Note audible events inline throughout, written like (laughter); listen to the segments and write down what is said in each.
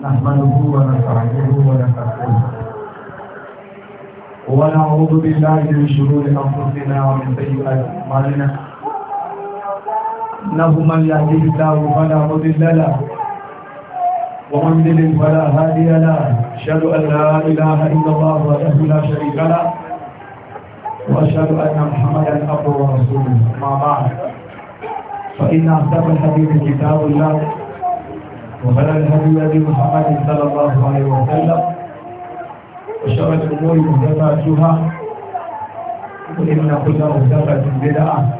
نحمده ونستعينه ونستغفره ونعوذ بالله من شرور انفسنا ومن سيئات اعمالنا انه من يهده الله فلا مضل له ومن يضلل فلا هادي له اشهد ان لا اله الا الله وحده لا شريك له واشهد ان محمدا عبده ورسوله ما بعد فان اصدق الحديث كتاب الله وخير الهدي النبي محمد صلى الله عليه وسلم وشر الأمور محدثاتها وإن كل مهدفه بدعة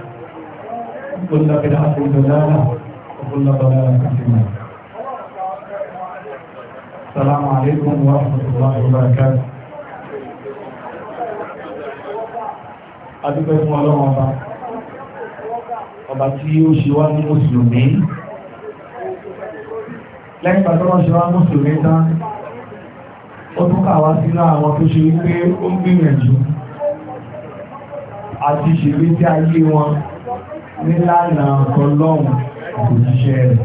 وكل بدعة ضلالة وكل ضلالة في النار السلام عليكم ورحمة الله وبركاته adúgbò fún ọlọ́run ọba ọba tí ó ṣe wá ní mùsùlùmí lẹ́yìn pàtó wọ́n ṣe wá mùsùlùmí tán ó tún kàwá sínú àwọn tó ṣe wípé ó ń gbìyànjú àti ṣèlú tí ayé wọn nílànà ọlọ́run òjíṣẹ́ rẹ̀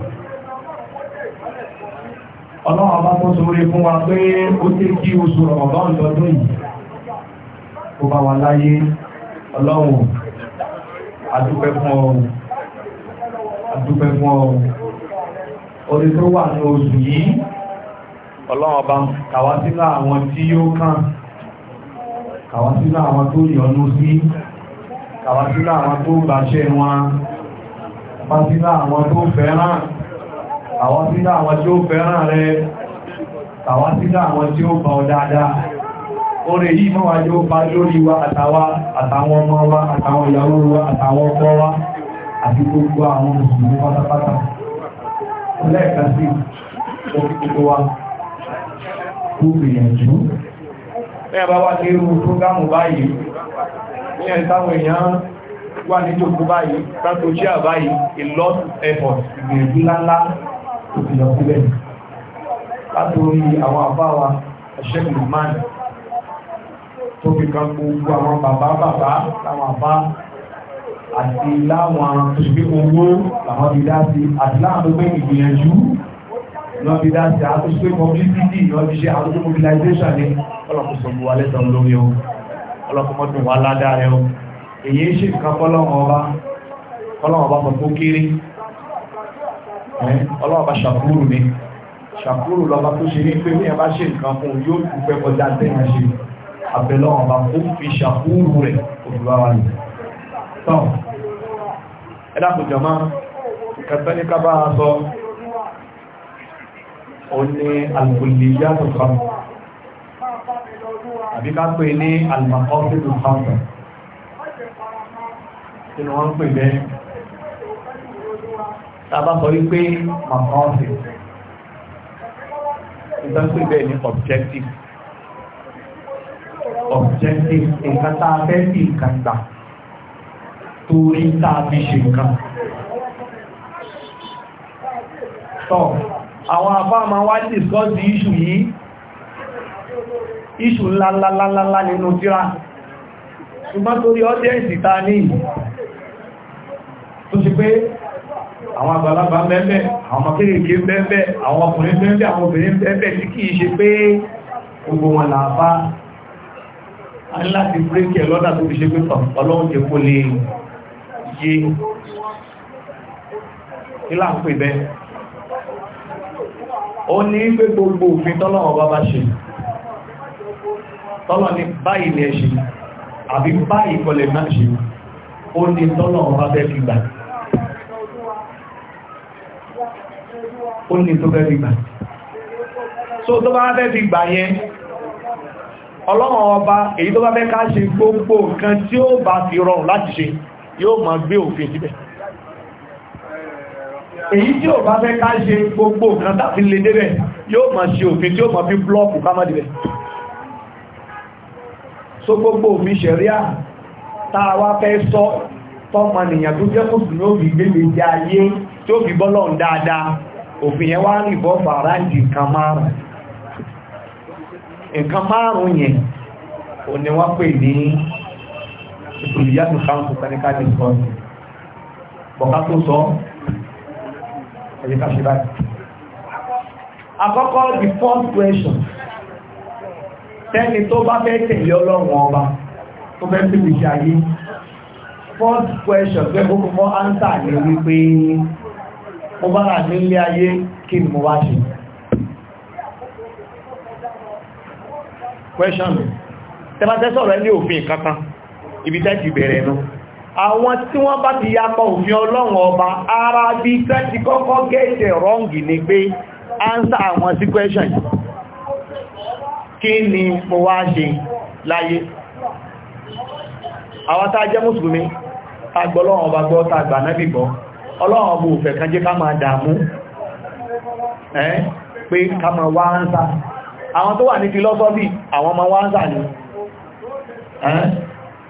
ọlọ́run ọba tó sórí fún wa pé ó tẹ́ kí oṣù rọ̀mọ̀dán lọ́dún yìí kó bá wa láyé ọlọ́run àdúpẹ́ fún ọ àdúpẹ́ fún ọ orí tó wà ní oṣù yìí ọlọ́ọ̀bá kàwá sínú àwọn tí yóò kàn kàwá sínú àwọn tó yọ́nú sí kàwá sínú àwọn tó gbàṣẹ wọn kàwá sínú àwọn tó fẹ́ràn kàwá sínú àwọn tí ó fẹ́ràn rẹ kàwá sínú àwọn tí ó bọ̀ dáadáa orí yìí mọ́ wa yóò bá lórí wa àtàwa àtàwọn ọmọ wa àtàwọn ìyàwó wa àtàwọn ọkọ wa àti gbogbo àwọn mùsùlùmí pátápátá lẹ́ẹ̀kan sí òfin gbogbo wa kú gbìyànjú ní ẹ̀bá wá sí irú prógámù báyìí ní ẹ̀sáwọn èèyàn wà ní jòkó báyìí pẹ́tò tí à báyìí a lot effort ìgbìyànjú láńlá tó fi lọ sílẹ̀ látòrí àwọn àbáwa ẹ̀ṣẹ́gun mani tó fi kan gbogbo àwọn bàbá àti láwọn ṣùgbé owó làwọn ti dá sí àti láwọn tó gbé ìgbìyànjú lọ ti dá sí àtúnṣe publicity lọ ti ṣe àtúnṣe mobilization ní ọlọ́kùnso bu wa lẹ́sàn lórí o ọlọ́kùnmọ́dún wa ládàá rẹ o èyí ṣe nǹkan fọ́lọ́wọ́n ọba fọ́lọ́wọ́n ọba pọ̀ tó kéré ọlọ́wọ́n ọba ṣàkúrù ni ṣàkúrò lọ́ba tó ṣe ní pé wíyẹn bá ṣe nǹkan fún yóò dúpẹ́ kọjá tẹ́yìn ṣe àbẹ̀lọ́wọ̀n bá kó fi ṣàkúrò rẹ̀ òdúrà wà tán ẹ̀dàkùn jọmọ́ kẹta ní kábá sọ o ní alùgbòlì yàtọ̀ kan àbí ká pè ní alùmọ̀kọ́sílù kan tí wọ́n ń pè bẹ́ẹ̀ tàbá sọ wípé mọ̀kọ́sí ìtàn pè bẹ́ẹ̀ ní objective objective nǹkan tá fẹ́ sí nǹkan torí táa fi ṣe àwọn àbá ma wá dìskọ́sì iṣù yìí iṣù ńláńláńláńlá nínú tíra ṣùgbọ́n torí ọdẹ́ẹ̀sì ta ní tó ṣe pé àwọn àgbàlagbà mẹ́mẹ́ àwọn akéèrèké mẹ́mẹ́ àwọn ọkùnrin mẹ́mẹ́ àwọn obìnrin mẹ́mẹ́ tí kìí ṣe pé gbogbo wọn làbá ayé ilá ń pè bẹ́ ó ní pé gbogbo òfin tọ́lọ́wọ́ bá bá ṣe tọ́lọ́ ní báyìí ní ẹṣe àbí báyìí kọlẹ̀ máa ṣe ó ní tọ́lọ́wọ́ bá bẹ́ fi gbà ó ní tó bẹ́ fi gbà so tó bá bẹ́ fi gbà yẹn ọlọ́wọ́ ọba èyí tó bá bẹ́ ká ṣe gbogbo nǹkan tí ó bá fi rọrùn láti ṣe yóò máa gbé òfin síbẹ̀ èyí tí ò bá fẹ́ ká ṣe gbogbo nǹkan tàbí lè débẹ̀ yóò máa ṣe òfin tí ó máa fi blọ́ọ̀kù kámọ́dìbẹ̀ so gbogbo òfin ṣẹ̀ríà táa wá fẹ́ sọ tọ́mọ nìyàn tó jẹ́ kùsùn ó fi gbélé jẹ ayé tí ó fi bọ́lọ̀ dáadáa òfin yẹn wá rí bọ́ fàráǹdì nǹkan márùn-ún nǹkan márùn-ún yẹn ò ní pè ní ìlúyàtò sáǹtò sáníká ní sọ́ọ̀tì bọ̀ká sọ ẹ̀yẹ ká báyìí àkọ́kọ́ the first question tẹ́ni tó bá fẹ́ tẹ̀lé ọlọ́run ọba tó fẹ́ fi wíṣẹ́ ayé first question pé ó kọ́kọ́ answer ní wípé mo bá rà nílé ayé kí ni mo wá ṣe question tẹ́bàtẹ́ sọ̀rọ̀ ẹni òfin kankan ibi tẹ́jì bẹ̀rẹ̀ nú àwọn tí wọ́n bá ti yapa òfin ọlọ́run ọba ara bí tẹ́jì kọ́kọ́ gẹ́ẹ̀tẹ̀ rọ́ǹgì ni pé ánsà àwọn sí question kí ni mo wá ṣe láyé àwọn tá jẹ́ mùsùlùmí agbọ́lọ́run ọba gbọ́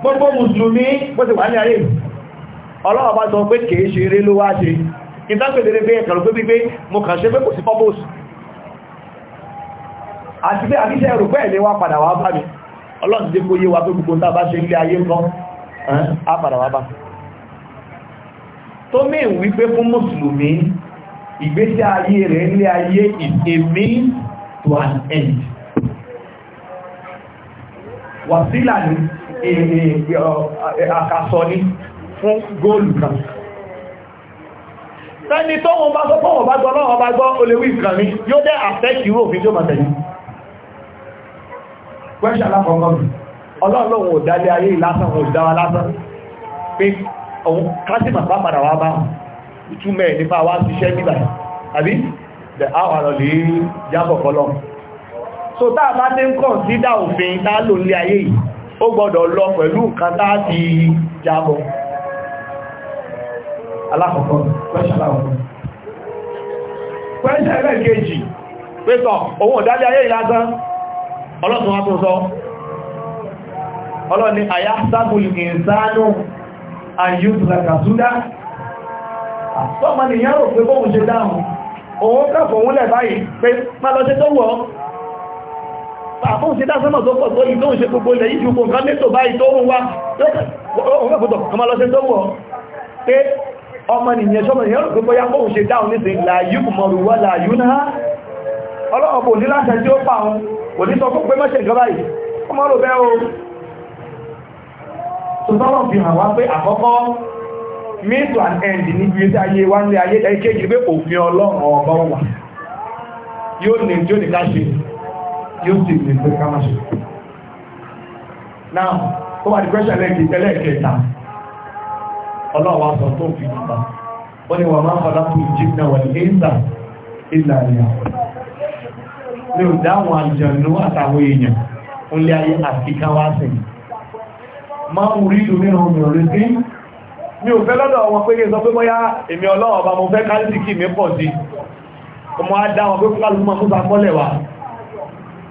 gbogbo mùsùlùmí bó ti wà ní ayé ọlọ́wọ́ bá sọ pé kìí ṣe eré ló wá ṣe ìtàkùnlẹ̀ pé ẹ̀kàrù pé pípé mo kàn ṣe pé kò sí purpose àti pé àbíṣẹ́ ẹ̀rù pẹ́ ilé wá padà wá bá mi ọlọ́run jẹ́ kó yé wa pé gbogbo tá bá ṣe ilé ayé kan á padà wá bá tó mìí wípé fún mùsùlùmí ìgbésí means to an end wàsílà ni àkàsọ ní fún góòlù kan tẹ́ni tó wọn bá sọpọ̀ wọn bá gbọ́ náà bá gbọ́ olèwí ìkàn ní yóò dẹ́ àfẹ́kì rò fi jọ màtẹ̀lú pẹ́ṣẹ́ alákọ̀ọ́kọ́ mi ọlọ́run ò dálé ayé lásán ò dáwà lásán pé the hour ó gbọ́dọ̀ lọ pẹ̀lú nǹkan tá ti jábọ̀ alákọ̀ọ́kọ́ pẹ́ṣẹ́ ẹlẹ́kejì pẹ́tọ̀ òun ọ̀dájá ayé ìlásán ọlọ́tún wá tó sọ ọlọ́ni àyá sábùlù ìsánú àyúkùnlẹ̀kàtúdá tọ́mọ nìyàn rò pé bóhun ṣe dáhùn òun kàfọ̀ òun lẹ̀ báyìí pé má lọ ṣe tó wọ́ àfóhùn sí dásánmà tó pọ̀ tó ìlú ìṣe gbogbo ilẹ̀ yìí ṣùgbọ́n nǹkan lẹ́tò báyìí tó rún wá ọmọ lọ tó wọ̀ pé ọmọ nìyẹn ṣọ́mọ nìyẹn rò pé bóyá fóhùn ṣe dáhùn nísìn láyú mọ̀rù wá láyú náà ọlọ́run ní láṣẹ tí ó kò ní sọ yóò sì lè fẹ́ ká máa ṣe. Now, ó wà ní pẹ́ṣẹ̀ ẹlẹ́ẹ̀kẹta, ọlọ́wà sọ tó fi bàbá, ó ní wà máa fọ́lá fún ìjìnà wà ní ìsà ìlà ìyà. Mi ò dáwọn àjọ̀nú àtàwọn èèyàn, ó lé ayé àti káwá sí. Máa ń rí ìlú nínú mi rí sí. Mi ò fẹ́ lọ́dọ̀ wọn pé kí n sọ pé bóyá èmi ọlọ́wọ̀ bá mo fẹ́ káńtì kí mi pọ̀ sí. Ọmọ á dá wọn pé fúlàlùmọ̀ fún sakọ́lẹ̀ wa.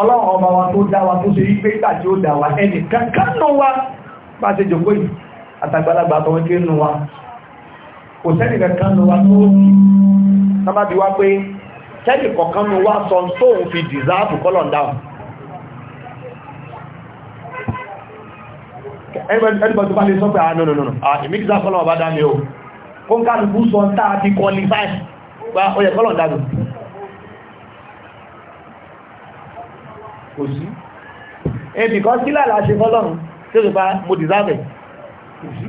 ọlọ́run ọba wa tó dá wa tó ṣe wípé ìgbà tí ó dá wa ẹnì kankan nù wa bá ṣe jòkó yìí àtàgbàlagbà tó ń ké nù wa kò sẹ́nì kankan nù wa tó ní sábàbí wá pé sẹ́nì kankan nù wa sọ tó ń kálukú sọ ah, ah, táà kò sí ebì kan sílẹ̀ láṣẹ fọ́lọ́run tí ó sì pa mo dìsáàbẹ̀ kò sí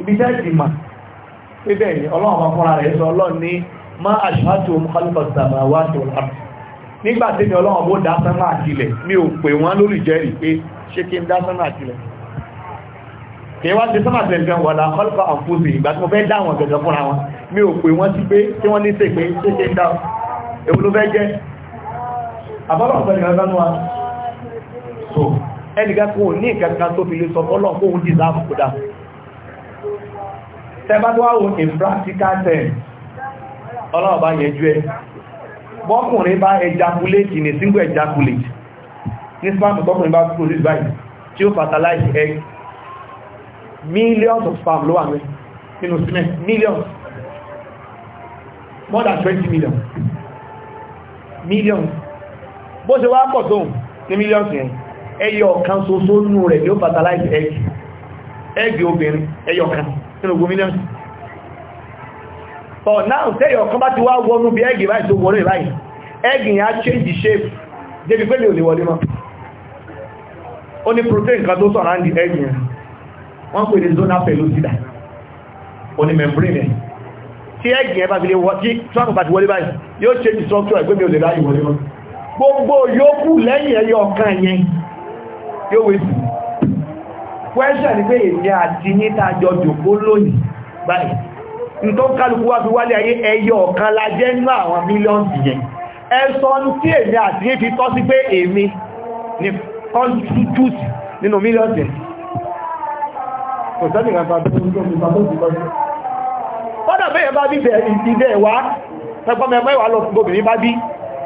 ibi tẹ́ ti mà pé bẹ́ẹ̀ ni ọlọ́run kan fúnra rẹ̀ sọ ọlọ́run ní má aṣáájú kálífà sàmà wá tó lápù nígbà tí mi ọlọ́run bó dá sánmà àtìlẹ̀ mi ò pè wọ́n lórí jẹ́rìí pé ṣé kí n dá sánmà àtìlẹ̀ kí wá ti sánmà àtìlẹ̀ gan wọ̀lá kọ́lùkọ́ àfúsì ìgbà tí mo fẹ́ dá àwọn gẹ̀gẹ̀ fúnra wọn mi ò pè wọ́n sí pé tí wọ́n ní sè fẹ́ jẹ́ àbọ́lọ̀ ọ̀sẹ̀ ìgbà lánúwa so ẹnìká kó o ní ìkẹta tó fi lè sọ bọ́lọ̀ kó o dìsáàbù kó dá tẹbátúwáwò in practical term ọlọ́wọ́ bá yẹjú ẹ bọ́kùnrin bá ejaculate ní single ejaculate ní sperm tọ́kùnrin bá produce báyìí tí fertilize egg millions of sperm ló wà mẹ́ millions more than 20 million millions bó ṣe wá pọ̀ tó ní mílíọ̀nù yẹn ẹyọ kan ṣoṣo nù rẹ̀ ni ó fertilize egg egg obìnrin ẹyọ kan nínú ogun mílíọ̀nù but now tẹ́yọ kan bá ti wá wọnú bí egg báyìí tó wọlé báyìí egg yẹn change shape débi pé mi ò lè wọlé mọ́ ó ní protein kan tó sọ̀rọ̀ àndì egg yẹn wọ́n pè ní zona pellucida ó ní membrane yẹn tí egg yẹn bá fi lè wọ́ tí trump bá ti wọlé báyìí yóò change the structure ẹgbẹ́ mi ò lè ráyìí wọlé mọ́ gbogbo yòókù lẹ́yìn ẹyọ kan yẹn yóò wé sí kwẹ́ṣẹ̀ ní pé èdè àti níta jọ jòkó lónìí báyìí ní tó kálukú wá fi wálé ayé ẹyọ kan la jẹ́ nínú àwọn mílíọ̀nù yẹn ẹsọ tí èdè àti ní fi tọ́ sí pé èmi ni constitute nínú mílíọ̀nù kò sẹ́nì Bọ́dà bẹ́yẹ̀ bá bí bẹ̀rẹ̀ ìdílé wa, ẹgbọ́n mẹ́mọ́ ìwà lọ fún obìnrin bá bí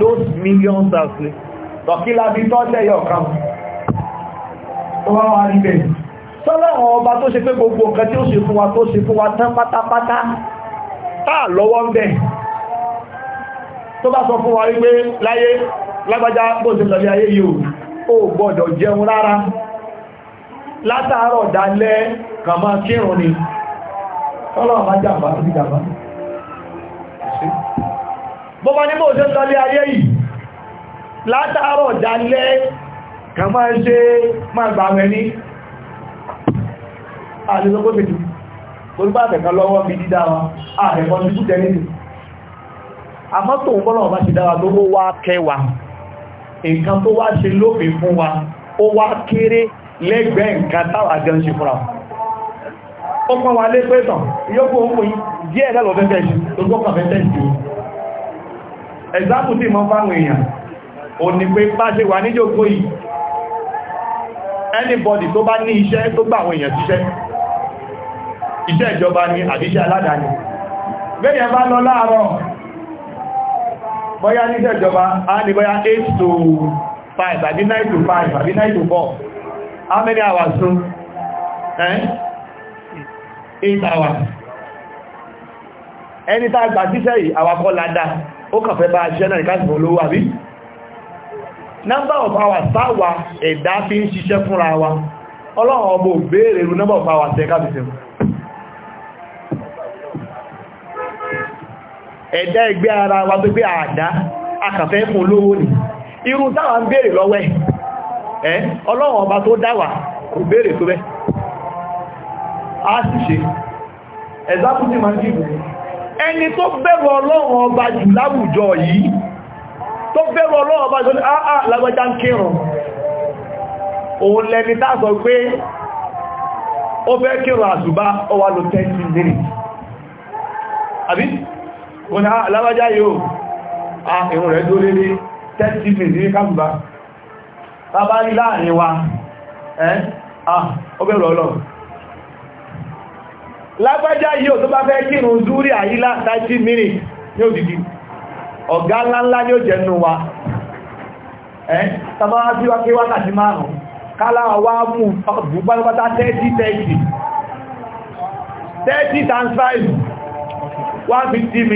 those millions of slaves tọ̀kílá bí tọ́jẹ́ yọ kan tó wá wá rí bẹ́ẹ̀ sọ́lọ́wọ́ ọba tó ṣe pé gbogbo nǹkan tí ó ṣe fún wa tó ṣe fún wa tán pátápátá táà lọ́wọ́ ń bẹ̀ tó bá sọ fún wa rí pé láyé lágbàjá bóṣe lọ́lé ayé yìí ò gbọ́dọ̀ jẹun rárá látàárọ̀ dálẹ́ kàmá kírun ni sọ́lọ́wọ́ má jàmbá sí jàmbá bọ́bá ní mọ́ òṣèlú lọ́lé ayé yìí látàárọ̀ jálẹ́ kà máa ṣe máa gbà rẹ̀ ní àdìsọ́gbọ́sẹ̀tù tó bá tẹ̀kan lọ́wọ́ bí dídá wa àrẹ̀kọ́ ní kútẹ́ nínú àmọ́ tó ń bọ́lọ̀ bá ti dára tó wá kẹwàá nǹkan tó wá ṣe lófin fún wa ó wá kéré lẹ́gbẹ̀ẹ́ nǹkan táwà jẹun ṣe fúnra ó pọ́n wa lé pẹ́tàn yóò kó ó pín díẹ̀ lẹ́lọ́fẹ́fẹ́ ṣe tó gbọ́kànfẹ́fẹ́ ṣe ẹ̀zápù tí mọ́ fáwọn èèyàn ò ní pé bá ṣe wà níjòkó yìí anybody tó bá ní iṣẹ́ tó gbà àwọn èèyàn síṣẹ́ iṣẹ́ ìjọba ni àbíṣẹ́ aládàáni bẹ́yẹn bá lọ láàárọ̀ bọ́yá níṣẹ́ ìjọba a ní bọ́yá 8 to 5 àbí 9 to 5 àbí 9 to 4 how many hours so? Eh? 8 hours ẹni tá gbà síṣẹ́ yìí àwàkọ́ ládàá ó kàn bá ṣẹ́ náà ìkáàkì olówó àbí number of hours táwà ẹ̀dá fi ń ṣiṣẹ́ fúnra wa ọlọ́run ọmọ òbéèrè rú number of hours ẹ̀ká fi ẹ̀dá ẹgbẹ́ ara wa pé àdá akàfẹ́ fún olówó ni irú táwà ń ẹ̀ ọlọ́run ẹni tó bẹ̀rọ ọlọ́run ọba jù láwùjọ yìí tó bẹ̀rọ ọlọ́run ọba jù ní ah, ah, lágbàjá ń kírùn òun lẹni tàbí pé ó fẹ́ kírùn àṣùbá ó wà ló 10 minutes lágbájá yíò tó bá fẹ́ kírun zúrí àyílá 30 minutes ní òdìdí ọ̀gá ńláńlá ní ó jẹnu wa ẹ́ tàbára sí wá wákàtí márùn kálá wá mú gbogbogbata 30 30 30 times 5 150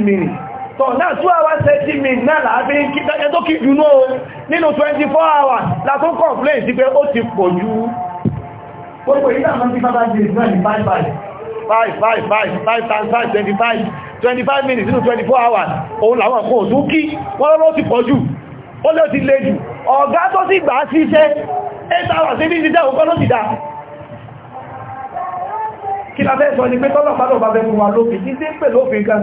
minutes tọ̀ náà 2 hours 30 minutes náà láàbí ẹ tó kí jùnú o nínú 24 hours látún complain sí pé ó ti pọ̀ jù gbogbo ìdáàmọ́ sí bábá jẹ́ ìsúná ní 5 5 5 5 5 times 5 25 25 minutes nínú 24 hours òun làwọn kò tún kí wọ́n lọ́wọ́ ti pọ̀ jù ó lẹ́ ti lé jù ọ̀gá tó sì gbà sí iṣẹ́ 8 hours ní ìdíjẹ́ òkọ́ ló ti dá kí la fẹ́ sọ ni pé tọ́lọ̀pàá lọ́pàá fẹ́ fún wa lófin tí sí pẹ̀lú òfin kan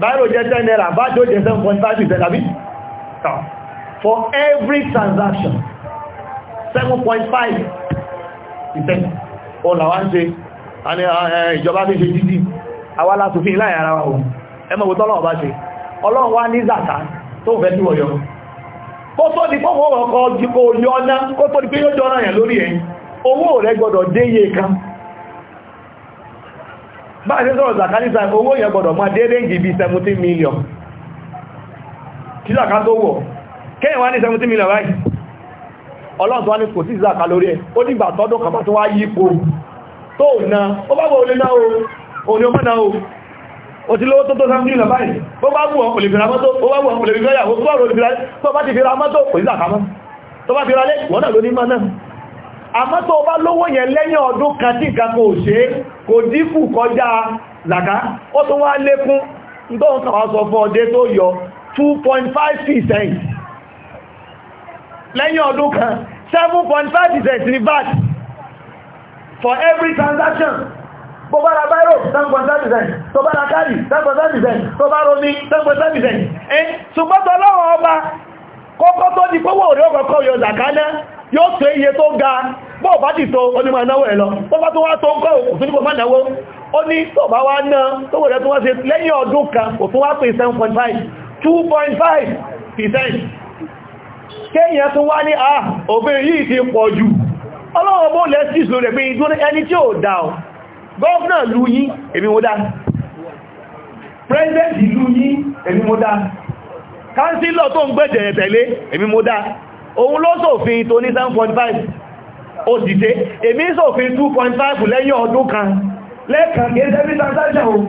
báyọ̀ jẹ́ 10 naira bá jọ jẹ́ 7.5% àbí for every transaction 7.5% ọ̀làwà ń ṣe ìjọba fi ṣe títí awálá tó fi láyé ara wọn ẹmọ̀ òtọ́ ọlọ́wọ́ ṣe ọlọ́run wá ní zàtà tó fẹ́ tí wọ́n yọ kó tó di fọ́wọ́ ọkọ̀ ọjọ́ ọ̀nà kó tó di pé yóò jọ ọ̀nà yẹn lórí ẹ̀ owó rẹ̀ gbọ́dọ̀ déye kan bá ṣe sọ̀rọ̀ zakanisa owó yẹn gbọ́dọ̀ máa dédé ń gìbí 17 million tí zaka tó wọ̀ kéyàn wá ní 17 million báyìí ọlọ́run tó wá ní kò sí zaka lórí ẹ̀ ó dìgbà tọ́dún kan tó wá yípo tó na ó bá wọ́n olè náà o ní ọmọ náà o ó ti lówó tó tó 17 million báyìí bó bá wù ọ̀pọ̀lẹ̀ fi ra mọ́tò ó bá wù ọ̀pọ̀lẹ̀ fi ra yàwó tó bá wù ọ̀pọ̀lẹ̀ fi ra mọ́tò kò sí zaka mọ́ tó bá fi ra lé wọ́n náà ló ní mọ́ náà àmọ́ tó bá lówó yẹn lẹ́yìn ọdún kan tí nǹkan kò ṣe kò dínkù kọjá zàká ó tún wá lékún tó ń kàwà fún tó yọ 2.5% lẹ́yìn ọdún kan 7.5% ní VAT for every transaction bó bá ra báírò 10.5% tó bá ra kárì 10.5% tó bá romi 10.5% ẹ́ ṣùgbọ́n tọ́lọ́wọ́ ọba kọ́kọ́ tó di pọ́wọ́ òrí yọ yóò tó iye tó ga bọ́ọ̀ bá ti tó onímọ̀ ìnáwó ẹ̀ lọ tó bá tó wá tó ń kọ́ òkùn tó bá náwó ó ní tó bá wá ná tó wọ̀rẹ́ tó wá ṣe lẹ́yìn ọdún kan kò tó wá pè 7.5 2.5 percent kéèyàn tó wá ní à obìnrin yìí ti pọ̀ jù ọlọ́wọ́ bó lẹ́sìs lórí pé ìdún ẹni tí ó dá ọ gọ́ọ̀nà lú yí èmi mo dá president lú yí èmi mo dá kánsílọ̀ tó ń gbẹ̀jẹ̀ tẹ̀lé èmi mo dá òun ló ṣòfin tó ní 7.5 ó dìde èmi ṣòfin 2.5 lẹ́yìn ọdún kan lẹ́ẹ̀kan kí ẹ́sẹ́ bí transaction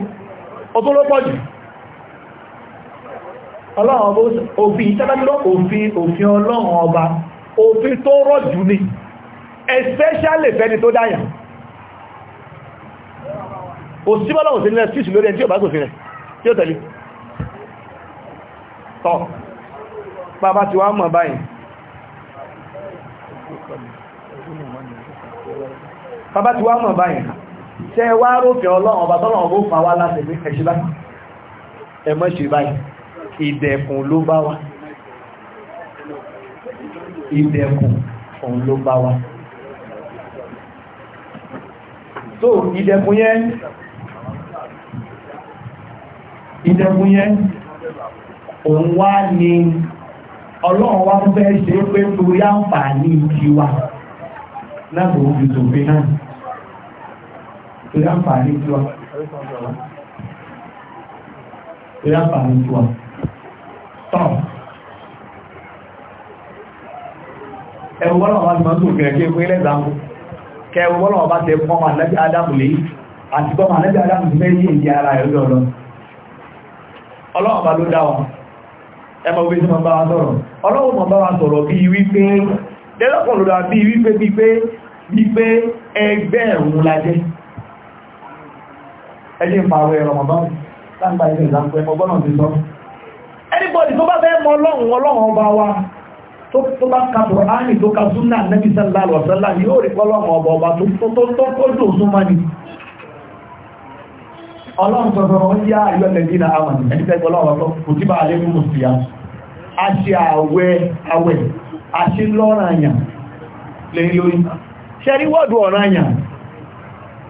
o tó ló pọ̀ jù ọlọ́run òfin ìtẹ́lẹ́gbẹ́ òfin òfin ọlọ́run ọba òfin tó rọ̀ jù ní especially fẹ́ni tó dáyà kò sí bọ́lọ́wọ̀ sí nílẹ̀ síṣù lórí ẹni tí ò bá sòfin rẹ̀ tí ó tẹ̀lé bàbá ti wá mọ̀ báyìí bàbá ti wá mọ̀ báyìí tẹ wá rófin ọlọ́run ọba tọ́lọ̀ ọgbó fà wá láti ẹgbẹ́ ẹ̀ṣẹ́ báyìí ẹmọ́ ṣe báyìí ìdẹ̀kùn ló bá wá ìdẹ̀kùn òun ló bá wá so ìdẹ̀kùn yẹn ìdẹ̀kùn yẹn òun wá ní ọlọ́run wá fẹ́ ṣe pé torí àǹfààní tiwa náà lòun fi tòfin náà pé tí wa tán ẹ̀wọ̀n bọ́lá wọn máa tó gẹ̀rẹ́ kí n pé lẹ́gbàmù kẹwọ́n bá ti pọ́n máa lẹ́bí Ádámù lè àti pọ́n máa lẹ́bí Ádámù ti mẹ́rin èdè ara ẹ̀ lọ́lọ́ ló dá ẹmọ ẹjẹ́ ìpàwẹ̀ Ramadan lágbà ilé ìlànà ẹmọ gbọ́nà ti sọ anybody tó bá fẹ́ mọ ọlọ́run ọlọ́run ọba wa tó bá ka Kùránì tó ka súnà nẹ́bí sẹ́lá lọ́sẹ́lá ni yóò rí ọlọ́run ọba ọba tó tó tó dùn súnmọ́ ni ọlọ́run sọ̀rọ̀ ó yá ayọ́ lẹ́bí na àwọn ẹni tẹ́ ọlọ́run ọ̀tọ́ kò tí bá lé mú sí ya a ṣe àwẹ̀ àwẹ̀ a ṣe lọ́ràn àyàn lẹ́yìn lórí ṣẹ́rí wọ́ọ̀dù ọ̀ràn àyàn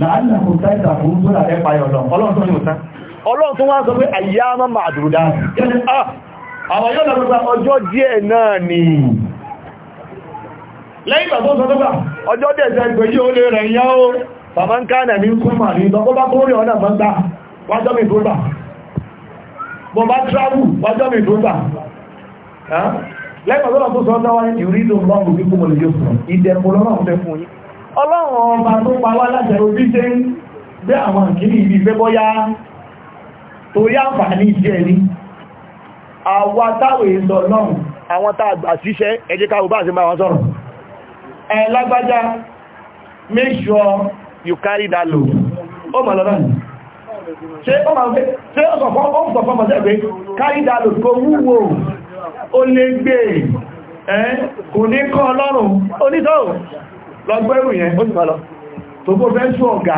láàrín àwọn táìtà fún tó rà ẹ́pà ọ̀lọ́ ọlọ́run tó ní òtán ọlọ́run tó wọ́n sọ pé àyà máa àdúrúdá àwọn yóò lọ́gbọ́gbà ọjọ́ díẹ̀ náà ni lẹ́yìn ìgbà tó sọ́gbà ọjọ́ dẹ̀ẹ̀sẹ̀ ìgbè yíò lè rẹ̀ yá ó bàbá ń káànà ní kún mà ní ìdọ́gbọ́gbà tó rí ọ̀nà mọ́gbà wájọ́ mi tó gbà bọ́ bá travel wájọ́ mi tó gbà lẹ́yìn ìgbà tó sọ́gbà wáyé ìrí ọlọ́run ọba tó pa wá láti ẹ̀rọ bí ṣe ń gbé àwọn ìkíní ibi ìfẹ́ bọ́yá torí àǹfààní ìjẹ́ ní àwa táwẹ̀ ìsọ náà àwọn tààgbà síṣẹ́ ẹ jẹ́ ká wo make sure you carry that load ó mọ̀ lọ́nà ṣe ó mọ̀ ṣe ó sọ̀fọ́ ó sọ̀fọ́ mọ̀ sẹ́gbẹ́ carry that load kò wúwo ó lé gbé ẹ́ kò ní kọ́ ọlọ́run onítọ́rùn lọ́gbẹ́rù yẹn ó sọ́lọ tó bó fẹ́ sú ọ̀gá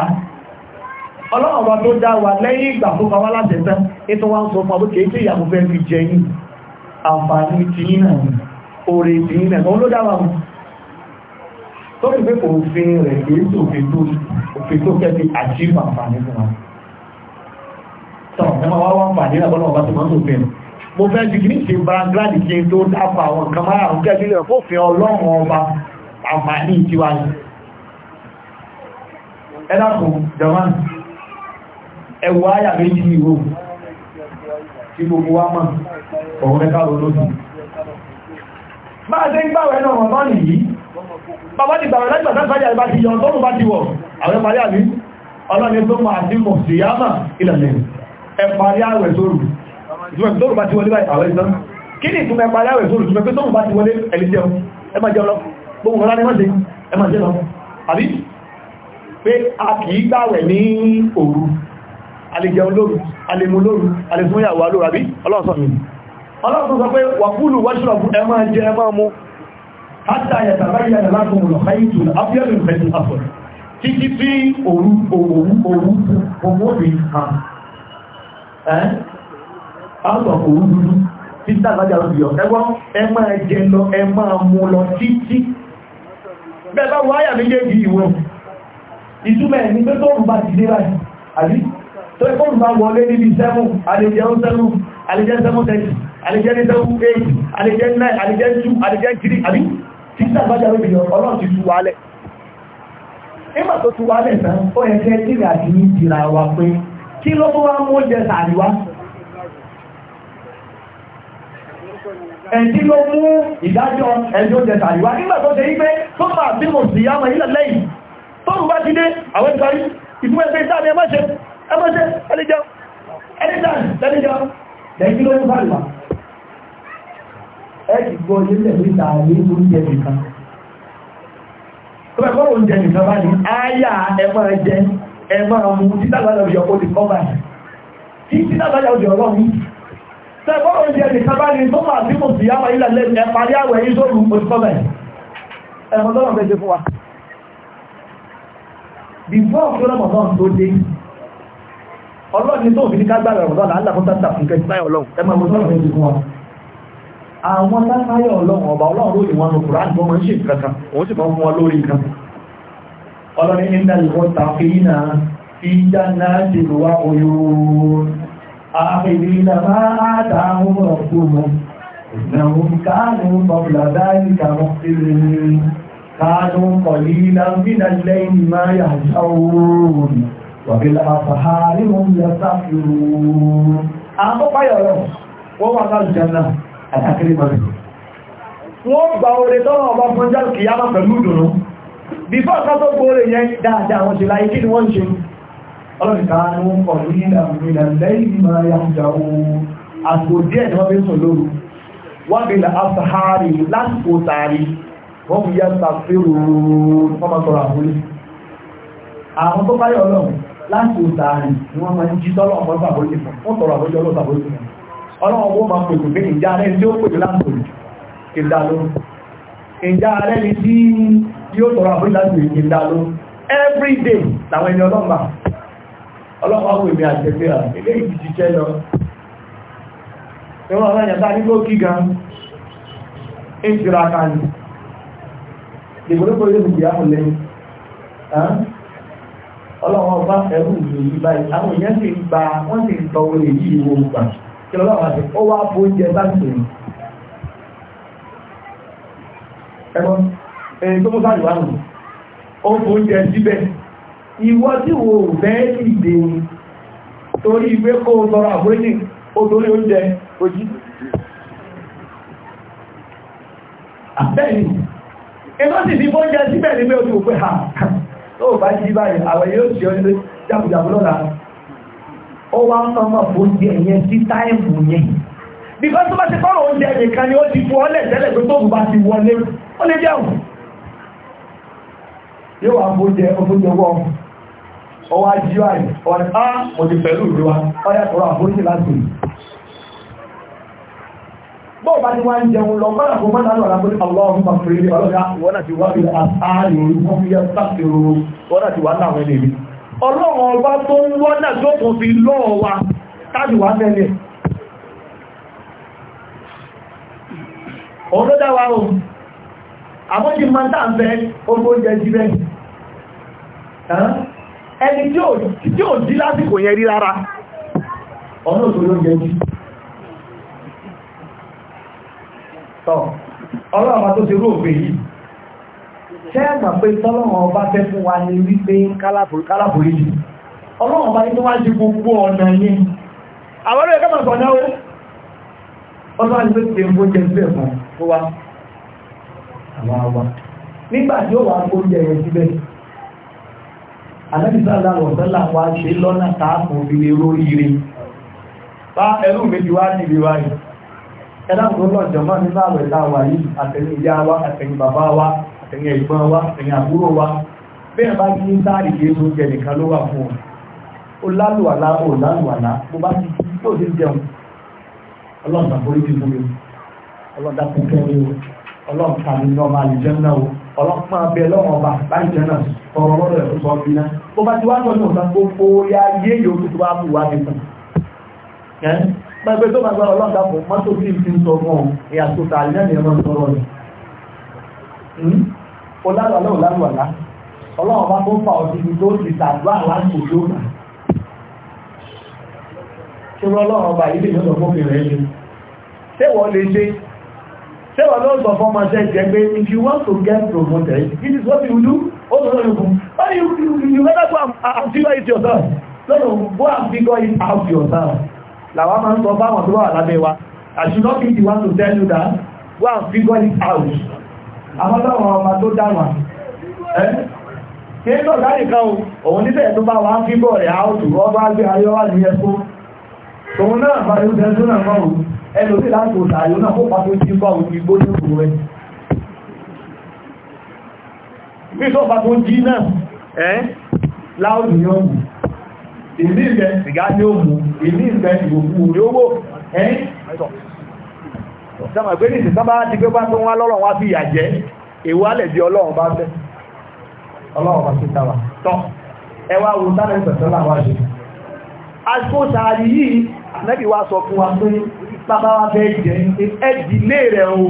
ọlọ́ọ̀bá tó dá wa lẹ́yìn ìgbà tó pa wá láti ẹ̀sẹ́ ètò wá ń sọ fún abúkẹ́ tí ìyàwó fẹ́ fi jẹ yìí àǹfààní ti yìí náà orí ti yìí náà ló dá wa mú tó rí pé òfin rẹ̀ kìí tó òfin tó fẹ́ fi àjíìmù àǹfààní fún wa tọ́ ẹ máa wá wá àǹfààní náà bọ́lọ́ọ̀bá tó máa ń sòfin mo fẹ́ jù kí ní ṣe bá gíláàdì kí n tó dáfà àwọn kan márùn-ún fófin ọlọ́run ọba àǹfààní tiwa ní ẹ̀dàkùn jọmán ẹwọ ayà méjì ìwò tí gbogbo wa mọ̀ ọ̀rọ̀ mẹ́ta lọ́lọ́dún máa tẹ́ ń gbàwẹ̀ náà wọ́n bá nìyí bàbá ti gbàwẹ̀ láti pàtàkì àjẹ́ bá ti yọ ọ̀tọ́rùn bá ti wọ̀ àwọn ẹparí àmì ọlọ́ni tó máa sí mọ̀ sí yámà ìlànà ẹparí àwẹ̀ tóòrù ìtumẹ̀ tó bá ti wọlé gbogbo ọ̀rá ní mọ́sí ẹmọ̀ jẹ́ lọ àbí pé a kìí gbàwẹ̀ ní òru alẹ́jẹun lóru alẹ́mú lóru alẹ́fúnyàwó alóru àbí ọlọ́sọ̀ mi ọlọ́sọ̀ sọ pé wàkúlù wáṣọ́lọ̀fún ẹmọ́ jẹ ẹmọ́ mú hátà yàtàbáyà lákùnrin ọ̀háyìtù àbíọ́lù ìfẹ̀tì àfọ̀ títí tí òru òru òru òru òru ẹ́ àtọ̀ òru dúdú títà lájà lọ́bìyàn ẹgbọ́n ẹ máa jẹ lọ ẹ máa mú lọ títí bẹ́ẹ̀bá wáyà méjèèjì ìwọ̀n ìtumẹ̀ ní pé tó rùn bá ti dé báyìí àbí tó ẹkọ́ rùn bá wọlé níbi 7 àlejẹ́ 7 àlejẹ́ 730 àlejẹ́ 8 àlejẹ́ 9 àlejẹ́ 2 àlejẹ́ 3 àbí tí sàbájá lóbi ọlọ́run ti tú wálẹ̀ nígbà tó tú wálẹ̀ tán ó yẹ kẹ́ ẹ̀dí ló mú ìdájọ́ ẹjọ́ jẹta ìwá nígbà tó ṣe wípé tó bá bí mo sì yá mọ̀ ilẹ̀ lẹ́yìn tó rú bá ti dé àwọn ìtọ́rí ìfúnwẹ́ pé ìtàbí ẹmọ́ṣẹ́ ẹmọ́ṣẹ́ ẹlẹ́jọ́ ẹlẹ́jọ́ ẹlẹ́jọ́ ẹ̀dí ló mú fàlùwà ẹ̀dí gbọ́ ilẹ̀ níta ní oúnjẹ nìkan tó ẹ̀kọ́ oúnjẹ nìkan bá ní áyà ẹmọ́ ẹjẹ ẹmọ́ ọmọ títàbálẹ̀ ọjọ́ tẹ́gbọ́rọ̀ jẹ́ ìtàbá ní tó máa tí kò sí yáwà ilẹ̀ lẹ́gbẹ̀ẹ́ parí àwẹ̀ ìṣòrò òṣìṣọ́bẹ̀ ẹ̀mọ́ tọ́rọ̀ fẹ́ jẹ́ fún wa before kí ọlọ́mọ̀dán tó dé ọlọ́ni tó fi ní kágbàrà ọ̀rọ̀dán là ń làkún tàbí àfikẹ́ ìpáyọ̀ ọlọ́run ẹ̀mọ́ tọ́rọ̀ fẹ́ jẹ́ fún wa àwọn tápáyọ̀ ọlọ́run ọba ọlọ́run lórí wọn lókùnrin àti wọn ṣe nǹkan kan òun sì máa ń fún wọn lórí nǹkan ọlọ́ni nígbà ìwọ́n tàfíì náà fi jáná dèrò wá oyún آخذين ما آتاهم ربهم إنهم كانوا قبل ذلك محسنين كانوا قليلا من الليل ما يهجعون وبالأسحار هم يستغفرون àkọ́kọ́ yọ̀rọ̀ wọ́n wà náà jẹ́nà àtàkiri mọ́rin wọ́n gba orí tọ́rọ ọba fún jẹ́ kìyàmọ́ pẹ̀lú ìdùnnú bí fọ́ọ̀ká tó gbóòrè yẹn dáadáa wọ́n ti láyé kí ni wọ́n ṣe ọlọ́rin káánú pọ̀lú ìlàmìnà lẹ́yìn ma ya ń jà oó àpò díẹ̀ ni wọ́n fi ń sọ lóru wọ́n bí láàfàárì lásìkò tààrí wọ́n fi yá sàfẹ́rò fọ́mọ́sọ̀rọ̀ àwọlé àwọn tó báyọ̀ ọlọ́run lásìkò tààrí ni wọ́n máa ń jí tọ́lọ̀ ọ̀pọ̀lọpọ̀ àwọlé fún every day làwọn ẹni ọlọ́run ọlọ́pàá wù mí àtẹ́gbé à ilé ìdíjì jẹ́ lọ ẹwọ́n aláyàtá nígbó gíga ń jira ká ní ìgbòlógbò yóò fi àwọn lẹ́yìn ọlọ́wọ́n bá ẹrù ìlú báyìí àwọn èèyàn sì ń gba wọ́n sì ń tọwọ́ lè yí ìwò gbà kí lọ́wọ́ àti ó wá bó jẹ láti ẹ̀rọ ẹ̀rọ tó mú sáàlù wà nù ó bó jẹ síbẹ̀ ìwọ tí wo bẹ́ ìdè ni torí ìwé kó tọrọ àbúrẹ́jì odórí oúnjẹ ojí àbẹ́ni inú sì fi bóúnjẹ síbẹ̀ ní pé ojú òpé ha tó bá jí báyìí àwẹ̀ yóò ṣe ọ́ nílé jàbùjàbù lọ́la ó wá ń tọ́mọ fóúnjẹ yẹn sí táìmù yẹn bíkọ́ tó bá ti kọ́rọ̀ oúnjẹ nìkan ni ó ti fún ọlẹ̀ tẹ́lẹ̀ pé tó bá ti wọlé ó lè jẹun yóò wá fóúnjẹ ó fóúnjẹ wọ́n ọwá jíwá rẹ̀ ọwá ní á ah, mo ti pẹ̀lú ìrọwà ọyá tọrọ àforíjì láti bọ́ọ̀ bá ti wá ń jẹun lọ mọ́nà fún mọ́nà lọ́la pé ọlọ́run máa fèrè ọlọ́dà wọ́n àti wá bí àtàrí orí fún fi yẹn sáfì ro wọ́n wa táàdì wá mẹ́lẹ̀ òun ló dá wa o àmọ́ ti máa ń tà ń bẹ jí bẹ́ẹ̀ ẹni tí ò dí lásìkò yẹn rí rárá ọ̀nà òṣèlú oúnjẹ jí tọ́ ọlọ́ọ̀mà tó ti rú òfin yìí ṣẹ́ẹ̀mà pé ọba fẹ́ fún wa ní wípé kálàbòrí ọrụ ọba yìí tó wá jí gbogbo ọ̀nà yìí àwọn ọ̀rẹ́ kẹ́mà sọ̀nà anábìsáàlá ọ̀sẹ́là wa ṣe lọ́nà káàkùn òfin eró ire bá ẹlú méjì wá nílé wa yìí ẹ̀dàkùn lọ jọmọ́ nínú àwẹ̀ láwà yìí àtẹ̀yìn ìyá wa àtẹ̀yìn bàbá wa àtẹ̀yìn ẹ̀gbọ́n wa àtẹ̀yìn àbúrò wa bẹ́ẹ̀ bá ní sáàrì kéèkó jẹ nìkan ló wà fún ọ lálùwàlá ò lálùwàlá bó bá ti tó ti jẹun ọlọ́ọ̀dà forí ti fún mi ọlọ́ọ̀dà kúkẹ́ mi ọlọ́ọ̀ta mi ní ọmọ àlùjẹ́ náà ọlọ́pàá abẹ lọ́wọ́ ọba láì jẹ́nà ọ̀rọ̀ lọ́dọ̀ ẹ̀ tó sọ bí iná ó bá ti wá tọ́jú ọ̀sán tó fó ya yé yóò tó bá bù wá nìkan pẹ́pẹ́ tó máa gbọ́dọ̀ ọlọ́dà fún mọ́tò tí ti ń sọ fún ọ ìyá tó ta àlẹ́ ní ẹ̀rọ sọ̀rọ̀ rẹ̀ ọlọ́dà hmm? náà lálùwàlá ọlọ́wọ́ bá tó fa wọ́n lè yọ̀dọ̀ Say what those of them said, if you want to get promoted, this is what you do. Oh, no, no, no. Oh, you, you, you better go and figure it yourself. No, no, go and figure it out yourself. Làwọn máa ń sọ fáwọn tó wà lábẹ́ I should not be the one to tell you that. Go and figure it out. Àwọn táwọn ọmọ tó dáwà. Kí ń sọ láì kan òun níbẹ̀ tó bá wá ń fígọ̀ rẹ̀ áùtù, ọ bá gbé ayọ́wà ní ẹkú. Tòun náà bá yóò tẹ́ tó náà mọ́ òun. ẹlòmí láti òṣàyò náà ó pàtó tí bá òun igbó ní òun rẹ̀ bí tó pàtó jí náà ẹ́ láòdù ní ọmọ ìní ìfẹ́ sìgá ní òmù ìní ìfẹ́ ìwòkú ní owó ẹ́ sọ́mọ̀ pé ní ìsìnkábá ti pé bá tó wá lọ́rọ̀ wá fi ìyà jẹ́ alẹ̀ bí ọlọ́run bá fẹ́ ọlọ́run bá tàwà Ànábì wá sọ fún wa pé bàbá wa fẹ́ jẹ ẹ̀dì lé rẹ̀ o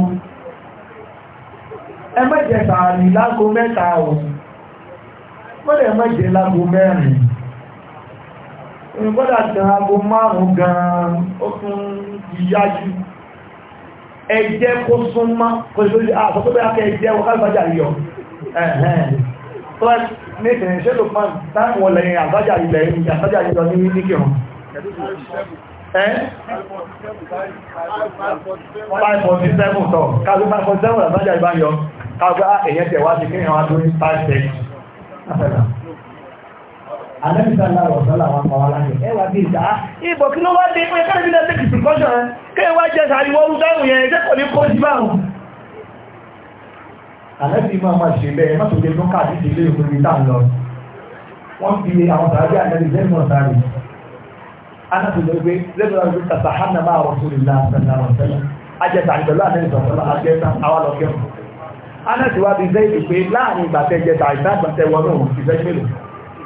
ẹ má jẹ sàárì lágo mẹ́ta o gbọ́dọ̀ ẹ má jẹ lágo mẹ́rin gbọ́dọ̀ gan ago márùn-ún gan ó tún yíyájú ẹ jẹ́ kó súnmọ́ kò sí àtọ́tọ́bẹ́ akẹ́ ẹjẹ́ ọkàlùfàjà yọ ẹ̀hẹ́n tó mẹ́tẹ̀ẹ́ ṣẹ́lùpá táwọn lẹ́yìn àbájà ilẹ̀ ìjàtàjà yọ ní níkẹ̀ọ́ 547 tọ́ káàkiri 547 àbájá ìbá yọ káàkiri èyẹ tẹ̀ wá sí kí ìrìn àjò 56 Àlẹ́bìsá láwọ̀ sọ́là wọn kọ̀ wá láyé. Ẹwà bí ìdá. Ìbọ̀ kí ló wá dé pé káàkiri náà tẹ́kì pìkọ́ṣọ̀ ẹ́ kí wá jẹ́ sàríwọ́ rú dáhùn yẹn jẹ́ pọ̀ ní kó sí báhùn. Àlẹ́bì máa máa ṣe bẹ́ẹ̀ mọ́tò lè lọ́kà àti ìdílé ìgbòmí dáhùn lọ. Wọ́n fi àwọn sàárẹ́ àlẹ́bì lẹ́nu ọ̀sàrẹ́ anábìlẹ̀ gbé lẹ́nu àwọn ìgbésà sàhánà máa wọ̀ sórí láàrín àwọn ìṣẹ̀lẹ̀ ajẹta ìgbẹ̀lú àmì ìṣọ̀tọ́lá ajẹta àwọn ọ̀kẹ́kùn anẹ́tìwá ti zẹ́ ìpè láàrin ìgbàtẹ́ jẹta ìdágbàtẹ́ wọn náà ti zẹ́ mélòó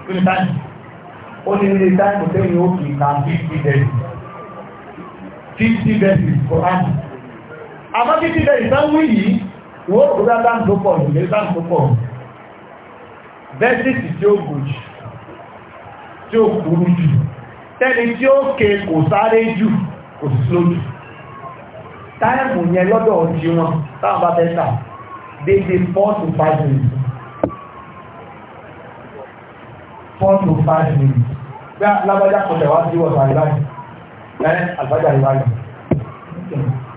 nínú táìmù ó ní ilé táìmù tẹ́yìn ó kì í ka fífi bẹ́ẹ̀sì fífi bẹ́ẹ̀sì koran àmọ́ fífi bẹ́ẹ̀sì tán wọ́n kó dá dáhùn tó pọ̀ jù lé dáhùn bẹ́ẹ̀sì tí ó gùn jù tí ó kúrú jù tẹ́ni tí ó ké kò sáré jù kò sí lójú táìmù yẹn lọ́dọ̀ ọjí wọn táwọn bá tẹ́ta dédé 4 to 5 minutes 4 to 5 minutes bí alábájá kò tẹ̀wá sí wọ̀sán àríwáyé ẹ́ àlùbájá àríwáyé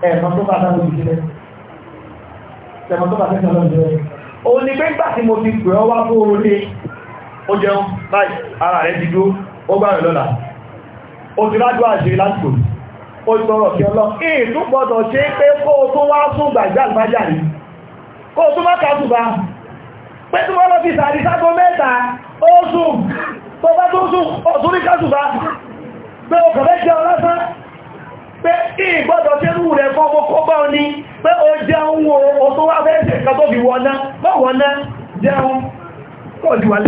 ẹ̀mọ́ tó bá dáná lójú sílẹ̀ ẹ̀mọ́ tó bá tẹ́ta lọ́dọ̀ sílẹ̀ ó ní pé nígbà tí mo ti pè ọ́ wá fún oore ó jẹun báyìí ara rẹ̀ ti dúró ó gbà rẹ̀ lọ́la òjìlájú àṣírí lásìkò ó tọrọ kí ọlọ́ ìlú gbọ́dọ̀ ṣe pé kó o tún wá fún gbàgbà àgbájá rí kó o tún mọ́ kàtùbà pé tí wọ́n lọ fi sàrí ságo mẹ́ta ó sùn tó bá tó sùn ó tún rí pé o kọ̀fẹ́ jẹ́ ọlọ́sán pé rẹ̀ fún ọmọ kọ́gbọ́ ni pé o jẹun o tó wá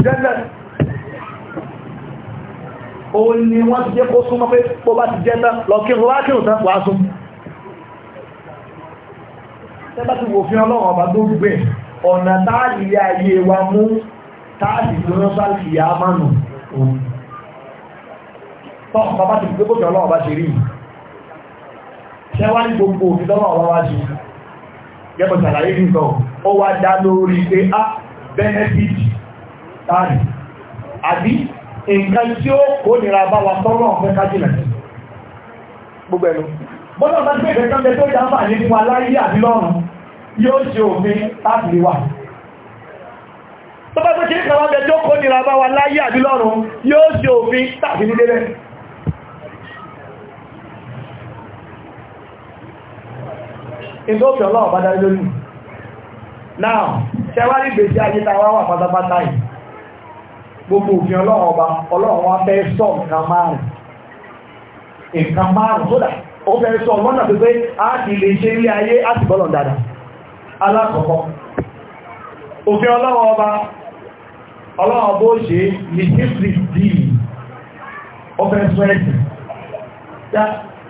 fẹ́ ó ní wọ́n ti jẹ́ kó súnmọ́ pé bó bá ti jẹ́ tán lọ kí wọ́n wá kí òtán wá sún tẹ́bá ti wòfin ọlọ́run ọba tó gbé ọ̀nà táàlì ayé wa mú táàlì tó rán sáà kì á mánu òun tọ́ bàbá ti gbé bókè ọlọ́run ọba ṣe rí ṣẹ́wá ní gbogbo òfin tọ́lọ́run ọba wá ṣe gẹ́gbẹ̀ ṣàlàyé nìkan nǹkan tí ó kó nira bá wa tọ́lọ́ ọ̀fẹ́ kájìlẹ̀ gbogbo ẹ̀nu bọ́lá bá gbé ìfẹ́ kan tó jáfà ní fún aláyé àbí lọ́rùn yóò ṣe òfin láti wà tó tó ní bá wa láyé àbí lọ́rùn yóò ṣe òfin ní délẹ̀ gbogbo òfin ọlọ́run ọba ọlọ́run wa fẹ́ sọ nǹkan márùn nǹkan márùn sódà ó fẹ́ sọ lọ́nà pé a ti lè ṣe ilé ayé a sì bọ́lọ̀ dáadáa alákọ̀ọ́kọ́ òfin ọlọ́run ọba ọlọ́run ọba ó ṣe lè ṣe fi dì í ó fẹ́ sọ ẹ̀sìn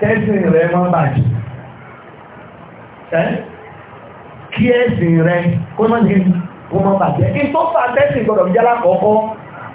tẹ́sìn rẹ̀ máa bàjẹ́ kí ẹ̀sìn rẹ̀ kó má bàjẹ́ kí tó fà tẹ́sìn gbọ́dọ̀ jẹ́ alákọ̀ọ́kọ́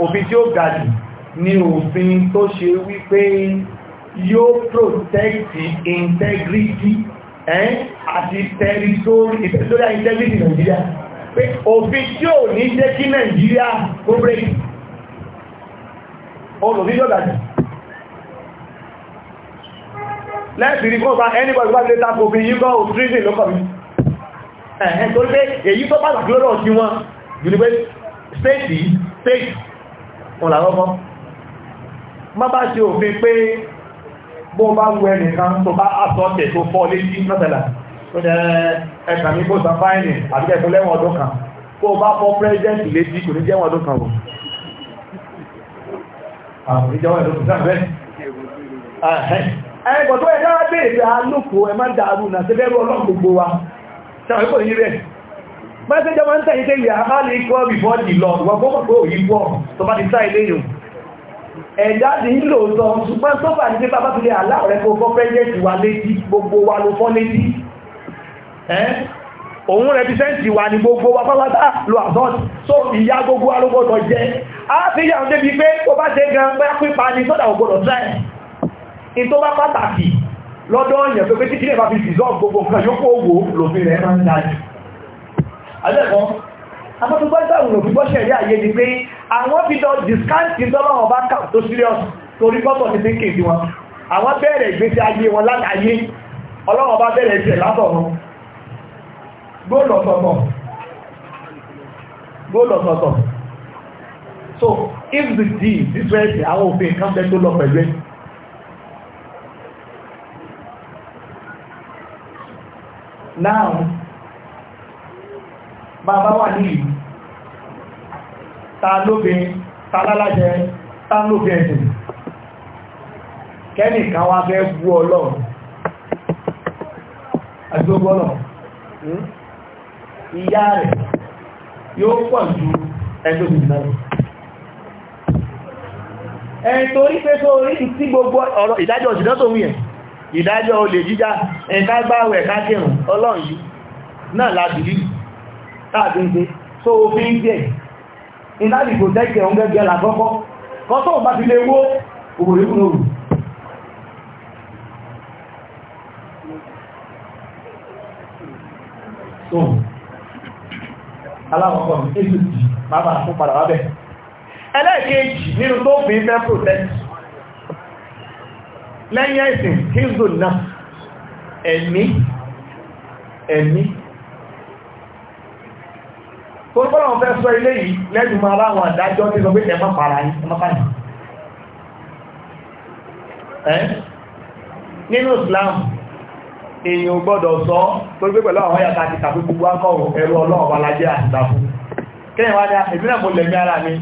òfin tí ó ga jù ni òfin tó ṣe wípé yóò protect integrity àti territorial integrity Nigeria pé òfin tí ò ní jẹ́ kí Nigeria kó break olùfin tí ó ga jù lẹ́sìrí fún ọba anybody bá lè tako bí yíkọ́ òtúrísìn ló kọ̀mí ẹ̀ẹ́ torí pé èyí tó pàtàkì lọ́rọ̀ sí wọn jùlọ pé stéètì wọn làwọn mọ́ má bá ṣe òfin pé bó bá wù ẹnìkan tó bá aṣọ tẹ̀ tó fọ́ létí mọ́tẹ̀lá tó jẹ́ ẹ̀ka mi kó san fáìnì àbíkẹ́ tó lẹ́wọ̀n ọdún kan kó o bá fọ́ pírẹ́sidẹ́ǹtì létí kò ní jẹ́wọ̀n ọdún kan wò àwọn ìjọwọ́ ìlú ìjọba ẹgbẹ̀ tó ẹ̀dá bèèrè alókò ẹ má dàrú nà tẹ́lẹ́rù ọlọ́gbogbo wa ṣàwọn ìpò yìí mẹ́sẹ̀jọ́ máa ń tẹ̀yí tẹ́ ìyà bá lè kọ́ before the lord wọ́n gbọ́mọ̀ pé òyí pọ̀ tó bá ti sá ilé yìí ẹ̀dá ní ìlò sọ ṣùgbọ́n tó bá ní pé bàbá fi lè aláàrẹ́ kó fọ́ pẹ́jẹ́sì wa létí gbogbo wa ló fọ́ létí òun rẹ̀bísẹ́ǹtì wa ní gbogbo wa pátá lo àzọ́t so ìyá gbogbo wa ló gbọ́dọ̀ jẹ́ a fi yà ń débi pé ó bá ṣe gan pé pípa ní sọ́dà ògbọ́dọ̀ tẹ́ in tó bá pàtàkì lọ́dọ̀ ọ̀yàn pé títí lè bá fi dìzọ́ gbogbo nǹkan yóò kó owó lòfin rẹ̀ máa ń dájú àbẹ́ẹ̀kọ́ afọ́túgbọ́sẹ̀ àwọn òfúgbọ́sẹ̀ rí àyè ni pé àwọn fi lọ diskáǹtì tọ́lọ́wọ́ bá kà tó serious torí pọ́pọ̀ ti fi kéèdì wọn àwọn bẹ̀rẹ̀ ìgbésí ayé wọn látàyé ọlọ́wọ́ bá bẹ̀rẹ̀ ìṣẹ̀ látọ̀run góòlù ọ̀tọ̀ọ̀tọ̀ góòlù ọ̀tọ̀ọ̀tọ̀ so if the deed different àwọn òfin kan fẹ́ tó lọ pẹ̀lú ẹ̀ now bàbá wà ní ìlú ta lóbin ta lálàjẹ ta lóbin ẹ̀sìn kẹ́nìkan wá fẹ́ bú ọlọ́run àti ọgbọ́nà hmm? ìyá rẹ̀ yóò pọ̀ ju ẹjọ́ ìgbìyànjú ẹ̀yìn torí pé tó rí tí gbogbo ọ̀rọ̀ ìdájọ́ òṣìdá tó wùyẹn ìdájọ́ olè jíjà ẹ̀ká gbáwẹ̀ kákẹrùn ọlọ́run yìí náà lábìlì káàdé ṣe so òfin ń jẹ́ ìdájì kò tẹ́kẹ̀ òun gẹ́gẹ́ làkọ́kọ́ kọ́sọ́ bá ti lè wó òwòrè fún òrù so alákọ̀ọ́kọ́ èsì jì máa bá fún padà wábẹ̀ ẹlẹ́ẹ̀kejì nínú tó fi ń fẹ́ protect lẹ́yìn ẹ̀sìn kí ẹ̀mí ẹ̀mí tó bọ́lá wọn fẹ́ sọ ilé yìí lẹ́nu máa láwọn àdájọ́ tí sọ pé ẹ má para yín ẹ má para yín ẹ nínú Islam èèyàn gbọ́dọ̀ sọ tó gbé pẹ̀lú àwọn yàtà àti tàbí gbogbo akọ̀wọ̀ ẹ̀rọ ọlọ́ọ̀wà lájẹ́ àtìdàfú kẹ́yìn wá ní èmi náà mo lè mí ara mi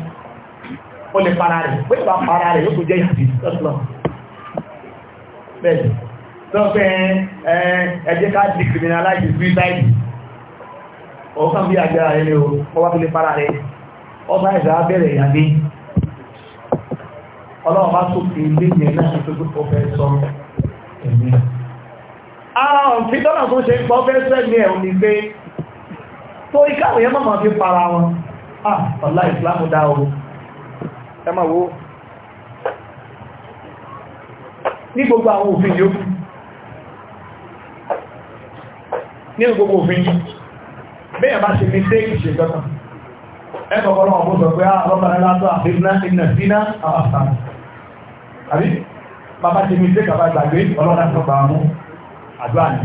ó lè para rẹ̀ pé ìwà para rẹ̀ yóò kò jẹ́ ìyàtì lọ́sùlọ́ bẹ́ẹ̀ tó fẹ́ ẹ̀ẹ́dẹ́ká decriminalize suicide ọ̀kan bí agbára rẹ̀ o ọwá fi lè para rẹ̀ ọba ìdá bẹ̀rẹ̀ ìyàgbé ọlọ́wọ́ bá tó fi ilé yẹn náà tó gbogbo fẹ́ sọ ẹ̀mí ara ọ̀n fi tọ́nà tó ṣe ń pọ̀ fẹ́ sẹ́mi ẹ̀ òní pé tó ikáwé yẹn mọ̀mọ́ fi para wọn ah ọ̀la ìsìlámù dá o ẹ máa wo ní gbogbo àwọn òfin yòókù ní gbogbo òfin yòókù bẹ́ẹ̀ bá ṣe mi dé ìṣe gbọ́nà ẹ̀kọ́ kọ́ lọ́wọ́ sọ pé a náà látọ̀ àfihàn iná sínú àwọn àṣà àbí bàbá ṣe mi dé kàbá gbàgbé ọlọ́pàá náà sọ̀gbà mú àdúrà ni.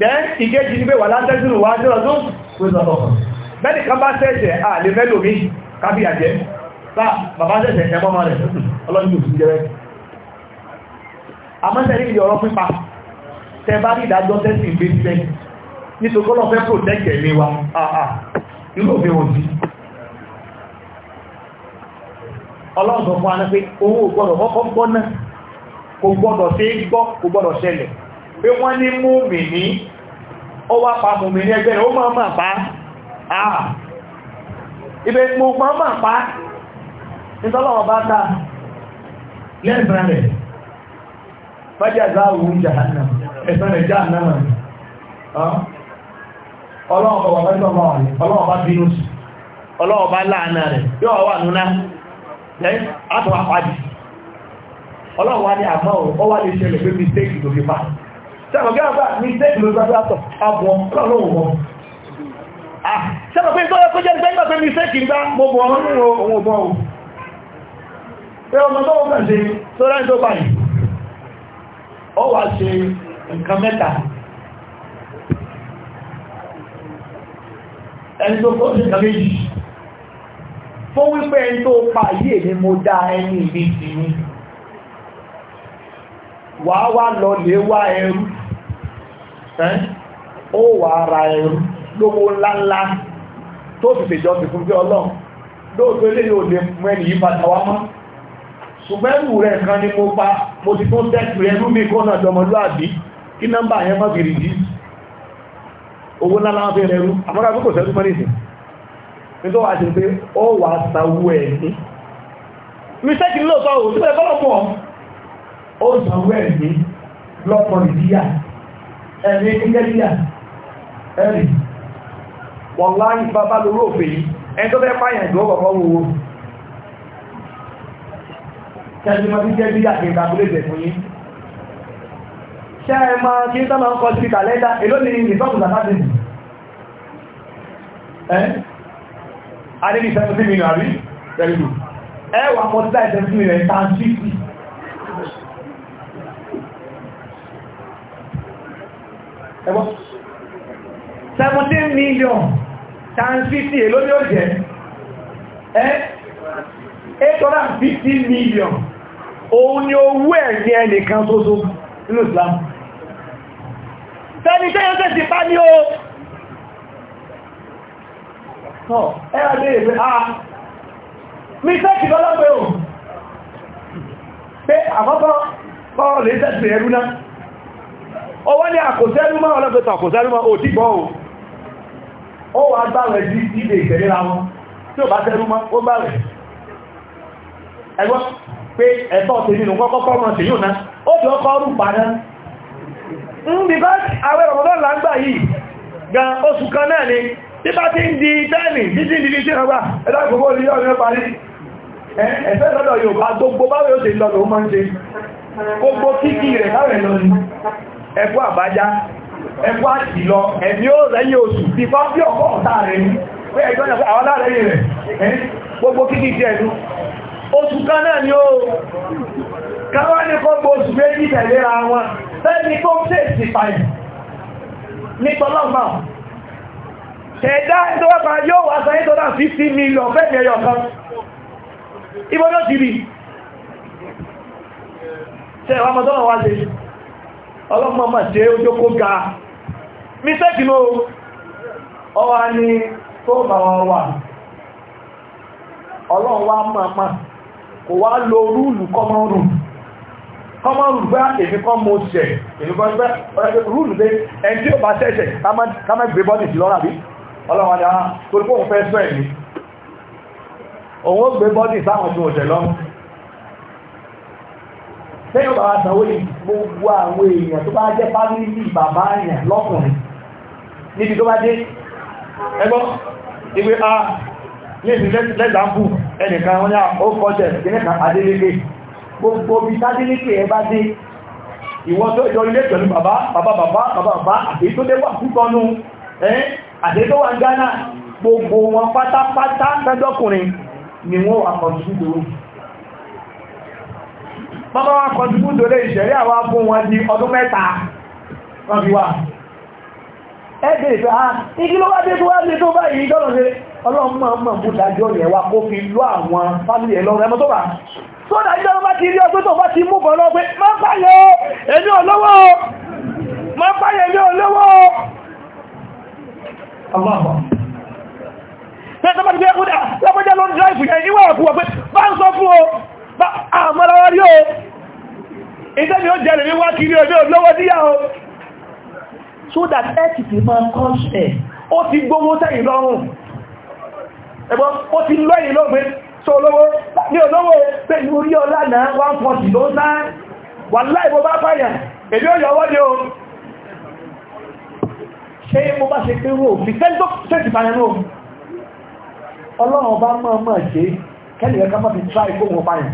bẹ́ẹ̀ ìkejì ní pé wà látẹ́sìnù wá jọ́rọ̀ tó pé sọ ọkọ̀ bẹ́ẹ̀ni kan bá ṣẹ̀ṣẹ̀ à lè mẹ́lò mi kábí àjẹ́ tá bàbá ṣẹ̀ṣẹ̀ ẹ̀mọ́ mọ́ rẹ̀ ọlọ́dún tó jẹ́ àmọ́sẹ̀ ní ìdí ọ̀rọ̀ pípa tẹ bá rí ìdájọ́ tẹ́sì ìgbésí lẹ́yìn nítorí ọlọ́run fẹ́ protect ẹ̀mí wa àà ah, ah. irú òfin òjì ọlọ́run sọ fún aná pé owó gbọ́dọ̀ kọ́kọ́ gbọ́ náà kò gbọ́dọ̀ ṣe é gbọ́ kò gbọ́dọ̀ ṣẹlẹ̀ pé wọ́n ní mú mi ní ó wá pa mú mi ní ẹgbẹ́ rẹ̀ ó máa máa pa àà ah. ibẹ̀ mo máa máa pa nítọ́lọ́wọ́ bá ta lẹ́ẹ̀bẹ̀rẹ̀ rẹ̀ fájá záà wù jahannam ẹ̀sán rẹ̀ jahannam rẹ̀ ọlọ́run bọ̀ wọ́n tọ́ máa rẹ̀ ọlọ́run bá bínú sí ọlọ́run bá láàánà rẹ̀ yóò wà núná látọwà pàdì ọlọ́run wá ní àmọ́ ó wá lè ṣẹlẹ̀ pé mistake ló fi pa sẹ́gbẹ̀gbẹ̀ ọgbà mistake ló ẹni tó kọ́ sí ìgbàmẹ́jì fún wípé ẹni tó pa yí èmi mo dá ẹni ìbí ti ní wà wá lọ lè wá ẹrú ó wà ara ẹrú lówó ńláńlá tó fi fèjọ sí fún bí ọlọ́run lóòtọ́ ilé yóò lè mú ẹni yìí padà wá mọ́ ṣùgbọ́n ẹrù rẹ̀ kan ni mo pa mo ti tún tẹ́kù ẹrú mi kọ́nà ọmọlúàbí kí nọ́mbà yẹn mọ́ gìrì yìí owó ńlá láwọn fẹ́rẹ̀ ẹrú àmọ́ra bí kò sẹ́rú mọ́ nìsín ní tó wà ṣe pé ó wà sàwú ẹ̀ ní mistake ní lóòótọ́ ò síbẹ̀ bọ́lọ̀pọ̀ ó sàwú ẹ̀ ní lọ́pọ̀ nìdíyà ẹ̀mí kíkẹ́díyà ẹ̀rì wọ́n láyé bàbá lórí òfin ẹni tó fẹ́ pààyàn ìgbọ́ bàbá wo kẹ́sìmọ́ kíkẹ́díyà kí n ṣe ẹ máa kí ń tọ́lọ ń kọ sí kàlẹ́dà èló ni ìsọ́kù zakati ẹ́ adébí 17 million àrí pẹ̀lú ẹwà mọ́tílá 17 million ẹ̀ta 50 ẹgbọ́ 17 million times 50 èló ni ó jẹ́ ẹ́ 850 million òun ni owó ẹ̀yẹ ẹnìkan ṣoṣo nínú Islam tẹni tẹ́yẹ tẹ́ ti pa ní o tọ́ ẹ̀yà lè rẹ̀ a mi tẹ́kì lọ́lọ́pẹ́ o pé àkọ́kọ́ kọ́ lè tẹ́sì ẹrú náà ó wọ́n ní àkòsẹ́rú máa ọlọ́pẹ́ta àkòsẹ́rú máa ò dìgbọ́ o ó wà gbáwẹ̀ sí ilé ìtẹ̀lera wọn tí ò bá tẹ́rú máa ó gbáwẹ̀ ẹgbọ́n pé ẹ̀tọ́ tèmi nù kọ́kọ́ kọ́ ń bí bá àwẹ̀ Ramadan là ń gbà yìí gan oṣù kan náà ni tí bá ti ń di tẹ́ẹ̀nì títí di títí ọgbà ẹ̀dá gbogbo orí ọ̀rẹ́ parí ẹ̀fẹ́ lọ́dọ̀ Yorùbá gbogbo báwẹ̀ ó ti lọ́dọ̀ ó máa ń ṣe gbogbo kíkì rẹ̀ láwẹ̀ lọ ni ẹ̀kú àbájá ẹ̀kú àti lọ ẹ̀mí ó rẹ̀yìn oṣù ti bá bí ọkọ̀ ọ̀tá rẹ̀ ni pé ẹjọ́ náà àwọn alárẹ̀yìn rẹ̀ gbogbo káwọn ní kó oṣù méjì tẹ̀léra wọn fẹ́ni kó ń tẹ̀ sí pàyà ẹ̀dá ẹ̀dọ́wọ́pá yóò wà sáyé tó 50 million fẹ́ni ẹyọ kan ibọ́ ti rí ṣe ni ọlọ́run wá máa máa kò wá ọmọ rúgbá èmi kan mo ṣẹ̀ èmi kan gbẹ́ rúùlù pé ẹni tí ó bá ṣẹ̀ṣẹ̀ ká má gbé bọ́dì sí lọ́rà bí ọlọ́wọ́n ya ah, torí pé òun fẹ́ sọ ẹ̀mí òun ó gbé bọ́dì sáwọn tí mo ṣẹ̀ lọ́rùn lẹ́yìn bàbá àtàwọn èyí gbogbo àwọn èèyàn tó bá jẹ́ fámìlì bàbá èèyàn lọ́kùnrin níbi tó bá dé ẹgbọ́n ìwé a ah, ní ìsìn lẹ́gbàmbù ẹnìkan wọn ní ah, gbogbo bí sádílítì ẹ bá dé ìwọ́n tó jọ ilé pẹ̀lú bàbá bàbá bàbá bàbá àti tó dé wà púpọ̀nú àti tó wà ń gánà gbogbo wọn pátápátá lọ́dọ́kùnrin ni wọ́n wà kọ̀dùkúdò bàbá wà kọ̀dùkúdò lè ṣẹ̀rẹ́ àwá fún wọn di ọdún mẹ́ta wọ́n fi wà ẹgbẹ̀ ìfẹ́ ha igi ló wá dé tó wá dé tó báyìí dọ́lọ́ tó dájọ́ ló bá ti rí ọgbẹ́ tó bá ti mú bọ̀lọ́ pé má báyẹ̀ èmi olówó má báyẹ̀ èmi olówó lọ́pọ̀jẹ́ ló ń dráìfù yẹn níwà àkúwà pé bá ń sọ fún o bá àmọ́láwà rí o ìjẹ́ mi ó jẹ́ lèmi wá kiri ọjọ́ olówó díyà o so that ẹ́kìtì máa kọ́ṣẹ̀ ó ti gbówó tẹ́yìn lọ́rùn ẹgbọ́n ó ti lọ́yìn lọ́gbẹ́ tó olówó ní olówó pé orí ọlá náà 140 ló náà wà láì bó bá pààyàn èdè òyà ọwọ́ ni o ṣe mo bá ṣe pé rò fi tẹ́lítọ́ tẹ́lítì pààyàn náà ọlọ́run ọba máa máa ṣe kẹ́lì ẹ̀ká máa fi try ikú wọn pààyàn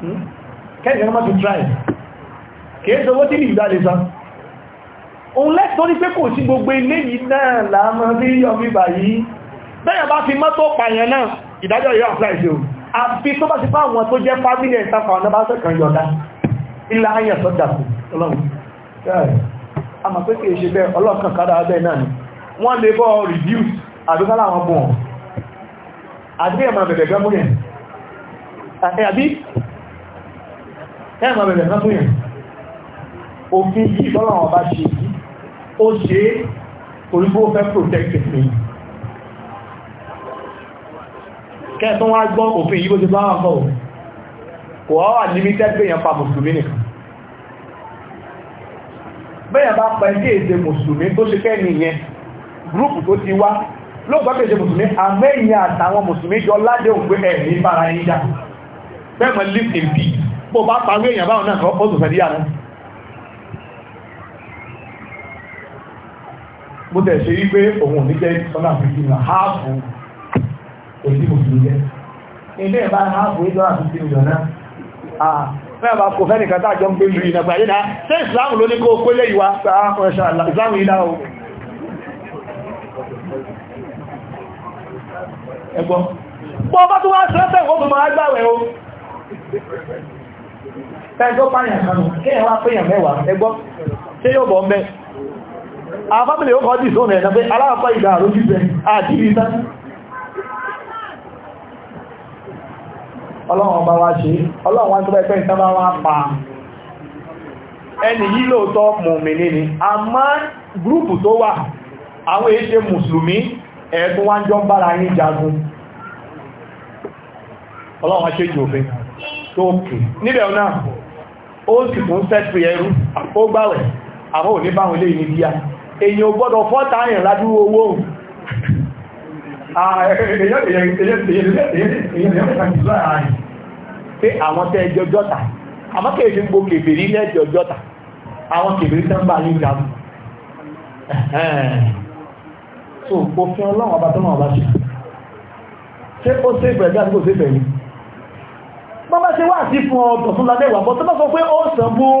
hmm? kẹ́lì ẹ̀ká máa fi tra ẹ̀ kìí sọ owó tí ìgbà lè sọ òun lẹ́tọ́ ní pé kò sí gbogbo ilé yìí náà láàmọ́ sí ọmọ báyìí bẹ́yàn bá fi mọ́tò pààyàn náà ìdájọ́ yóò apply sí o àfi tó bá ti fá àwọn tó jẹ́ fámílì ìtafà ọ̀nà bá sẹ́kàn yọ̀dá ilá ayẹ̀ tó dàkù reduce àdúgbálà àwọn bùn àti ẹ̀mà bẹ̀bẹ̀ gẹ́mú yẹn àbí ẹ̀mà bẹ̀bẹ̀ gẹ́mú yẹn òfin yìí bá ṣe yìí ó ṣe é orígbó fẹ́ protect me kẹ́ẹ̀tún wá gbọ́ òfin yíbo ti bá wà fọ́ kò wá wà limited bẹ́yàn pa mùsùlùmí nìkan bẹ́yàn bá pa ẹgbẹ́ èdè mùsùlùmí tó ṣe kẹ́ni yẹn gúrùpù tó ti wá lóògbà pé èdè mùsùlùmí àmẹ́yìn àtàwọn mùsùlùmí jọ ládé òpin ẹ̀ ní bára ẹ̀yìn já bẹ́ẹ̀ mọ̀ live in peace bó bá parí èèyàn báwọn náà kọ́ bó tẹ̀ ṣe wípé òun ò ní jẹ́ sọ́nà àfíìsì náà háàfù òsì mùsùlùmí jẹ́ ilé ìbá háàfù ìjọ àfíìsì ìjọ náà mẹ́bàá kò fẹ́ nìkan tàjọ ń gbé lórí ìnàgbà yìí náà ṣe ìsìláàmù ló ní kó kó lé ìwà ìsìláàmù ìdá o ẹgbọ́n bọ́ bá tó wá sẹ́sẹ̀ ìwọ́n tó máa gbàwẹ̀ o ẹgbọ́ pààyàn kanù kí ẹwà pèèyàn mẹ́wàá ẹgbọ́n ṣe yóò bọ̀ mẹ́ àwọn fámílì ó kọ́ dì sóòrùn ẹ̀nà pé aláàpá ìdá àrójú jẹ Ọlọọrụ ìrítá ọlọ́run ọba wá ṣe ọlọ́run wá tọ́bẹ̀ pẹ́ ìtàbá wá pa ẹni yìí lóòótọ́ mùmìnì ni a má gúrùpù to wa àwọn èṣe mùsùlùmí ẹ̀ẹ́kún wá ń jọ bára yín jagun èyàn gbọ́dọ̀ fọ́ta lájú owó òun àwọn tẹ́ ẹjọ́ jọ́ta àwọn kèbèrè tẹ́ ń bá ní so bá tọ́nà ṣe ṣe ó bọ́bá ṣe wà sí fún ọ̀tọ̀ fún ládẹ́wà bọ́ tọ́bá sọ pé ó sàn fún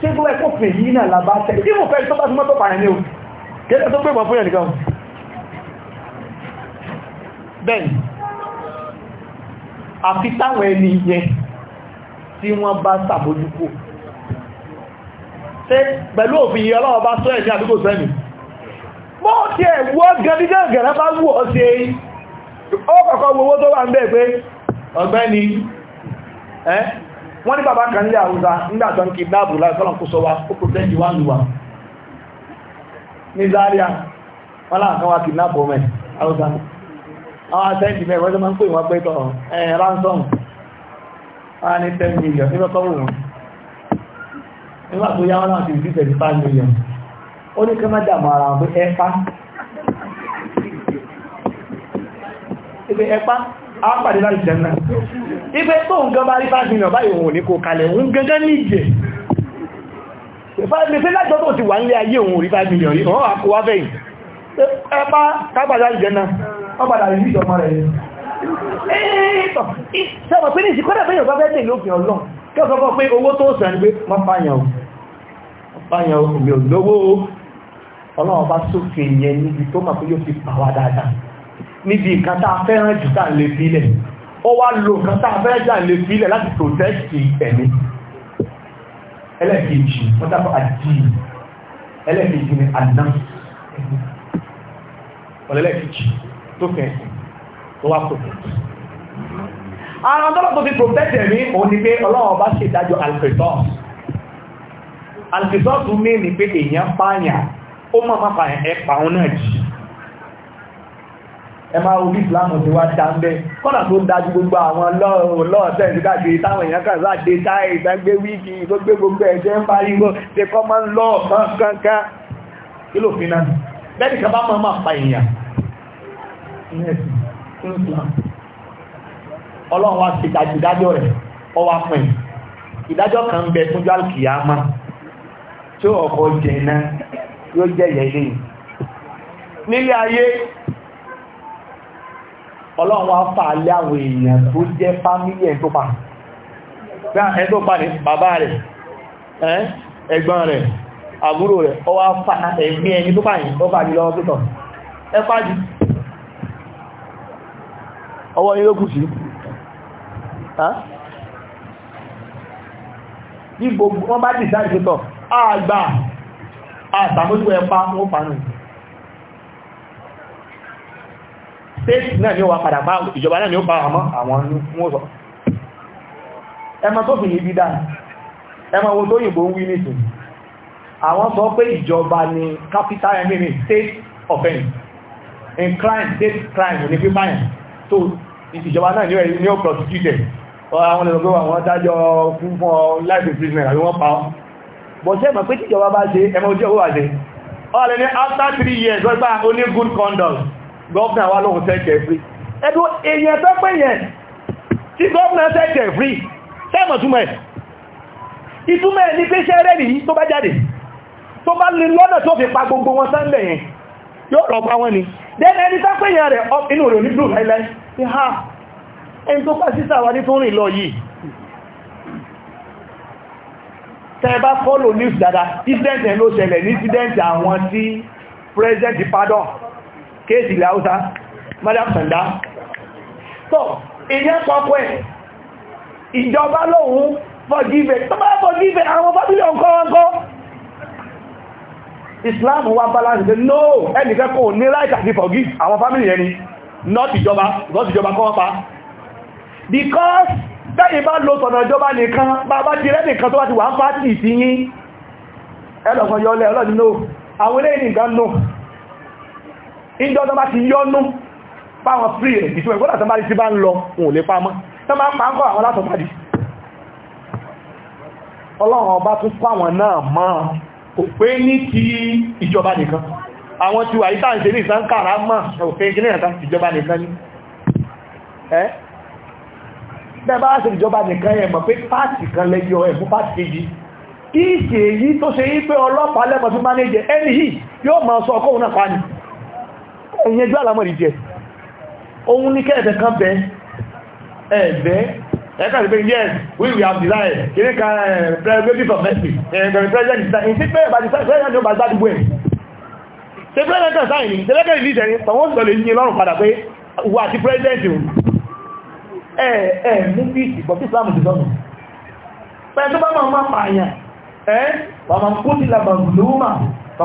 ṣé tó ẹkọ́ pè yí náà làbá tẹ́ tí mo fẹ́ tó bá súnmọ́ tó pààyàn ní o kẹ́lẹ̀ tó gbẹ̀mọ̀ fún ẹnìkan bẹ́ẹ̀ àfi táwọn ẹni yẹn tí wọ́n bá sàbójúkò ṣe pẹ̀lú òfin yìí ọlọ́wọ́ bá sọ ẹ̀mí àdúgbò sẹ́mi mọ́ ti ẹ̀wọ́ gẹ̀rẹ́gẹ̀rẹ́ bá wù ọ́ sí èyí ó kọ̀kọ́ wọ́n ní bàbá kan nílẹ̀ àwúzá nígbàtọ́ ń kìdnáàbù láìsọ́lọ̀ kó sọ wa ó protect you ní Zaria wọ́n láàkan wá kìdnáàbù ọmọ àwúzá àwọn asẹ́ntì mẹ́ wọ́n tó máa ń pè wọ́n tọ́ 10 million million pàdé láti jẹ́ ipé tó ń gan bá rí 5 million báyìí òun ní kò kalẹ̀ òun gangan ní ìjẹ̀ ìfẹ́ lájọ́ tó ti wà nílé ayé òun rí 5 million rí wọ́n wà kó wá fẹ́yìn ẹpá tágbàdá ìjẹ́ náà wọ́n padà rí ìjọ mọ́ rẹ̀ sẹ́wọ̀n pé ní ìsìnkọ́dà fẹ́yìn ọ̀gá fẹ́ tẹ̀lé òfin ọlọ́run kẹ́ọ̀kọ́ pé owó tó sàn ní pé wọ́n fàyàn ò fàyàn òmì òlówó ọlọ́run bá sókè yẹn níbi tó mà pé yóò fi pàwà dáadáa níbi ìkan tá a fẹ́ràn jù tá à lè fi ilẹ̀ ó wá lò kan tá a fẹ́ jà lè filẹ̀ láti protect ẹ̀mí ẹlẹ́kejì wọ́n dábọ̀ àdí ẹlẹ́kejì ni àná ọ̀lẹ́lẹ́kejì tó fẹ́ tó wá protect ara tọ́lọ̀ tó fi protect ẹ̀mí òun ni pé ọlọ́wọ́ bá ṣe ìdájọ́ alfẹ́tọ́ alfẹ́tọ́ tún mí ni pé èèyàn pààyàn ó mọ̀ máa pààyàn ẹ̀ pààyàn náà jì ẹ máa wo bí islam ti wá dá ń bẹ kọ́nà tó ń dájú gbogbo àwọn lọ́ọ̀tẹ́ ìdíkàgbé táwọn èèyàn kan láti táì ìdágbé wíìkì tó gbé gbogbo ẹ̀jẹ̀ ń pariwo ṣe common law kankan kí ló fi náà bẹ́ẹ̀ nìkan bá máa pa èèyàn ọlọ́run wá sí ìdájọ́ rẹ̀ ọ wá pẹ̀ ìdájọ́ kan bẹ fún jálùkì yá má tí ọkọ̀ jẹ̀ náà yóò jẹ́ yẹ̀ ọlọ́run wá fà lé àwọn èèyàn tó jẹ́ fámílì ẹ̀ tó pa ẹ̀ tó pa ní bàbá rẹ̀ ẹ̀gbọ́n rẹ̀ àbúrò rẹ̀ ó wá fà ẹ̀mí ẹni tó pàyìn ó fà ní lọ́wọ́ pẹ́tọ̀ ẹ pàdì ọwọ́ ní lókù sí bí gbogbo wọ́n bá dì sáà ìpẹ́tọ̀ àgbà àtàmójúwẹ̀ pa wọ́n fà state náà ni ó wà padà bá ìjọba náà ni ó bá àmọ́ àwọn mọ́sọ̀ ẹmọ tó fi ibi dá ẹmọ wo tóyìnbó ń wí nìtì àwọn sọ pé ìjọba ni capital enemy state offense in crime state crime ní fífà yẹn tó ìjọba náà ni ó prosecuted àwọn ẹlẹ́gbẹ́ àwọn dájọ́ fún fún life imprisonment àbí wọ́n pa ọ́ bọ̀ sí ẹ̀mọ̀ pé tíjọba bá ṣe ẹmọ ojú ọwọ́ àṣẹ ọ́ lẹ́ni after three years wọ́n gbá ó good conduct gọ́ọ̀nà wá lóhun tẹ́kẹ̀ free ẹ̀dọ́ èyàn tó pé yẹn tí gọ́ọ̀nà tẹ́kẹ̀ free tẹ́mọ̀ túnmọ̀ ẹ̀ ìtúnmọ̀ ẹ̀ ní pé iṣẹ́ rẹ̀ nìyí tó bá jáde tó bá lè lọ́nà tó fi pa gbogbo wọn sáńdẹ̀ yẹn yóò rọ̀ pa wọn ni dẹ́nà ẹni tó pé yẹn rẹ̀ inú rẹ̀ ní blue láìláì ti ha ẹni tó pa sísà wa ní tó rìn lọ yìí tẹ́ bá follow news incident ẹ̀ ló ṣẹlẹ̀ ní incident àwọn tí president pardon kéèsì ilẹ̀ haúsá madam sanda so ìyẹn kọ́kọ́ ẹ̀ ìjọba lóhun forgive tó bá forgive àwọn fábílì ọkọ̀ ọkọ̀ islam wa balance the no ẹnìkẹ́ kò ní right àti forgive àwọn family yẹn ni not ìjọba not ìjọba kọ́ pa because tẹ́yìn bá lo sọ̀nà ìjọba nìkan bàbá ti rẹ́ nìkan tó bá ti wà ń pàtì ìsinyí ẹlọ́kan yọ́lẹ̀ ọlọ́dún náà àwọn eléyìn nìkan náà ìjọdọ́ bá ti yọ́nú fáwọn frí rẹ̀ ìtò ẹ̀gbọ́n bá ń lọ òun lè pamọ́ tó ń pa ń kọ́ àwọn látọ̀bádì ọlọ́run ọba tún fáwọn náà mọ́ kò pé ní ti ìjọba nìkan àwọn tí wà ìta ìṣẹ́lẹ̀ ìsánkàrà mọ́ òfin ìjìnlẹ̀ ìjọba nìkan ní ẹ́ ìjọba nìkan mọ̀ pé pàtì kan lẹ́yọ ẹ̀ fún pàtì kejì kí tó ṣe yí pé ọlọ́pàá lẹ́pọ̀ tó ẹni yìí yóò máa sọ ọkọ̀ òun ni ẹ̀yẹjú àlámọ̀rí jẹ́ ohun ní kẹ́ẹ̀ẹ̀fẹ́ kan bẹ ẹ̀ẹ̀bẹ́ ẹ̀ẹ́kà sí pé yes we will have desire kìí ka prerogative of mercy ẹ̀ẹ̀bẹ̀rẹ̀ president is that in six pẹ́ẹ̀bà ti sẹ́ẹ̀rẹ̀ ní ọba gbádùgbò ẹ̀ ṣe president kan sáì ní tẹ́lẹ́kẹ́ release ẹni tọ̀wọ́n sọ lè yí lọ́rùn padà pé wà ti president o ẹ̀ẹ̀ mú bí ìgbọ̀ bí Islam ti sọ́nù pẹ̀lú bá máa pààyàn ẹ́ wà máa kó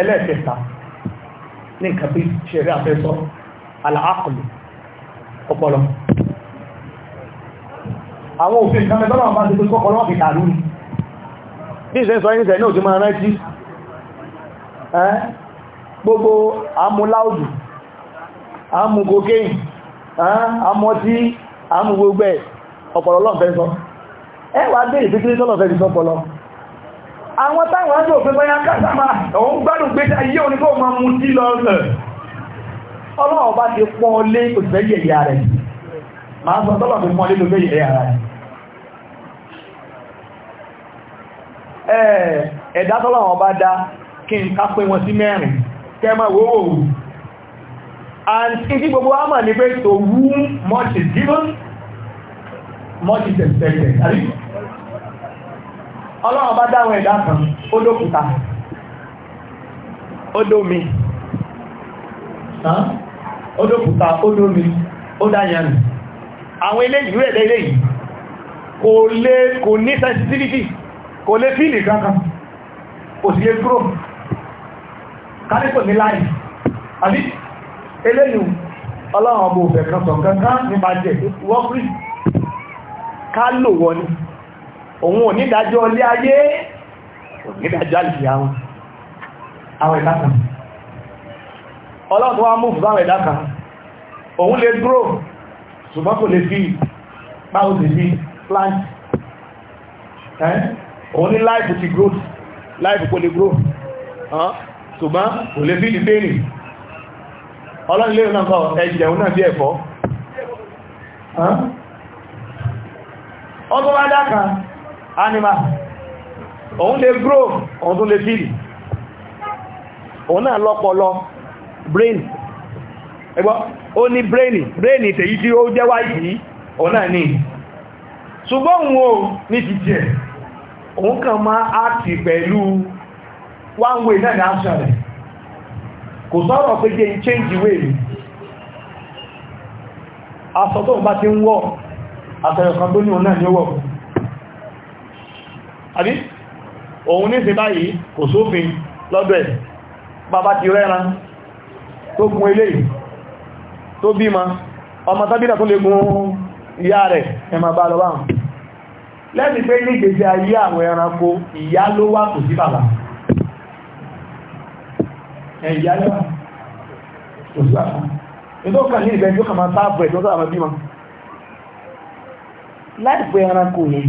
ẹlẹ́ẹ̀kẹta ní nǹkan bí ṣeré àfẹ́sọ́ aláàkùnlù ọpọlọ àwọn òfin kan mẹ́tọ́lọ̀ bá ti tó kọ́kọ́ lọ́wọ́ fi ní bí ìṣẹ́ sọ ẹ̀yìnṣẹ́ ní rántí gbogbo amúgogéyìn amọ́tí ọpọlọ àwọn táwọn ajọ́ òfin bọ́yá kásàmà òun gbádùn pé ayé oníkó ma mú sí lọ́rẹ̀ ọlọ́wọ́ bá ti pọ́n lé òṣìṣẹ́ yẹ̀yà rẹ̀ máa sọ tọ́lọ̀ fi pọ́n lé lóṣẹ́ rẹ̀ ẹ̀dá tọ́lọ̀wọ́ and a to ọlọ́run bá dáwọn ẹ̀dá kan ó dókúta ó dómi ó dókúta ó dómi ó àwọn ilé ìlú ẹ̀lẹ́ ilé yìí kò lè kò ní sensitivity kò lè fíìlì kankan kò sí lè kúrò káríkò ní láì àbí eléyìí ọlọ́run ọmọ jẹ́ wọ́n ni òun onídàájọ́ ilé ayé onídàájọ́ àlìyà àwọn àwọn ẹ̀dá kan ọlọ́run tó wá mú fún àwọn ẹ̀dá kan òun lè dúró ṣùgbọ́n kò lè fi báwọn sì fi plant òun ní láìpù ti growth láìpù kò lè grow ṣùgbọ́n kò lè fi ìbéèrè ọlọ́run lè náà kọ ẹ̀jẹ̀un náà bí ẹ̀fọ́ kan animal òun lè grow òun tún lè feel òun náà lọ́pọlọ brain ẹgbọ́ ó ní brain brain tèyí tí ó jẹ́ white òun náà ní òun o ní one way náà ní action kò sọ́rọ̀ pé jẹ́ change way bá ti ń tó ní òun náà àbí òun ní sí báyìí kò sófin lọ́dọ̀ ẹ̀ bàbá ti rẹ́ran tó gun ilé tó bímọ ọmọ tábídà tó lè gun ìyá rẹ̀ ẹ máa bá lọ bá lẹ́sì pé ní ìgbésí ayé àwọn ẹranko ìyá ló wà kò sí bàbá ẹ̀yà lọ́wà kò sí bàbá ìdókà ní ìgbẹ́ tó kà máa sáàbù ẹ̀ tó sáàbù bímọ láìpẹ́ ẹranko yìí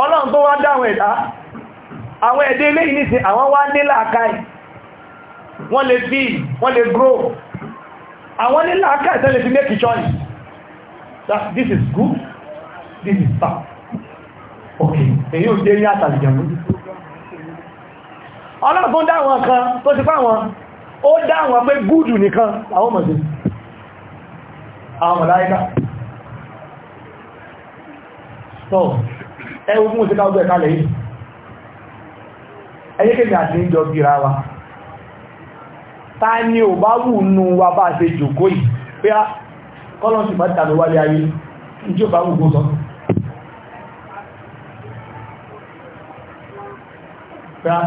ọlọ́run tó wá dáwọn ẹ̀dá àwọn ẹ̀dẹ́ ilé yìí nìsí àwọn wá nílà àkáì wọ́n lè fi wọ́n lè grow àwọn nílà àkáì tẹ́lẹ̀ fi make choice that this is good this is bad okay èyí ò dé ní àtàlìjẹ̀mú ọlọ́run tó dáwọn kan tó ti fáwọn ó dáwọn pé good nìkan àwọn mọ̀sí àwọn mọ̀láíkà so Ewu mú sí káwọ́ ẹ̀kálẹ̀ yìí àti ìjọ bíra wa ta ni ò bá wù nú wa bá ṣe jòkó yìí pé á kọ́lọ́n sì mẹ́ta ayé ìjọ bá wù kó sọ pé á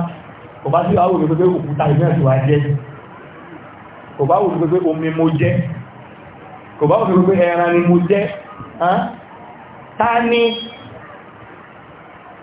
kò bá sí wà wù pé òkúta ìmẹ́ẹ̀sì wa jẹ́ kò bá wù pé omi mo jẹ́ kò bá wù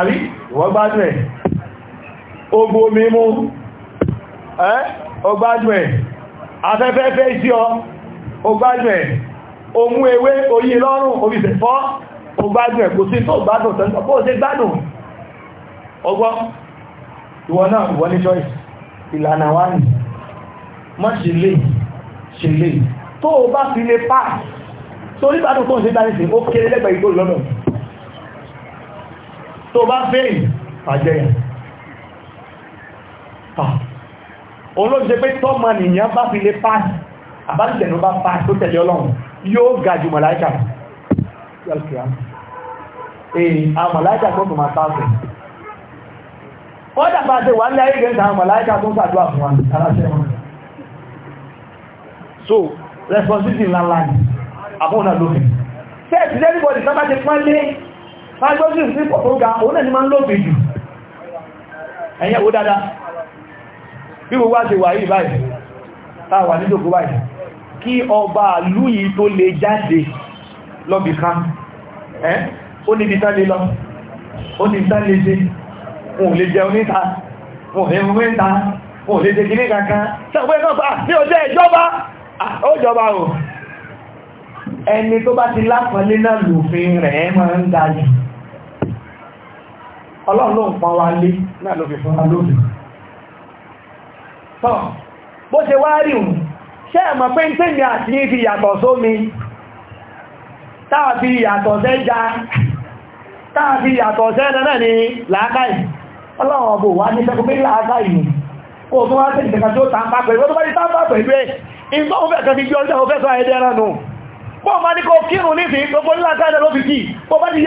àbí ìwọ gbádùn ẹ̀ ogbó mímú ẹ́ o gbádùn ẹ̀ afẹ́fẹ́fẹ́ sí ọ o gbádùn ẹ̀ omú ewé oyí lọ́rùn oríṣẹ́ fọ́ o gbádùn ẹ̀ kò sí tó gbádùn tẹ́ntọ́ bó gbádùn ọgbọ́ ìwọ náà ìwọ ní choice ìlànà wá ní mọ́ ṣe lè ṣe lè tó o bá fi lè pàà torí gbádùn tó ń ṣe dáríṣẹ́ ó kéré lẹ́gbẹ̀ẹ́ ìgbò lọ́dọ̀ tó bá fẹ́yìn àjẹyàn olóòjẹ́ ah, pé tọ́mọ nìyàn bá fi lé páàsì àbájẹ̀nú bá páàsì tó tẹ̀lé ọlọ́run yóò ga jù màláíkà èyí àmàláíkà tó tó máa sáàfẹ́ kọ́dà bá ṣe wà ní ayé gẹ̀ẹ́ta àmàláíkà tó sàdúwà fún wa aláṣẹ́ wọn so responsibility ńláńlá ni àbọ́nà lófin agbójú sí pọ̀ tó ga òun náà ni máa ń lóbi jù ẹ̀yẹ wo dáadáa bí gbogbo àti wà yìí báyìí táwà ní jòkó báyìí kí ọba ìlú yìí tó lè jáde lọ́bì kan ẹ́ ó ní ibi tánlé lọ ó ní tánlé jẹ́ wọn ò lè jẹ oníta wọn ò lè mú níta wọn ò lè jẹ kìíní kankan sẹ́gbẹ́ náà bá ní ọjọ́ ìjọba ó jọba o ẹni tó bá ti lápọ̀lé náà lòfin rẹ̀ máa ń dájú ọlọ́run ló ń pọn wa lé náà ló fi fún wa lóbi tán bó ṣe wá rí òun ṣé ẹ mọ̀ pé ń tèmi àti yín fi yàtọ̀ sómi táà fi yàtọ̀ sẹ́ja táà fi yàtọ̀ sẹ́ẹ̀nà náà ni làákàì ọlọ́run ọbọ̀ wá ní sẹ́kùn pé làákàì ni kò tún wá sí ìtẹ̀kà tí ó tàbá pẹ̀lú ó tó bá ní tàbá pẹ̀lú ẹ̀ ìgbọ́n fẹ́ kan ti gbé ọjọ́ ọ̀fẹ́ sọ ẹ̀dẹ́ràn nù pọ́ ma ní kò kírun nífẹ̀ẹ́ gbogbo nílàkàì ló fi kí pọ́ bá ti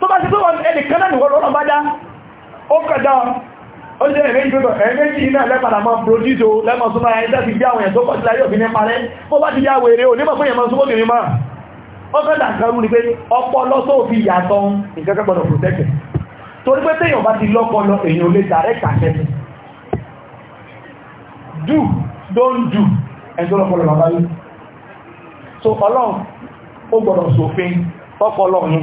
tó bá sí pé wọ́n ẹni kan náà nìwọ́n lọ́nà bá dá ó kọjá ó jẹ́ ẹ̀mẹ́jì tó ẹ̀mẹ́jì iná lẹ́pàdà máa produce o lẹ́mọ̀ súnmọ́ ayé tẹ́ ti bí àwọn ẹ̀tọ́ pọ̀sílá yóò fi ní parẹ́ ó bá ti yá wèrè o nígbà fún ìyẹ̀mọ̀ súnmọ́ kìrìmọ́ ó kọ́ dàkàrú ni pé ọpọlọ tó fi yàtọ̀ ìkẹ́kẹ́ gbọdọ̀ protect torí pé téèyàn bá ti lọ́pọlọ èèyàn lè direct àṣẹ do don't do ẹjọ́ lọ́pọlọ bàbá yìí so ọlọ́run ó gbọdọ̀ sófin tọ́pọlọ yìí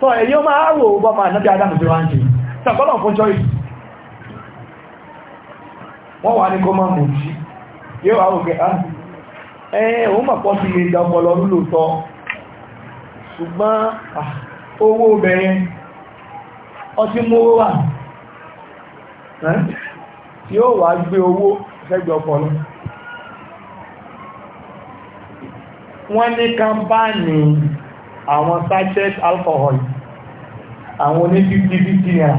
tó èyí ó máa rò ó bọ́mà náà bí adámù tí wọ́n ń jẹ ṣàkọ́nà fún wọ́n wà ní kó máa mú sí yóò wà ó gẹ́ òun mà pọ́ sí ọpọlọ lúlò tọ́ ṣùgbọ́n owó ọtí wà tí ó wà gbé ọpọlọ wọ́n ní àwọn sachet alcohol àwọn oní 50-50 naira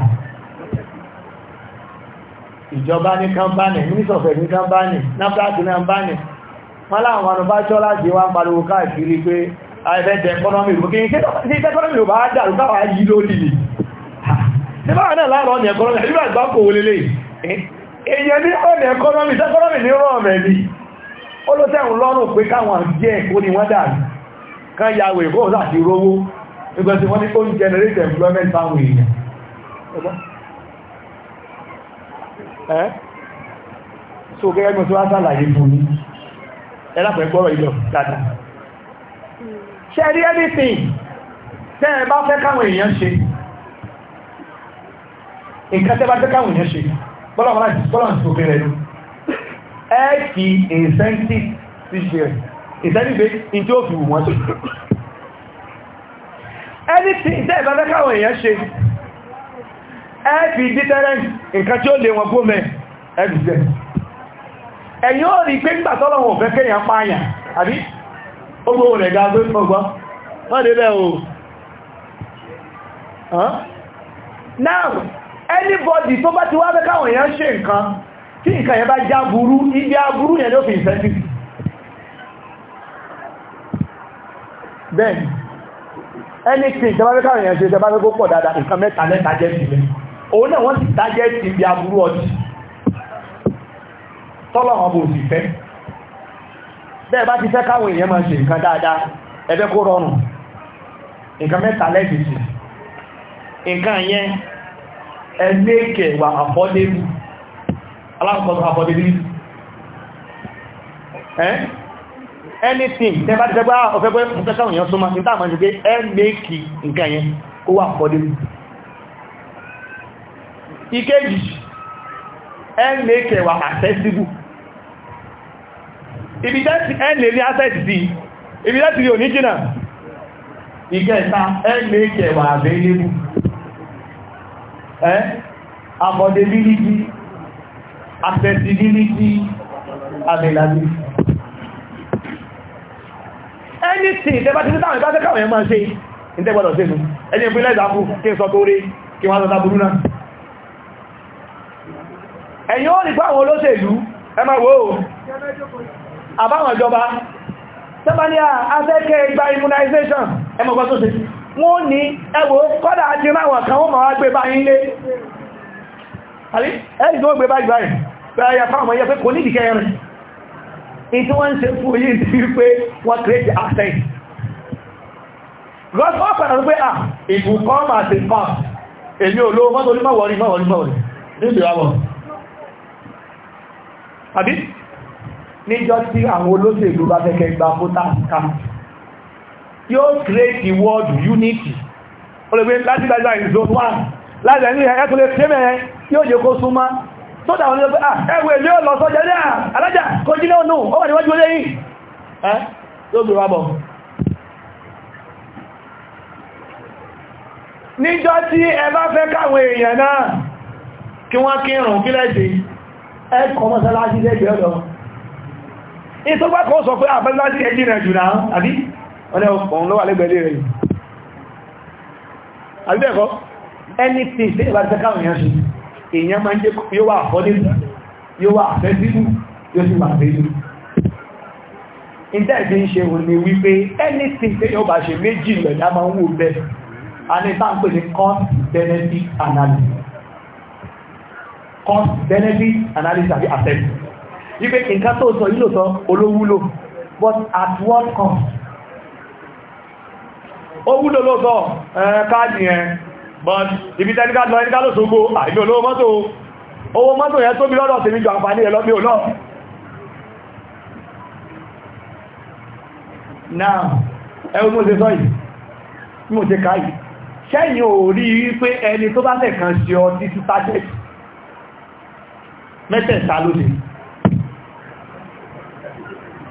ìjọba ní kánbánì mínísọ̀fẹ̀ ní kánbánì náfíàtì náà bánì wọ́n láwọn manufacturer láti wá ń pariwo káàkiri pé àìfẹ́jẹ̀ ẹkọ́nọ́mì ló kí ní ẹkọ́nọ́mì ló bá dàrú káwà yí lórí kan ya wè bóòsù àti rówó nígbà tí wọ́n ní ó ń generate employment fáwọn èèyàn ẹ́ so gẹ́gẹ́ bí wọ́n tó wá sàlàyé fún ní ẹlápẹ̀ gbọ́rọ̀ ìlọ dáadáa ṣe rí anything tẹ́ ẹ bá fẹ́ káwọn èèyàn ṣe nǹkan tẹ́ bá fẹ́ káwọn èèyàn ṣe bọ́lọ̀ wọn láti bọ́lọ̀ àti òfin ìsẹ́nìgbé in tí ó fi wù wọ́n sí ẹni tí ìsẹ́ ìbáfẹ́ káwọn èèyàn ṣe ẹ fi deterrent nǹkan tí ó lè wọn gómẹ̀ ẹgbìsẹ̀ ẹ̀yìn ó rí pé nígbà tọ́lọ̀ wọn fẹ́ kéèyàn pààyàn àbí ó rẹ̀ ga tó gbọ́gbọ́ now anybody tó bá ti wá fẹ́ káwọn èèyàn ṣe nǹkan tí nǹkan yẹn bá já burú ibi aburú yẹn bẹ́ẹ̀ni anything tẹ́bá fẹ́ káwọn èèyàn ṣe fẹ́ kó pọ̀ dáadáa nǹkan mẹ́ta mẹ́ta jẹ́ òun náà wọ́n ti dájẹ́ sí ibi aburú ọtí tọ́lọ̀ bò sì fẹ́ bẹ́ẹ̀ bá ti fẹ́ káwọn èèyàn máa ṣe nǹkan dáadáa ẹ kó rọrùn nǹkan mẹ́ta anything tẹ bá tẹ́gbá ọ̀fẹ́ pé ọ̀fẹ́sáwọn èèyàn súnmọ́ ní táàmà ṣùgbé ẹ mẹ́kì nǹkan yẹn kó wà fọ́dé ìkéjì ẹ mẹ́kì wà accessible ibi tẹ́sí ẹ lè ní access sí ibi tẹ́sí rí oníjìnà ìkẹta ẹ mẹ́kì wà available ẹ accessibility availability anything tẹbá ti títàwọn ìbáṣẹ́ káwọn yẹn máa ṣe ìtẹ́gbọ́dọ̀ sínú ẹni ìpínlẹ̀ ìdáfú kí n sọ tó rí kí wọ́n sọ́ta burú náà ẹ̀yìn ó nípa àwọn olóṣèlú ẹ máa wò ó àbáwọn ìjọba tẹ́bá ní afẹ́kẹ́ ìgbà immunization ẹ mọ̀ gbọ́tọ́ sí wọ́n ní ẹwọ́ kọ́dà àti ráwọn kan ó máa wá gbé bá yín lé ẹ̀rì tó gbé bá ìgbà rẹ̀ ìtí wọ́n ń ṣe fún yìí ti rí wọ́n create access god wọ́n padà wípé ah it will come as a cost èmi ò lówó mọ́tò onímọ̀ wọ̀rí mọ́wọ̀rí mọ́wọ̀rí níbi àwọ̀ àbí níjọ́ tí àwọn olóṣèlú bá fẹ́ kẹgbà fótà ká yóò create the word unity olùgbé láti dájá ìzone 1 láti ẹni ẹ̀kùnlé fẹ́mẹ̀ yóò jẹ́ kó súnmọ́ sọ́dà wọn lọ́pẹ́ ah, ẹwẹ̀ ilé ọ̀lọ́ sọ́jà ní ah, kò jí náà nù ó wà níwájú olé yìí ẹ́ yóò gbèrò àbọ̀ níjọ́ tí ẹ bá fẹ́ káwọn èèyàn náà kí wọ́n kí lẹ́sì ẹ kọ́ mọ́sálásí lẹ́gbẹ̀ẹ́ ọ̀dọ̀ èèyàn máa ń jẹ́ yóò wà àfọ́dé yóò wà àfẹ́ sínú yóò sì wà sínú ìdá ìdí ń ṣe òun ni wípé anything tí yóò bá ṣe méjì lẹ̀dá máa ń wò bẹ́ a ní bá ń pè ní cost benefit analysis cost benefit analysis àbí assess wípé nǹkan tó sọ yìí ló sọ olówúlò but at what cost ó wúlò ló sọ ẹ̀ẹ́ káàdì yẹn but ibi tẹ́níká lọ ẹníká ló ṣogbo àìlú olówó mọ́tò owó mọ́tò yẹn tó bí lọ́dọ̀ sí mi jù àǹfààní rẹ̀ lọ́bí olọ́ náà ẹwọ́n mo ṣe sọ yìí mo ṣe ká yìí ṣẹ́yìn ò rí wípé ẹni tó bá tẹ̀kan ṣe ọ títí target mẹ́tẹ̀ẹ̀ta ló ṣe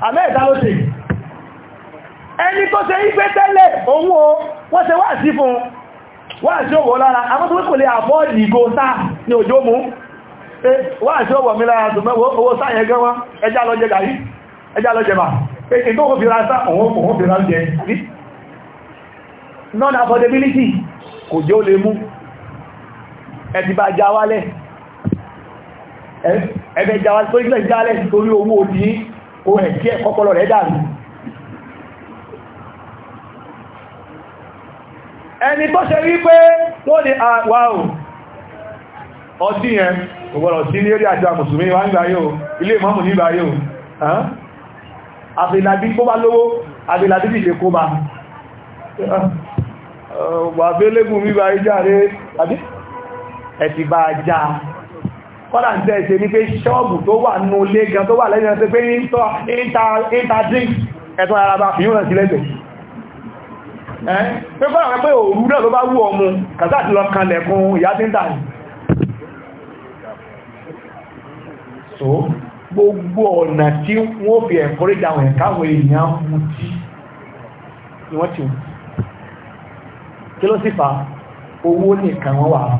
àmẹ́ẹ̀ta ló ṣe ẹni tó ṣe ìgbé tẹ́lẹ̀ òun o wọ́n ṣe wá sí fún un wà tí ó wọ́ lára amọ́tọ́wé kò lè àbọ́ọ̀dì ìgò sáà ní òjò mú wà tí ó wọ̀ mí lára tó mẹ́wọ́ owó sáà yẹn gán wá ẹjá lọ jẹ gàrí ẹjá lọ jẹba ìtòkò fi ránṣá òun fi ránṣẹ́ rí non-affordability kò jẹ́ ó lè mú ẹ̀tì bá já wálẹ̀ ẹ̀fẹ́ já wálẹ̀ tó ilẹ̀ já wálẹ̀ torí owó òdí kò ẹ̀kí ẹ̀kọ́pọ̀lọ̀ rẹ̀ dàrú ẹni tó ṣe rí pé wọ́n ni àwà ò ọtí yẹn ọgbọ̀rọ̀ sí ní eré àjọ mùsùlùmí wá ń gbáyé o ilé ìmọ́mù ní gbáyé o àbìlàbí kó bá lówó àbìlàbí bí lè kó bá wà fẹ́lẹ́gùn mi báyé járe àbí ẹ̀tì bá já kọ́dà ń tẹ́ẹ̀ṣe ní pé ṣọ́ọ̀bù tó wà nú lé gan tó wà lẹ́yìn ẹ̀ṣẹ́ pé ń ta drink ẹ̀tọ́ ara bá fi yóò rẹ̀ sí lẹ́gbẹ̀ẹ́ pé fọ́nà rẹ̀ pé òru náà ló bá wú ọmọ kàtà ti lọ kanlẹ̀ fún ìyá tí ń so gbogbo ọ̀nà tí wọ́n fi encourage àwọn ẹ̀káwọn èèyàn mú tí ni wọ́n ti wù kí ló sì fa owó wà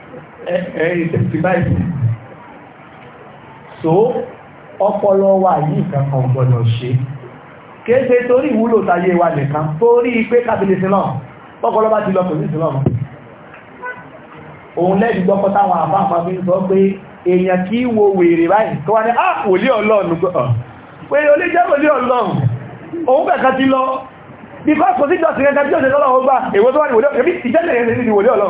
ẹ̀ẹ́dẹ̀ẹ́dẹ̀ẹ́dẹ̀ so ọpọlọ wa yìí kankan gbọdọ̀ ṣe kéèké torí ìwúlò tayé wa nìkan torí pé kábílẹ̀ sí náà pọ́kọlọ bá ti lọ pẹ̀lú sí náà òun lẹ́dì gbọ́kọ́ táwọn àfáàfà fi ń sọ pé èèyàn kí wo wèrè báyìí tó wá ní á ah, wòlé ọlọ́run pé o lè jẹ́ wòlé ọlọ́run òun kẹ̀kẹ́ ti lọ bí kọ́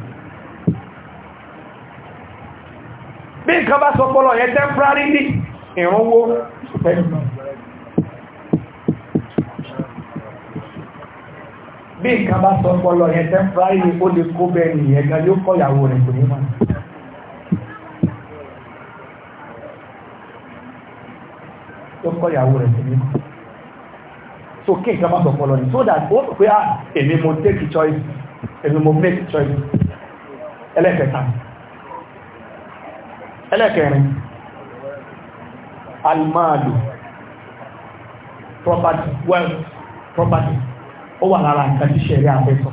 bí nǹkan bá sọ pọ́lọ̀ yẹ temporary ní ìrànwó bí nǹkan bá sọ pọ́lọ̀ yẹ temporary ní ó lè kó bẹ́ẹ̀ nìyẹn gan yóò kọ́ ìyàwó rẹ̀ kò ní mọ̀ yóò kọ́ ìyàwó rẹ̀ kò ní mọ̀ so kí nǹkan bá sọ pọ́lọ̀ yẹ so that ó pé à ah, èmi mo take choice èmi mo make choice ẹlẹ́kẹ̀ẹ́ta Elekere almaalu property wealth property ó wà lára nǹkan tí ṣẹ̀rí àfẹ́sọ̀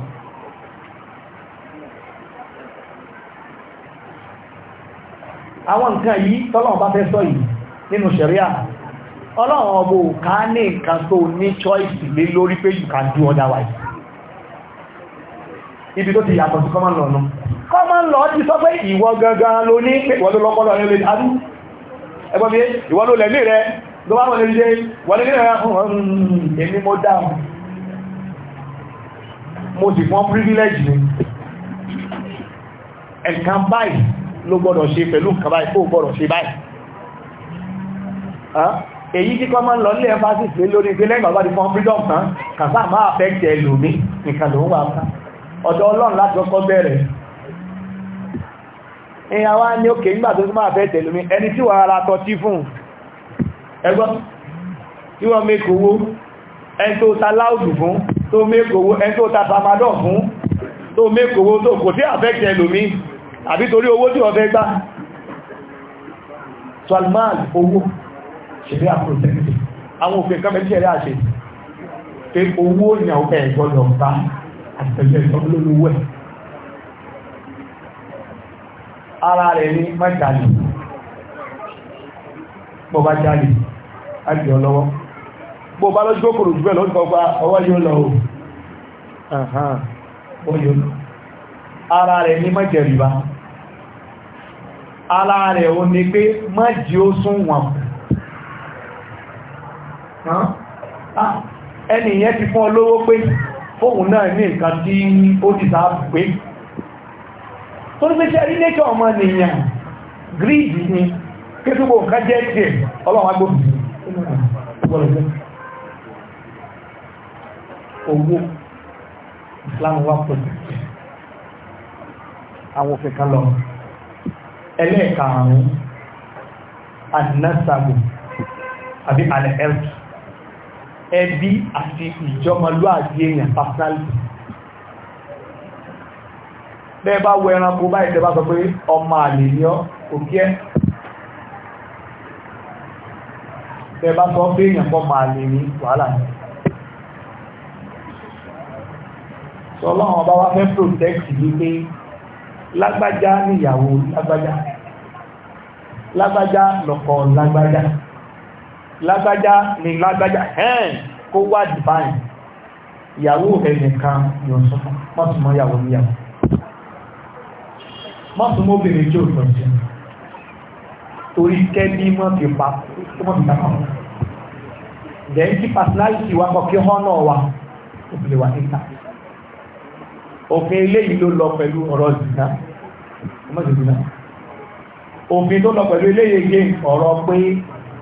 àwọn nǹkan yìí tọ́lọ́run bá fẹ́ sọ yìí nínú ṣẹ̀ríà ọlọ́run ọgbò ká ní nǹkan tó ní choice lé you can do otherwise ibi tó ti yàtọ̀ sí common law nù common law ti sọ pé ìwọ gangan ló ní pé ìwọ ló lọ́pọ̀lọ́ rẹ̀ lè adú ẹgbọ́n mi ìwọ ló lẹ̀mí rẹ̀ ló bá wọlé jẹ́ wọlé nílẹ̀ rẹ̀ fún èmi mo dá mo sì fún privilege ni ẹ̀kan báyìí ló gbọ́dọ̀ ṣe pẹ̀lú nǹkan báyìí ó gbọ́dọ̀ ṣe báyìí èyí tí kọ́ máa ń lọ nílẹ̀ emphasis lórí pé lẹ́gbàá bá di fún freedom tán kàtà máa fẹ́ jẹ lòmí nìkan lòun wà fún ọ̀dọ̀ ọlọ́run láti kọ́kọ́ bẹ̀rẹ̀ ìyà wá ní òkè nígbà tó máa fẹ́ tẹ̀lómi ẹni tí wà ara tọ́ tí fún ẹgbọ́ tí wọ́n mẹ́kò owó ẹni tó ta láùdù fún tó mẹ́kò owó ẹni tó ta tramadol fún tó mẹ́kò owó tó kò tí àfẹ́ tẹ̀lómi àbí torí owó tí wọ́n fẹ́ gbá salman owó ṣeré àpòtẹ́lẹ̀ àwọn òfin kan ìyàwó ẹ̀gbọ́n lọ bá àtẹ̀lẹ̀ ìtọ́lólúwẹ̀ ara rẹ̀ ní mẹ́jàlì bó jàlì láti ọlọ́wọ́ bó lọ́jọ́ kòrò jù bẹ́ẹ̀ lọ́jọ́ ọwọ́ yóò lọ o ara rẹ̀ ní mẹ́jẹ̀rì bá ara rẹ̀ o ní pé mẹ́jì ó sún wọn ah, ẹnìyẹn ti fún ọ pé fóun náà ní nǹkan tí ó ti sá pé tó ní pẹ́ṣẹ́ rí nẹ́kẹ́ ọmọ nìyàn gríìdì ni kí tó gbogbo nǹkan jẹ́ tiẹ̀ ọlọ́run agbóhùn owó ìsìláàmù wà pẹ̀lú àwọn òfin kan lọ ẹlẹ́ẹ̀karùn-ún àdínásàgbò àbí àlẹ́ ẹ̀rù ẹbí àti ìjọmọlúàdí èèyàn personality bẹ́ẹ̀ bá wọ ẹranko báyìí tẹ́ bá sọ pé ọmọ àlè ni ọ́ òkè ẹ́ tẹ́ bá sọ pé èèyàn pọ̀ máa lè ní wàhálà ní sọlọ́run ọba wa fẹ́ protect wípé lágbájá níyàwó lágbájá lágbájá lọ́kọ lágbájá lágbájá ni lágbájá ẹ̀ẹ́n kó wá divine ìyàwó ẹnìkan yóò sọ mọ́túnmọ́ ìyàwó níyàwó mọ́túnmọ́ obìnrin tí ò tọ́ sí torí kẹ́bí mọ́ fi pa mọ́ fi tàkà wọn then kí personality wa kọ́ kí họ́nà wa òbílẹ̀ wa níta òfin eléyìí ló lọ pẹ̀lú ọ̀rọ̀ zina ọmọ zina òfin tó lọ pẹ̀lú eléyìí ọ̀rọ̀ pé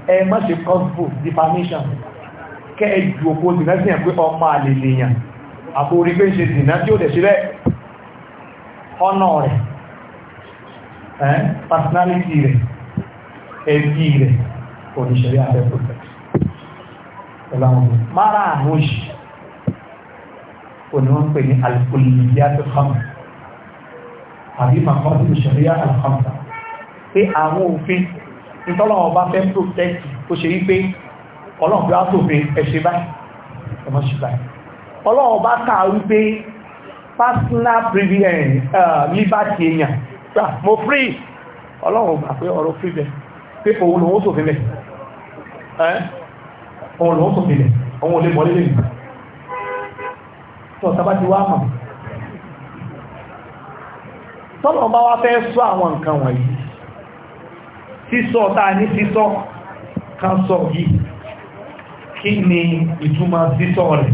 ẹ má ṣe kọ́fù defamation kẹ́ ẹ ju òkú dìná sí ẹ̀ pé ọmọ àlè lèèyàn àforí pé ṣe dìná tí ó dẹ̀ sílẹ̀ ọ̀nà rẹ̀ ẹ́ personality rẹ̀ ẹbí rẹ̀ oníṣẹ́rí ààrẹ protect ọlọ́run mara àmójì òní wọ́n pè ní alìkòlìyàtò hamsa àbí màkọ́sí ìṣẹ̀rí àlùhamsa pé ìtọ́lọ́wọ́ bá fẹ́ protect kò ṣe wípé ọlọ́run bí wá sófin ẹ̀ṣẹ̀ báyìí ẹ̀mọ́ ṣe báyìí ọlọ́run bá kà wípé personal privilege liberty èèyàn gbà mo free ọlọ́run gbà pé ọ̀rọ̀ free bẹ̀ pé òun lòun sófin bẹ̀ òun lòun sófin bẹ̀ òun ò lè mọ́lé lè tọ́ sábà ti wá mọ̀ tọ́lọ̀ bá wá fẹ́ sọ àwọn nǹkan wọ̀nyí sísọ táa ní sísọ kan sọ yìí kí ni ìtumọ̀ sísọ rẹ̀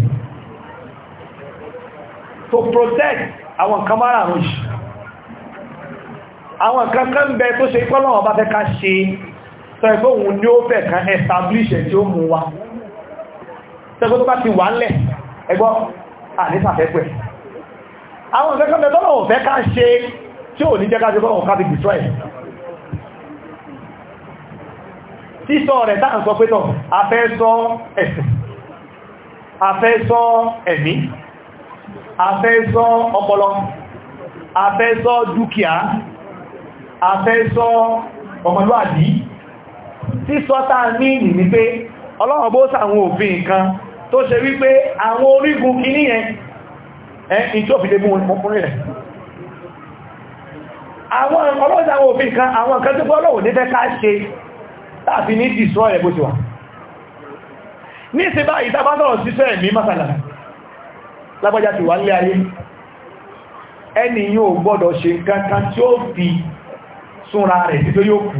to protect àwọn kamara mara àwọn kan bẹ tó ṣe ìpọ́lọ̀wọ̀ bá fẹ́ ká ṣe sọ ẹgbẹ́ ni ó fẹ́ establish ẹ̀ tí ó mú wa tẹgbẹ́ tó ti wà lẹ̀ ẹgbọ́ àníṣàfẹ́pẹ́ àwọn kan kan bẹ tọ́lọ̀wọ̀ fẹ́ ká ṣe tí ò ní jẹ́ ká ṣe sísọ rẹ̀ táà ń sọ pé tọ́ afẹ́sọ ẹ̀sìn afẹ́sọ ẹ̀mí afẹ́sọ ọpọlọ afẹ́sọ dúkìá afẹ́sọ ọmọlúwàdí sísọ táà ní ìní pé ọlọ́run bó sàwọn òfin nǹkan tó ṣe wípé àwọn orígun kìíní yẹn ẹ̀yìn tó fi lè mú ọkùnrin rẹ̀ àwọn ọlọ́run àwọn òfin nǹkan àwọn nǹkan tó gbọ́ ọlọ́run ní fẹ́ ká ṣe tàbí ní destroy ẹ̀ bó ti wà ní ṣe báyìí tàbá sọ̀rọ̀ síṣẹ́ ẹ̀mí mọ́sànà lágbàjá ti wà nílé ayé ẹni yóò gbọ́dọ̀ ṣe kankan tí ó fi súnra rẹ̀ tító yóò kú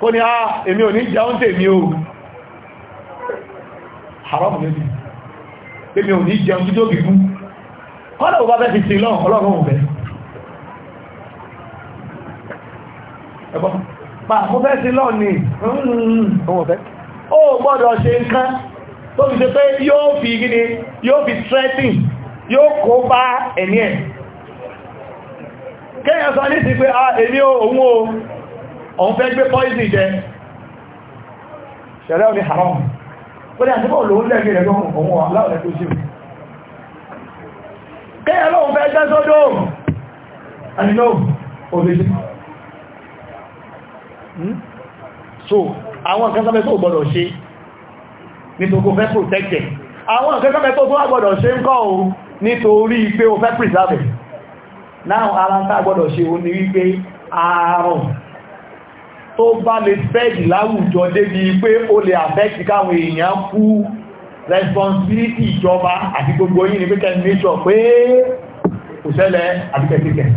kó ní àà ah, èmi ò ní jẹun tèmi o haram lẹ́bí èmi ò ní jẹun tító bí kú kọ́nà ò bá fẹ́ fi ẹgbọ́n mo fẹ́ sí lọ ní o mm-hmm. gbọ́dọ̀ ṣe nǹkan tó fi ṣe pé yóò fi gíní yóò fi stressing yóò kó bá ẹni ẹ̀ kéèyàn sọ ní ti pé a ah, èmi òun o òun fẹ́ gbé poison jẹ o òní haram ó dẹ̀ àtúbọ̀ lòun lẹ́gbẹ̀ rẹ̀ lọ́rùn òun aláwọ̀lẹ́ tó ṣe kéèyàn lóun fẹ́ gbẹ́ sódò Hmm? so àwọn kan sábẹ́ tó gbọ́dọ̀ ṣe nítorí kò fẹ́ protect ẹ̀ àwọn kan sábẹ́ tó tó wá gbọ́dọ̀ ṣe ń kọ́ o nítorí pé o fẹ́ preserve ẹ̀ náà ara ń tá gbọ́dọ̀ ṣe o ní wípé ààrùn tó bá lè spread láwùjọ débi pé ó lè affect káwọn èèyàn kú responsibility ìjọba àti gbogbo yìí ni pé kẹ́ nature pé kò ṣẹlẹ̀ àbíkẹ́kẹ́kẹ́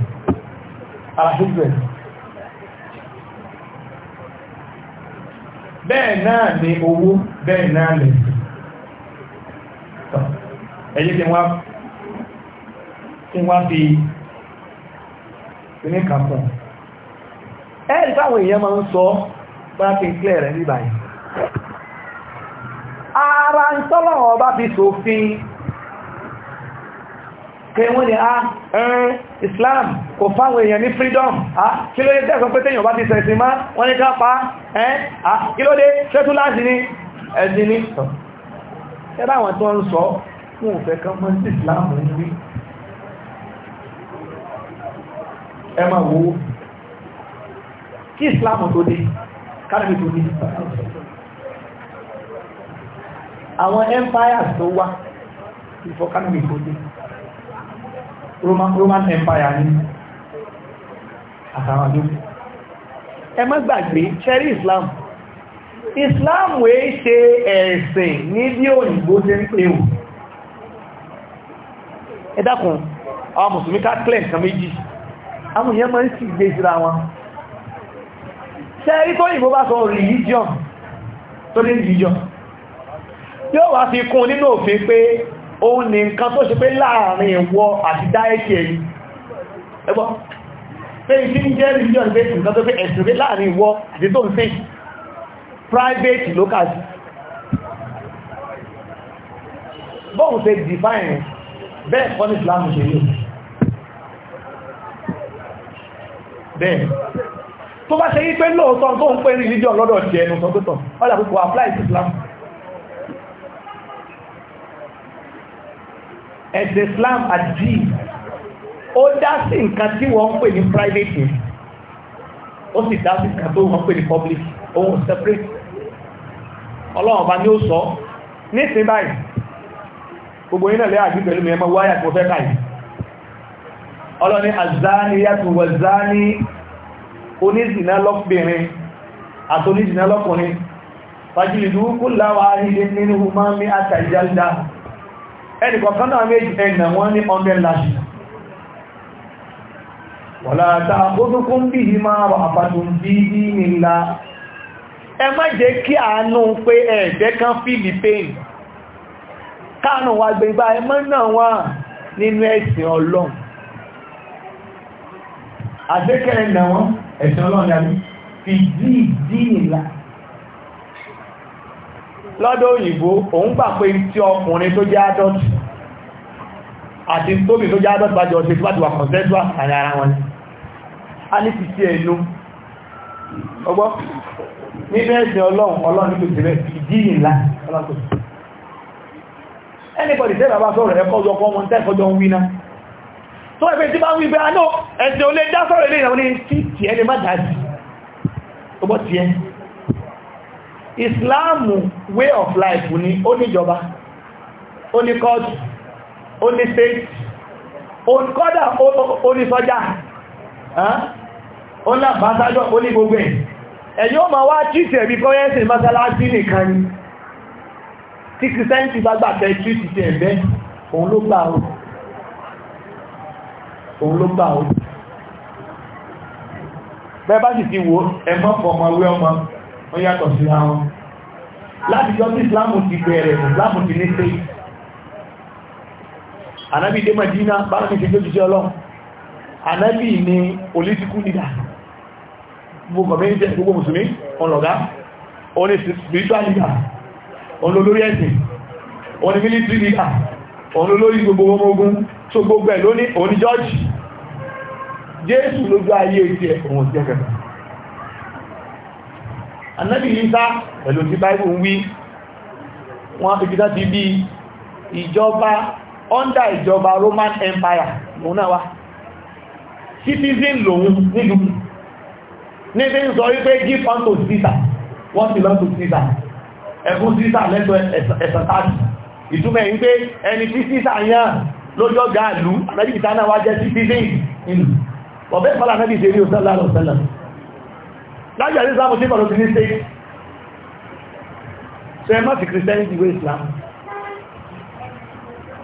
ara ṣe bẹ́ẹ̀ náà ni owó bẹ́ẹ̀ náà lè ẹ̀yí tí wá fi ní kàpọ̀ ẹ̀rì táwọn èèyàn máa ń sọ bá fi kílẹ̀ rẹ̀ níbàáyìí ara ń tọ́lọ̀ ọba fi sòfin kẹ́ wọ́n ni a ah, ẹ̀rìn Islam kò fáwọn èèyàn ní freedom ah, kí ló dé tẹ́sọ pé tẹ́yàn bá ti sẹ̀sì má wọ́n ní ká pa ẹ́ ah, kí ló dé ṣẹ́tú láti ní ẹ̀sìn ní ẹ̀ráwọn tó ń sọ fún òfẹ́ Islam ń rí ẹ máa wo kí Islam tó dé kánàbí tó dé àwọn empires tó wá ìfọ̀kánàbí tó dé Roman, Roman Empire ni, àtàwọn àdúgbò ẹ má gbàgbé ṣẹ́rí Islam Islam wèé ṣe ẹ̀sìn ní bí òyìnbó ṣe ń pè ò ẹ dákun àwọn mùsùlùmí ká clear nǹkan méjì àwọn èèyàn máa ń sì wọn ṣẹ́rí tó yìnbó bá sọ religion tó ní religion yóò wá fi kún nínú òfin pé òun ni nǹkan tó ṣe pé láàrin ìwọ àti dáẹ́kì ẹ̀yìn ẹgbọ́ pé ìdí ń jẹ́ religion pé nǹkan tó pé ẹ̀sùn pé láàrin ìwọ àti tó ń sí private locals bọ́n ṣe define bẹ́ẹ̀ kọ́ ní Islam ṣe yóò bẹ́ẹ̀ tó bá ṣe yí pé lóòótọ́ tó ń pè religion lọ́dọ̀ ti ẹnu sọ ẹ̀sẹ̀ Islam àjí ó dá sí nǹkan tí wọ́n pè ní private ó sì dá sí nǹkan tó wọ́n pè ní public ohun separate ọlọ́run bá ní ó sọ nísìn báyìí gbogbo yínà lẹ́yà jí pẹ̀lú mẹ́mọ́ wáyà tó fẹ́ káyìí ọlọ́ni àzáni yàtù wàzáni onízìnà lọ́pìnrin àti onízìnà lọ́kùnrin fàjílìdú kú láwàá ilé nínú hùmá mi ẹnìkọ̀kan náà méjì ẹ̀nà wọn ní ọdún láti wọ̀lá tààbótókún bí i máa wà àpàtù bí i nìlá ẹ má jẹ́ kí àánú pé ẹ̀ẹ̀dẹ́ kan fíìlì káànù wà gbẹ̀gbà ẹ mọ́ náà wà nínú ẹ̀sìn àdékẹ́ ẹ̀nà wọn ẹ̀sìn lọ́dọ̀ òyìnbó òun gbà pé tí ọkùnrin tó jẹ́ adult àti tóbi tó jẹ́ adult bájọ ṣe tíwájú wà consensual àti ara wọn a ní ti ti ẹnu ọgbọ́ ní mẹ́ẹ̀sìn ọlọ́run ọlọ́run ní kòtò rẹ̀ ìdí ìlà ọlọ́run anybody tẹ́ bàbá sọ̀rọ̀ ẹ̀kọ́jọ ọkọ̀ ọmọ tẹ́kọjọ ń wíná tó ẹgbẹ́ tí bá ń wí bẹ́ àánú ẹ̀sìn olè dá sọ̀rọ̀ ilé ìrànwọ́ ní títì ẹni má dájì ọgbọ́ ti ẹ́ islam way of life ní ó níjọba ó ní court ó ní state kọ́dà ó ní sọ́jà ó ní àbásájọ́ ó ní gbogbo ẹ̀ ẹ̀yìn ó ma wá títì ẹ̀bí kọ́yẹ́sì mọ́sálásí nìkan ni tí kìsẹ́ntì bá gbà fẹ́ títì ti ẹ̀bẹ́ òun ló òun ló gbà ó bẹ́ẹ̀ bá sì ti wo ẹ̀mọ́ fọmọ wé ọmọ ó yàtọ̀ sí ra wọn láti jọ sí islamu ti bẹ̀rẹ̀ islamu ti ní sí anábì dé Madina bára ní ṣejú jíjẹ́ ọlọ́run anábì ni political leader gbogbo community gbogbo musulmi ọlọ́gá oní spiritual leader olólórí ẹ̀sìn oní military leader olólórí gbogbo ọmọ ogun tó gbogbo ẹ̀ lónìí oní george jésù lójú ayé ìtẹ́ òun sí anábì Ìsá pẹ̀lú tí báyìí ń wí wọ́n ìgbìta ti bí ìjọba ọ́ndà ìjọba Roman Empire lòun náà wá citizen lòun nílùú níbi ń sọ wípé give unto Caesar what belong to Caesar ẹ̀kún Caesar lẹ́tọ̀ ẹ̀sàtàdì ìtumọ̀ ń pé ẹni tí Caesar yàn lójọ́ gáàlú anábì Ìsá náà wá jẹ́ citizen ìlú ọ̀bẹ́ fọ́lá anábì ìsẹ́rí òsẹ́lá lájẹ̀ ìsìlámù sí ìbàlò ti ní state so ẹ má fi christianity wé islam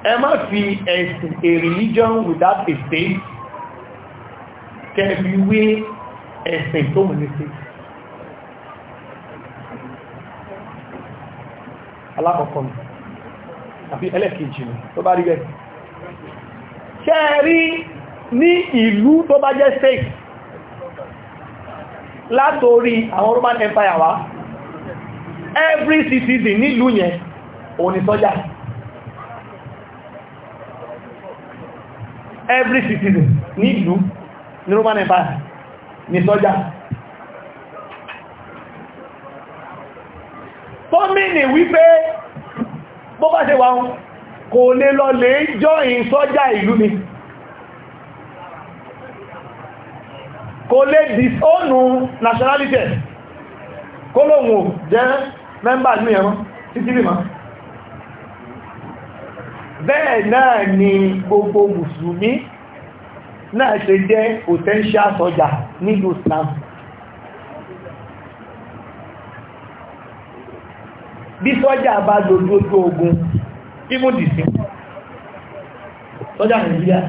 ẹ má fi ẹ̀sìn a religion without a state kẹfì wé ẹ̀sìn tó mú ní state alákọ̀ọ́kọ́ mi àbí ẹlẹ́kejì mi tó bá rí bẹ́ẹ̀ ṣẹ́ẹ̀rí ní ìlú tó bá jẹ́ state látorí àwọn Roman Empire wá every citizen nílùú yẹn òun ni sọ́jà every citizen nílùú ní Roman Empire ni sọ́jà fọ́mìnì wípé bó bá ṣe wà kò lè lọ lè join sọ́jà ìlú mi kò lè disown nationality kó lóhun jẹ́ mẹ́mbà ní ẹ̀wọ́n títí bí ma bẹ́ẹ̀ náà ni gbogbo mùsùlùmí náà ṣe jẹ́ potential sọ́jà nílùú Islam bí sọ́jà bá dojú ojú ogun even the same sọ́jà Nàìjíríà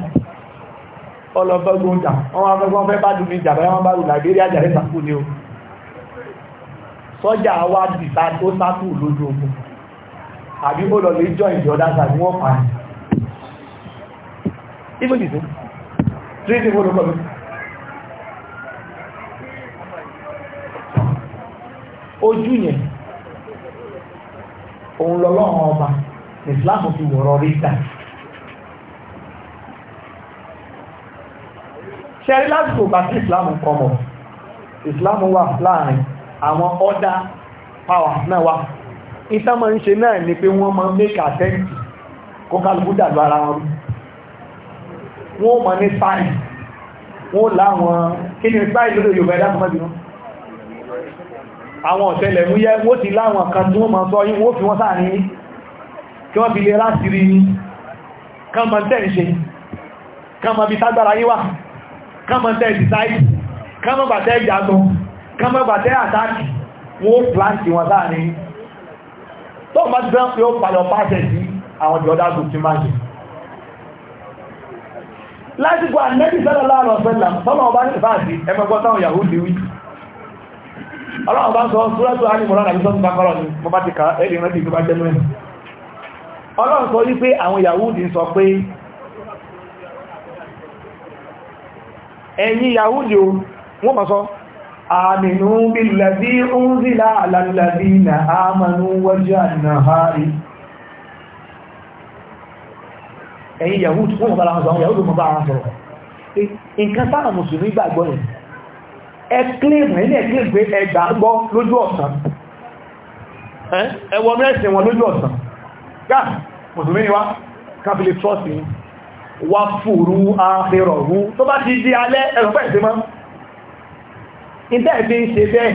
ọlọ́bọ́gbọ́n jà wọ́n wá fẹ́gbọ́n fẹ́ bá dùn ní ìjàbá wọ́n bá rù Nàìjíríà jàrí sàkú ní o sọ́jà wá dì ó sákù lójú ogun àbí ó lọ lè jọ ìjọdá tàbí wọ́n pa ìfòjìsí tí ìdí fún olùkọ́ ojú yẹn òun lọ́lọ́run ọba ìsìláàmù fi wọ̀rọ̀ rí dáa ṣẹ́rí lásìkò gbà sí islam kọmọ̀ islam wà láàrin àwọn other power náà wà ìtàn máa ń ṣe náà ni pé wọ́n máa make attempt kó kálukú dàlú ara wọn wọ́n máa ní spy wọ́n láwọn kí ni spy lórí yorùbá ẹ̀dá fún mẹ́bìnú àwọn ọ̀tẹlẹ̀múyẹ́ wọ́n ti láwọn kan tí wọ́n máa sọ yí wọ́n fi wọ́n sáà ní kí wọ́n fi lè láti rí ní kánmọ̀ tẹ́ ń ṣe kánmọ̀ bí tágbára yíwà kánmọ̀tẹ́ ìdísáìtì kánmọ̀bàtẹ́ ìjàtún kánmọ̀bàtẹ́ àtàkì wọ́n pláǹtì wọn láàrin tó bá ti rán pé ó pàlọ̀ pàṣẹ sí àwọn ìjọdá tó ti máa ṣe lásìkò ànẹ́bì sẹ́lẹ̀ láàrọ̀ sẹ́lẹ̀ tọ́lọ̀ ọba ní ìfáàsì ẹgbẹ́gbọ́ táwọn yahoo lè wí ọlọ́run bá sọ súrẹ́tù alìmọ̀lá àbí sọ́tù bákọ́rọ̀ ni mo bá ti ìgbẹ́gbẹ́ jẹ́ mẹ́rin ọlọ́run sọ wípé àwọn yahoo sọ pé ẹ̀yin yahudi o wọ́n mọ̀ sọ àmìnú bí lẹ́bí ń zílá alàlẹ́bí na ámànú wájá na harí ẹ̀yin yahudi wọ́n mọ̀ bára sọ̀rọ̀ yahudi mọ̀ bára sọ̀rọ̀ nǹkan sáà mùsùlùmí gbàgbọ́ mẹ́sìn wọn lójú ọ̀sán gáà mùsùlùmí ni wá káfílẹ̀ trọ́sì wà fòrú àfẹ́rọ̀hú tó bá ti di alẹ́ ẹ̀rọ̀pẹ́ ìsinmọ́ ìtẹ́ẹ̀fẹ́ ṣe bẹ́ẹ̀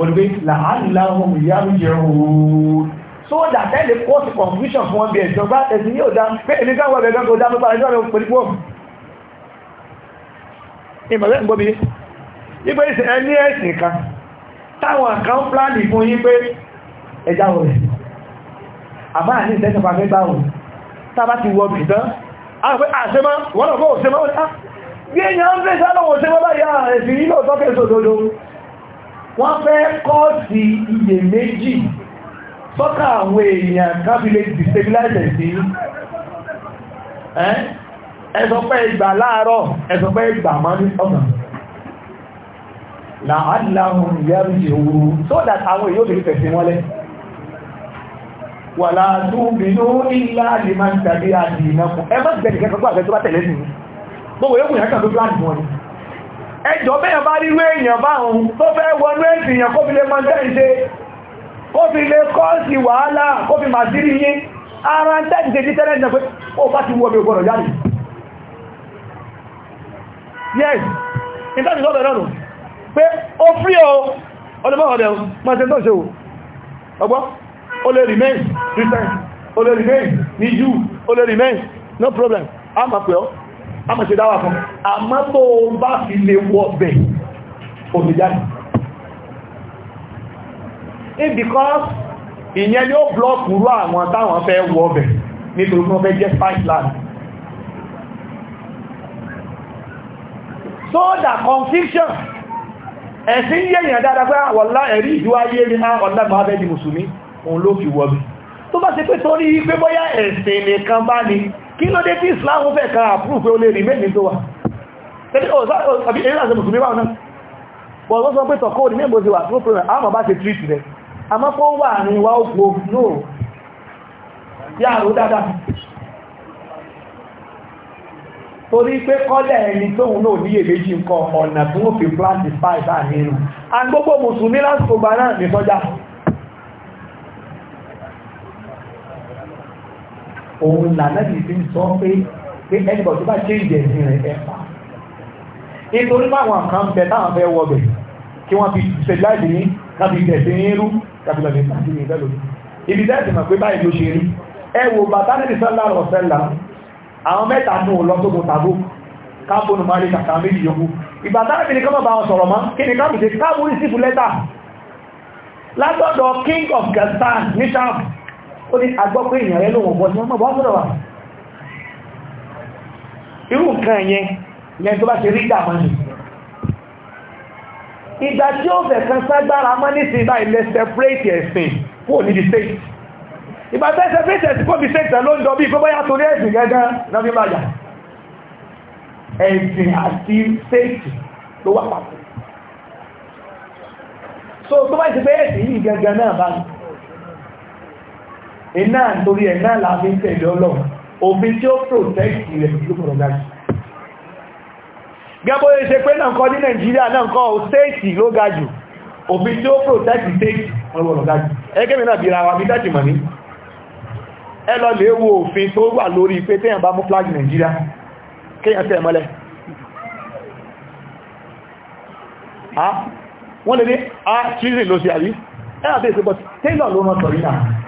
olùgbé làálàáhùn ìyáàrùn jẹun so that tell the course conclusion fún wọn bí ẹ̀sọ́ bá ẹ̀sìn yóò dá pé èmi ká wọ́n bẹ̀rẹ̀ kó dá ló bá ẹjọ́ rẹ̀ pẹ̀lú pọ̀ ìmọ̀lẹ́ ń gbọ́bi ipé ìsìn ẹni ẹ̀sìn kan táwọn kan pláàdì fún yí pé ẹjá wọ̀rẹ̀ àbáà ní ìtẹ́sọ̀fà fẹ́ báwọn tá bá ti wọ bìtán àṣẹ́má ah, wọ́n ah, ah, ń fẹ́ sálọ́wọ́ òṣèmá bá yá ẹ̀sìn nílò tọ́kẹ́ sódòdó wọ́n fẹ́ kọ́ọ̀sì iye méjì sọ́kà àwọn èèyàn kábílẹ̀ destabilize sí ẹ̀sọ̀pẹ́ ìgbà láàárọ̀ ẹ̀sọ̀pẹ́ ìgbà so wàlá túnbìnú ilá àdìmá tàbí àdìmá fún ẹgbẹ́ ìgbẹ̀lẹ̀ kẹfẹ́kọ́ àfẹ́ tó bá tẹ̀lé nìyí gbogbo yóò kùn yàtọ̀ tó tó àdìmọ́ ni ẹjọ́ bẹ́yàn bá rí èèyàn bá òun tó fẹ́ wọnú èèyàn kó fi lè máa tẹ́ǹṣe kó fi lè kọ́ sí wàhálà kó fi máa sí yín ara ń tẹ́ǹṣe sí tẹ́lẹ̀ ìjọ pé ó bá ti wọ́ mi gbọ́dọ̀ jáde yes ìtàkì lọ́bẹ̀ náà pé ó frí ọ ọdún mọ́ ọ̀dẹ̀ mọ́ ó lè remain Christian ó lè remain ní Jew ó lè remain no problem a máa pẹ̀ ọ́ a máa ṣe dáwà fún àmọ́ tó bá fi lè wọ bẹ̀ òfin jáde it because ìyẹn ni ó blọ́ọ̀kù rú àwọn táwọn fẹ́ wọ bẹ̀ nítorí wọ́n fẹ́ jẹ́ spice land so that conviction ẹ̀sìn yẹ̀yàn dáadáa pé àwọ̀lá ah, ẹ̀rí ìjú ayé ní ọ̀lá mọ́ abẹ́ di mùsùlùmí òun ló fi wọ́bí tó bá se pé torí pé bóyá ẹ̀sìn nìkan bá ní kí ló dé tí Islam fẹ́ kan àpúrù pé ó lè rí mẹ́rin tó wà torí pé kọ́lẹ̀ ẹni náà ní èméjì nǹkan ọ̀nà tí wọ́n fi plant 5 àmì irun. a gbogbo mùsùlùmí náà ní sọ́jà òun lànàbì fi ń sọ pé pé ẹnìbọ̀ tó bá ṣe ìjẹ̀sìn rẹ̀ ẹ̀ pa nítorí báwọn kan bẹ táwọn fẹ́ wọ bẹ̀ kí wọ́n fi ṣe láìsí ní láti tẹ̀sí ní irú tàbí lọ́dún tàbí ní ìfẹ́ lòdì ibi tẹ́sí mọ̀ pé báyìí ló ṣe rí ẹ wo bàtà níbi sọ́lá ọ̀sẹ́là àwọn mẹ́ta nù lọ tó mú tàbó káàbónù máa rí kàkà méjì yòókù ìbàtà níbi ní kọ́mọ̀ bá wọn sọ̀rọ̀ mọ́ kí ni káàbù ṣe káàbù rí sífù lẹ́tà látọ̀dọ̀ king of gastan ní ó ní agbọ́ pé èèyàn rẹ̀ lòun bọ́ ní ọmọ bọ́ sọ́dọ̀ wà irú nǹkan yẹn yẹn tó bá ṣe rí ìgbà mọ́ ni ìgbà tí ó fẹ̀ kan ságbára mọ́ nísìn bá ilẹ̀ separate ẹ̀sìn kúrò ní the state ìgbà tẹ́ separate ẹ̀sìn kó bí state ló ń jọ bí pé bóyá torí ẹ̀sìn gẹ́gẹ́ náà fi bàjá ẹ̀sìn àti state ló wà papọ̀ so tó bá ti fẹ́ ẹ̀sìn yìí gẹ́gẹ́ náà báyìí iná nítorí ẹ̀ náà la fi ń tẹ̀lé ọlọ́run òfin tí ó protect rẹ̀ ló gbọ́dọ̀ ga jù gẹ́gbó yẹ ṣe pé náà kọ́ ní nàìjíríà náà kọ́ stéètì ló ga jù òfin tí ó protect stéètì wọ́n gbọ́dọ̀ ga jù ẹgbẹ́ mi náà bìíra wa bí dájì mọ̀ ní ẹ lọ lè wo òfin tó wà lórí pé téèyàn bá mú flag nàìjíríà kéèyàn tẹ̀ mọ́lẹ̀ wọ́n lè ní a treason ló ṣe àrí ẹ́ àti ìsẹ́gbọ́ taylor ló rán sọ̀rí náà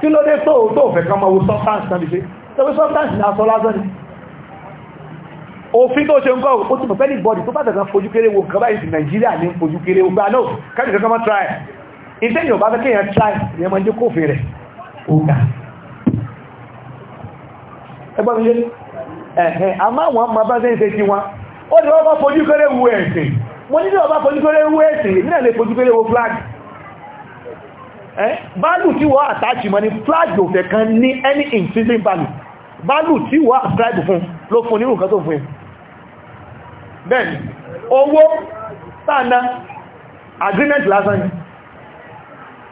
kí ló dé tó tó fẹ́ kan mọ́ wo substance náà lè ṣe substance náà sọ lásán ni òfin tó ṣe ń gọ́ ó ti pẹ̀pẹ́ ní bọ́dì tó bá tẹ̀kan fojú kéré wo kan báyìí Nàìjíríà ní fojú kéré gbà náà káàkiri kankan try ìtẹ́yìn ò bá fẹ́ kéèyàn try ìyẹn mọ́ jẹ́ kófin rẹ̀ ó ga ẹgbọ́n mi yé ẹ̀hẹ́ a máa wọn ma bá sẹ́yìn sẹ́yìn wọn ó ní wọ́n bá fojú kéré wo ẹ̀sìn Eh? value tí wọ́n àtàjì mọ́ ní flag òfẹ́ kan ní any intrinsic value value tí wọ́n ascribe fún ló fún nínú nǹkan tó fún bẹ́ẹ̀ owó tààdá agreement lásán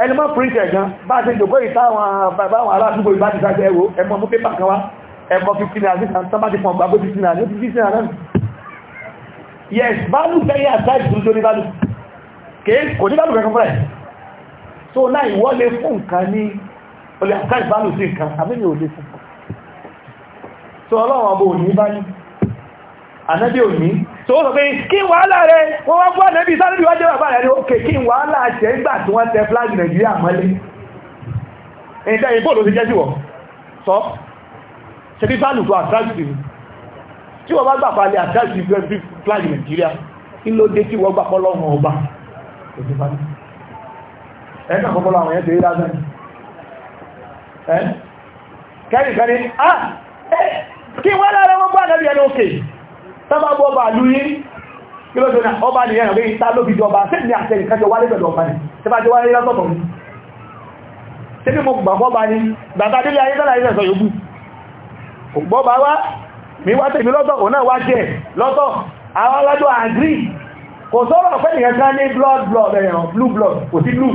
ẹni mọ́ print ẹ̀gan bá ti jòkó ìtàwọn àbáwọn aláàdúgbò ìbá ti sáfẹ́ ẹwò ẹmọ mú pépà kan wá ẹmọ 15 naira sí tàn tánbá ti fún ọgbà 15 naira ní 15 naira náà yes value tẹ́yẹ ascribe tó ní value kò ní value kankan fún ẹ̀ tó náà ìwọ lè fún nǹkan ní olè àká ìbálò sí nǹkan àmìnì ò lè fún tó ọlọ́run ọbọ̀ òní bá ní ànábì òní tó sọ pé kí wàhálà rẹ wọ́n wá gbọ́ ànábì sárébì wájẹ́ bàbá rẹ̀ ókè kí wàhálà ṣe ń gbà tí wọ́n tẹ flag Nàìjíríà mọ́lé ẹ̀dá ìbò ló ti jẹ́ sí wọ́n sọ ṣe bí bálù tó àtàkì tí wọ́n bá gbà palẹ̀ àtàkì flag Nàìjíríà kí ló dé tí wọ́n gbà pọ́lọ́run ọba òjúbálù ẹ̀kà kọ́kọ́lọ́ àwọn ẹ̀ṣẹ̀ ìlàzẹ́ kẹ́rìnkẹ́rin ah kí wọ́n lára wọ́n bá nẹ́bí ẹni òkè tọ́bá bọ́ bá lúyí kí ló dọ́nà ọba ni ẹ̀rọ rí ta lóbi jọba sẹ́bí àṣẹ ìkẹjọ wálé pẹ̀lú ọba ni tẹ́bá jọ wálé lọ́tọ̀tọ̀ ni tẹ́bí mo gbàgbọ́ bá ní bàbá délé ayé tọ́lá ilẹ̀ sọ yóò gbọ́ bá wá mi wá tẹ̀mí lọ́tọ̀ òun náà wá jẹ́ lọ́tọ̀ àwọn alájọ́ àgírí kò sọ́rọ̀ pẹ́ nìkan ká ní blood blood ẹ̀yàn eh, blue blood kò sí blue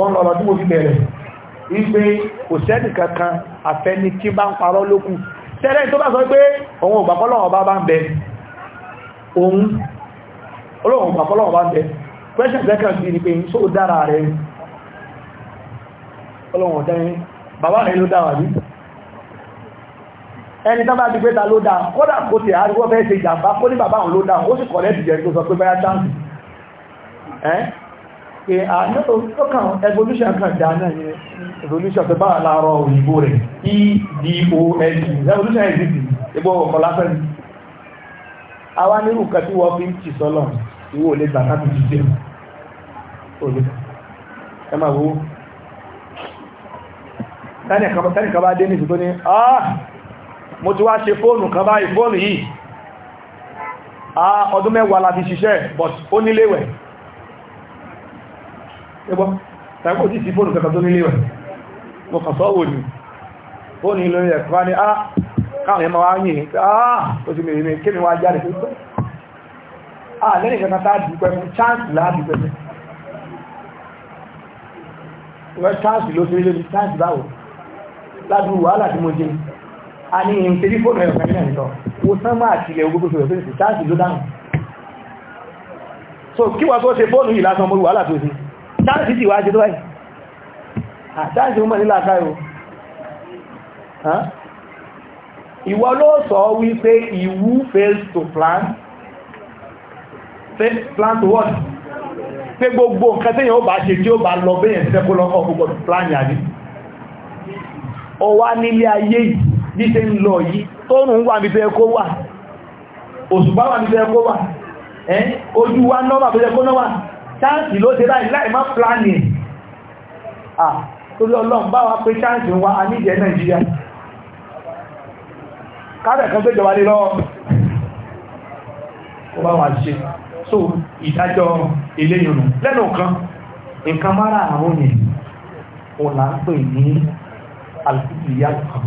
ọ̀nà ọ̀nà tí mo fi bẹ̀rẹ̀ wípé kò sẹ́nì kankan àfẹ́ni tí bá ń parọ́ lókù tẹ́lẹ̀ tó bá sọ pé òun ògbàpọ́lọ́wọ́ bá bá ń bẹ òun olóòwò ògbàpọ́lọ́wọ́ bá ń bẹ question second ni pé só dára rẹ̀ olóòwò dẹ́rin bàbá rẹ̀ ló dáwà ní ẹni tán bá ti gbéta ló dáa kódà kó ti àríwọ́ fẹ́ ṣe ìjàmbá kó ní bàbá òun ló dáa ó sì kọ̀rẹ́ ìjẹ̀rí tó sọ pé báyá chance pé àyọ́kàn ah, evolution kan dáná ní evolution tó bá láàárọ̀ òyìnbó rẹ̀ edon e. evolution exist igbó ọkọ̀ lásán ní àwa nírù kan tí wọ́n fi ń tì sọ́lọ̀ ìwò olè gbàkátì jíjẹ́ olè ẹ máa wo tẹ́nìkan bá dé ní ìsìnkú ní ah mo ti wá ṣe fóònù kan báyìí fóònù yìí ah ọdún mẹ́wàá la fi ṣiṣẹ́ but ó níléwẹ̀ẹ́ ẹgbọ́ tàbí òjì sí fóònù kẹta tó nílé rẹ̀ mo kàn sọ wò ní fóònù ilẹ̀ rẹ̀ ní ah káwọn ẹmọ wá yìí ah ó sì mèrè kí ni wá jáde pé ah lẹ́yìn kẹta tá dùpẹ́ fún chance là dùpẹ́ fún wẹ́ chance ló ti lé chance báwo ládùú wàhálà tí mo jẹ a ní ìṣẹ́jú fóònù ẹ̀rọ kan nílẹ̀ nìkan wo sán máa tilẹ̀ ogógó chance ló dáhùn so kí wàá tó ṣe fóònù yìí lásán mo rí wàhálà sáàsì ti wá ṣe tó báyìí ah, sáàsì ó mọ̀ nílá káyò ìwọ ló sọ wípé ìwú fails to plan plan to what pé gbogbo nǹkan tí bá lọ kó plan ọ wá nílé ayé yìí lọ yìí wà ní wà wà ní wa tó yẹ kó ṣáàtì ló ṣe láì láì má planning. ah torí ọlọ́run bá wa pé ṣáàtì ń wá a ní ìjẹ́ nàìjíríà káàbẹ̀ kan gbéjọba lé lọ́wọ́ ó bá wà ṣe so ìdájọ́ eléyìn nù lẹ́nu kan nǹkan mara àwọn yẹn ò là ń pè ní alùpùpù kan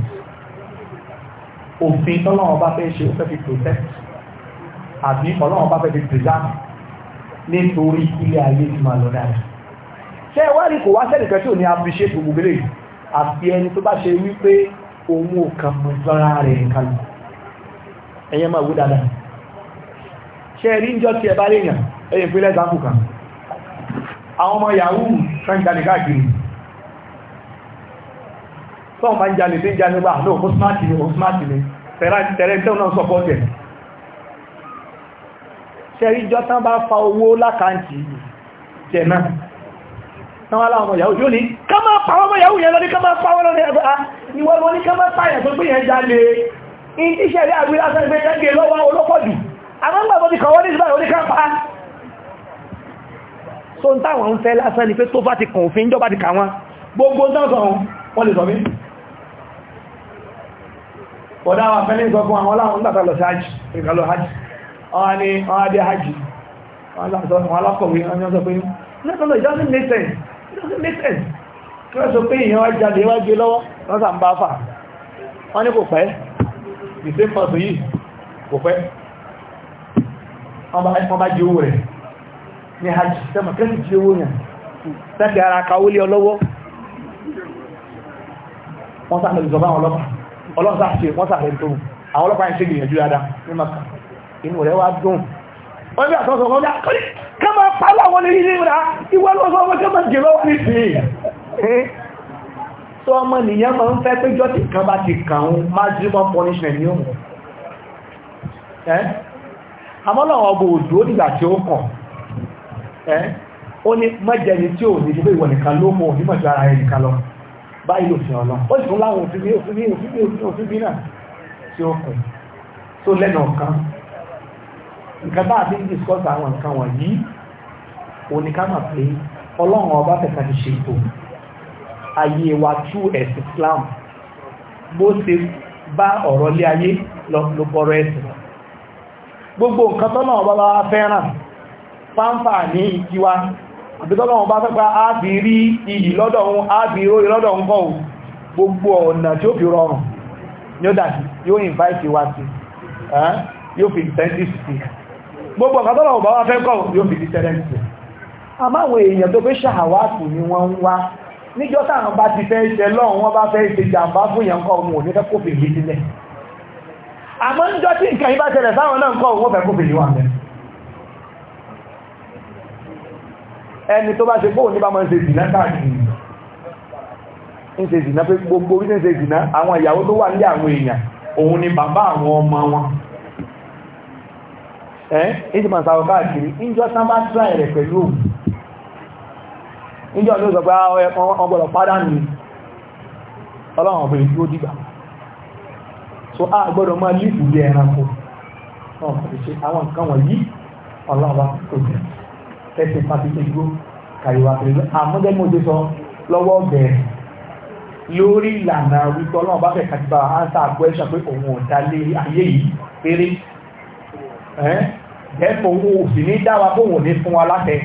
òfin tọ́lọ́wọ́n bá fẹ́ ṣe ó fẹ́ fi protect àbí ọlọ́wọ́n bá fẹ́ fi preserve nítorí ilé ayé ti máa lọ dáadáa ṣé ẹ wá rí kò wá sẹ́nìkan tí ò ní appreciate gbogbo eléyìí àfi ẹni tó bá ṣe wípé òun ò kàn mọ ìfara rẹ̀ nìkan lọ ẹ̀yẹ máa wú dáadáa ṣé rí ń jọ tí ẹ bá léèyàn ẹ̀yẹ ìpínlẹ̀ kan àwọn ọmọ yahoo kan jalè káàkiri tọ́ọ̀ máa ń jalè tí ń jalè gbà náà ó smarti ni ó smarti ni tẹ̀rẹ̀ tẹ́wọ̀n ṣẹríjọ́ tán bá fa owó lákàntì tẹ̀nà náwọn aláwọn ọmọ ìyàwó yóò ní ká máa pàwọ́ ọmọ ìyàwó yẹn lọ ní ká máa pàwọ́ lọ́nà ẹgbẹ́ ah, ìwọ̀n wọn ní ká máa pààyàn tó gbé yẹn jalè in iṣẹ́ rí àgbé lásán ìgbé jẹ́gẹ́ lọ́wọ́ olókọ̀dù àmọ́gbàgbọ́ ti kọ̀wọ́ ní ìgbà orí ká pa so ń táwọn ń fẹ́ lásán ni pé tó bá ti kàn òfin jọba ọ̀dá wa fẹ́lẹ́ sọ àwọn aláwọn ń gbàtà lọ sí hajj wọ́n ní wọ́n á dé hajj wọ́n alákọ̀wé wọ́n yọ́ sọ pé no no it doesn't make sense it doesn't make sense kí wọ́n sọ pé èèyàn wá jáde wá gé lọ́wọ́ wọ́n sà ń bá fà wọ́n ní kò pẹ́ the same person yìí kò pẹ́ wọ́n bá jí owó rẹ̀ ní hajj sẹ́mọ̀ inú rẹ̀ wá dùn wọ́n bí àtọ́sọ̀ wọ́n bí àkọ́lẹ̀ ká máa pàálù àwọn ní ilé rà ìwọ́ lọ́sọ̀ ọmọ ká máa jẹ́rọ wọ́n ní sí tó ọmọ nìyàn máa ń fẹ́ péjọ́ tí kan bá ti kàún maximum punishment ní òun àmọ́lọ́wọ́ ọgbọ̀ òdó nígbà tí ó kàn ó ní mẹ́jẹni tí ò ní ṣe pé ìwọ̀n nìkan ló mọ̀ onímọ̀ tí ara rẹ̀ nìkan lọ báyìí lò sí ọ̀nà ó sì fún láwọn òfin bí náà tí ó kàn tó lẹ́nà kan nǹkan bá a ti ń discuss àwọn nǹkan wọ̀nyí òní ká mà pé ọlọ́run ọba fẹ̀ka ti ṣètò ayé wa tú ẹ̀sìn Islam bó ṣe bá ọ̀rọ̀ lé ayé ló gbogbo nǹkan tọ́nà ọba bá fẹ́ràn fáńfà ní ìkíwá ábí rí iyì lọ́dọ̀ ábí lọ́dọ̀ gbogbo ọ̀nà tí ó fi rọrùn ní ó dàbí invite sí fi incentive gbogbo ọ̀kadọ́lọ̀ ọ̀bá wá fẹ́ kọ́ yóò fi dìtẹ́rẹ́ǹtì àmáwọn èèyàn tó fẹ́ ṣàwátù ni wọ́n ń wá níjọ́ táwọn bá ti fẹ́ ṣe lọ́run wọ́n bá fẹ́ ṣe jàmbá fún èèyàn kọ́ ohun òní fẹ́ kó fi yìí sílẹ̀ àmọ́ níjọ́ tí nǹkan yìí bá ṣẹlẹ̀ sáwọn náà kọ́ ohun fẹ́ kó fi yìí wà mẹ́ ẹni tó bá ṣe bóò ní bá máa ń ṣe ìdìnà káàkiri ń ṣe ìdìnà pé gbogbo orí ń ṣe ìdìnà àwọn ìyàwó tó wà ní ẹ́ ìsìnkú sàwọ̀ káàkiri trai sábà tíráì rẹ̀ pẹ̀lú ìjọ ní òsọ̀gbà ọgbọ̀lọ̀ pádánù ọlọ́run ọ̀bẹ̀rẹ̀ tí ó dìgbà so a gbọ́dọ̀ máa lífù bí ẹranko àwọn nǹkan wọ̀nyí ọlọ́ọ̀bá tó jẹ́ ẹsẹ̀ pàtàkì igbó kàríwá pẹ̀lú àmúdẹ́mọ́dé sọ lọ́wọ́ bẹ̀rẹ̀ lórí ìlànà wípé ọlọ́run bá fẹ̀ kàtìbà ánsà àgbẹ̀ṣà pé òun ò dá lé ayé yìí ẹ̀ẹ́pọ̀ owó sì ní dáwà bóhùn ní fún wa látẹ̀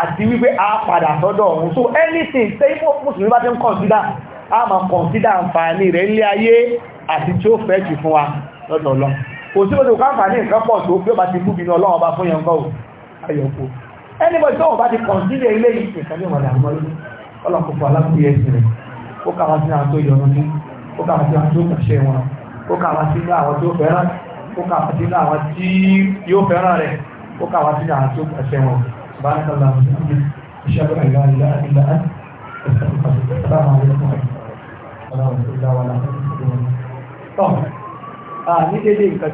àti wípé a padà sọ́dọ̀ ọ̀hún so anything tẹ́ ìfọ́ mùsùlùmí bá ti ń consider a máa consider àǹfààní rẹ̀ ilé ayé àti tí ó fẹ́ jù fún wa lọ́dọ̀ ọlọ́ kò sí òṣèlú káǹfààní nǹkan pọ̀ tó bí ó bá ti bú bínú ọlọ́run bá fún anybody tó wọ́n bá consider ilé yìí nìkan ní ìwọ̀n àgbọ̀ lórí ọlọ́kùnkùn alákùnrin ẹ̀sìn rẹ̀ ó kà wá sí àwọn tó yọnu ní ó kà wá sí àwọn tó kàṣẹ ó kà wá sínú àwọn tí yóò fẹ́ràn rẹ̀ ó kà wá sínú àwọn tí ó pẹ̀sẹ̀ wọn bá ń sọ̀rọ̀ àwọn ìṣẹ́ ìṣẹ́gun ìlà ìlà ìlà ní dédé nǹkan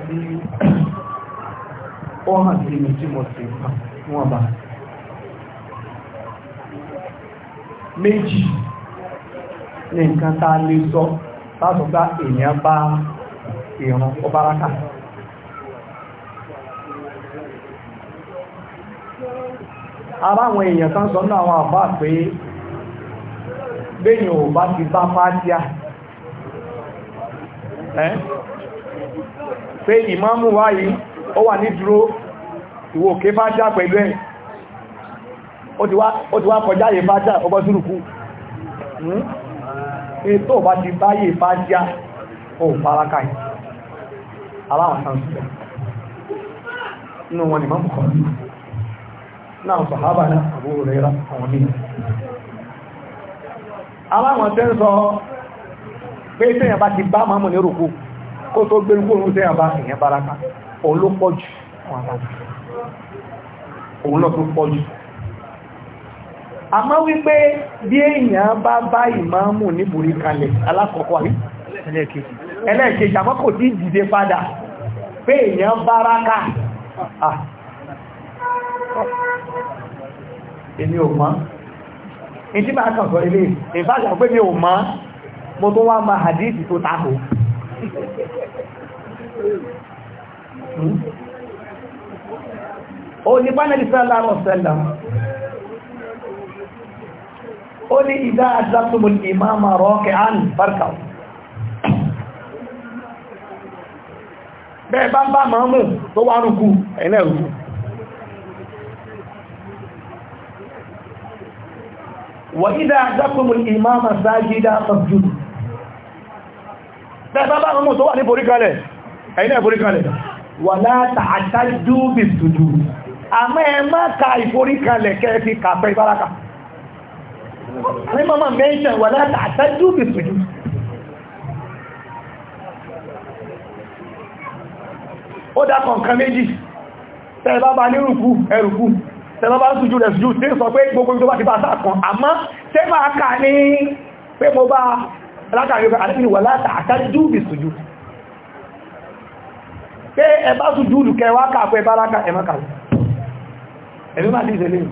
tí ó hàn sí mi tí mo sì wọ́n bá méjì ní nǹkan tá lè sọ láti gba èèyàn bá ìrún ọbáraka ara èèyàn kan sọ àwọn àbá pé bẹ́yìn ò bá ti bá ẹ́ pé ìmáàmù wáyìí ó wà ní dúró ìwò òkè fàájá pẹ̀lú ẹ̀ ó ti wá kọjá yìí fátíà ọgbọ́ sírùkú ètò hmm? bá ti báyìí fàájá ó fáraka yìí aláwọ̀ wọn ni náà sàhábà náà Abu Huraira àwọn ní aláwọn tẹ́ ń sọ pé tẹ́yàn bá ti bá mọ́mù ní rùkú kó tó gbé rúkú òun tẹ́yàn bá èyàn baraka òun ló pọ̀ jù wọn àtàkì òun lọ tó pọ̀ jù àmọ́ wípé bí èyàn bá bá ìmáàmù ní bùrí kalẹ̀ èmi ò mọ̀ ìdí máa kàn sọ ilé ìfàṣà pé mi ò mọ̀ mo tó wá ma hadith tó tako O hmm? ní pánẹ́lì sẹ́lá rọ̀ sẹ́lá ní ìdá àjásùmù ìmáàmà rọ́ọ̀kẹ́ àn barka bẹ́ẹ̀ bá ń bá mọ́mù tó وإذا أحدثتم الإمام ساجدا فاسجدوا bẹ́ẹ̀bá bá mú tó wà ní boríkalẹ̀ ẹ̀yìn ìboríkalẹ̀ wà láta àtàjú bí sùjú àmọ́ ẹ má ka ìboríkalẹ̀ kẹfì kàfẹ́ ìbáraka mímọ́mọ́ mẹ́ṣẹ̀ wà láta àtàjú bí sùjú ó dákọ̀ nǹkan méjì tẹ́ẹ̀bá bá ní rùkú ẹrùkú tẹ́lọ bá ń sùjú rẹ̀ sùjú tí sọ pé gbogbo tó bá ti bá sáàkan àmọ́ tẹ́ máa kà ní pé mo bá látàrí àdínì wà látàájú bí sùjú pé ẹ bá sùjú lùkẹ wá kà pé báráka ẹ máa kàlù ẹ̀mí máa dìí ìṣẹ̀lẹ̀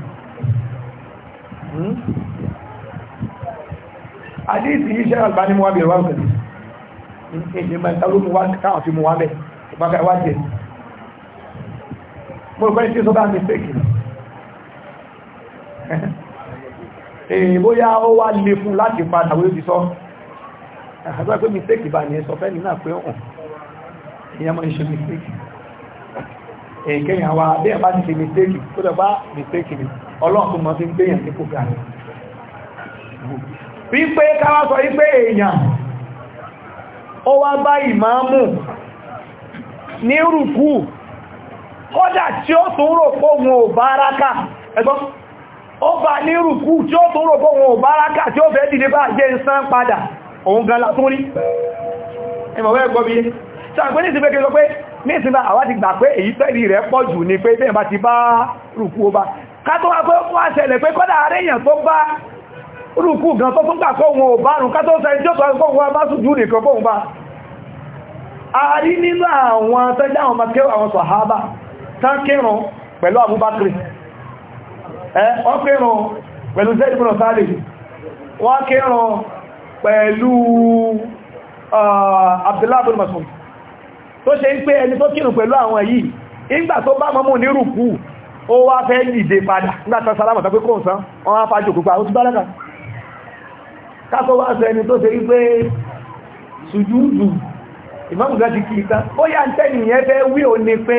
àdíìsì iṣẹ́ àgbánímọ̀ wábẹ̀ wá nǹkan ìṣẹ̀lẹ̀ mẹ́ta ló mú wá káwọn fi mú wá bẹ̀ ìpákà wá jẹ́ mo rò pẹ́ sí sọ́bá mistake èyìn (laughs) eh, bóyá ó wá lè fún láti padà wé ti sọ ah, àgbà pé mistake bá ní ẹsọ fẹ́ni náà pé ọ̀hún oh, ìyẹn mọ́ ìṣe mistake èkèyàn eh, wa bẹ́ẹ̀ bá ti ṣe mistake tó lọ bá mistake ni ọlọ́run tó mọ́ fi ń gbéyàn sí kò gbà wípé káwá sọ wípé èèyàn ó wá bá ìmáàmù ní rùkú kódà tí ó ó bá ní rùkú tí ó tún rògbò wọn ò báraka tí ó fẹ́ dìde bá jẹ́ ìsán padà òun gan látún rí ẹmọ̀wẹ́ gbọ́bí ṣàgbé ní ìsinmi kẹsọ pé ní ìsinmi àwa ti gbà pé èyí tẹ́rì rẹ̀ pọ̀ jù ní pé bẹ́ẹ̀ bá ti bá rùkú ó bá kátó wá pé wá ṣẹlẹ̀ pé kọ́dà àríyàn tó bá rùkú gan tó tún gbà kó wọn ò bá rùn kátó sẹ tí ó sọ pé wọn bá sùjú nìkan kó wọn bá a rí nínú àwọn tẹ́jà àwọn makẹ́wà àwọn sàhábà tán kírun pẹ̀lú Abubakar wọ́n kírùn pẹ̀lú Zaid ibn Thabit wọ́n kírùn pẹ̀lú Abdullah ibn Mas'ud tó ṣe ń pé ẹni tó kírùn pẹ̀lú àwọn yìí ìgbà tó bá mọ́mù ní rùkú ó wá fẹ́ dìde padà nígbàtà sálámọ̀ta pé kóhùn sán wọ́n wá fàájò púpá ó ti bá lẹ́kàá kákọ́ wá sọ ẹni tó ṣe wípé sùjúùdù ìmọ́mùgá ti kìí tán ó yà ń tẹ́ nìyẹn fẹ́ wí ò ní pé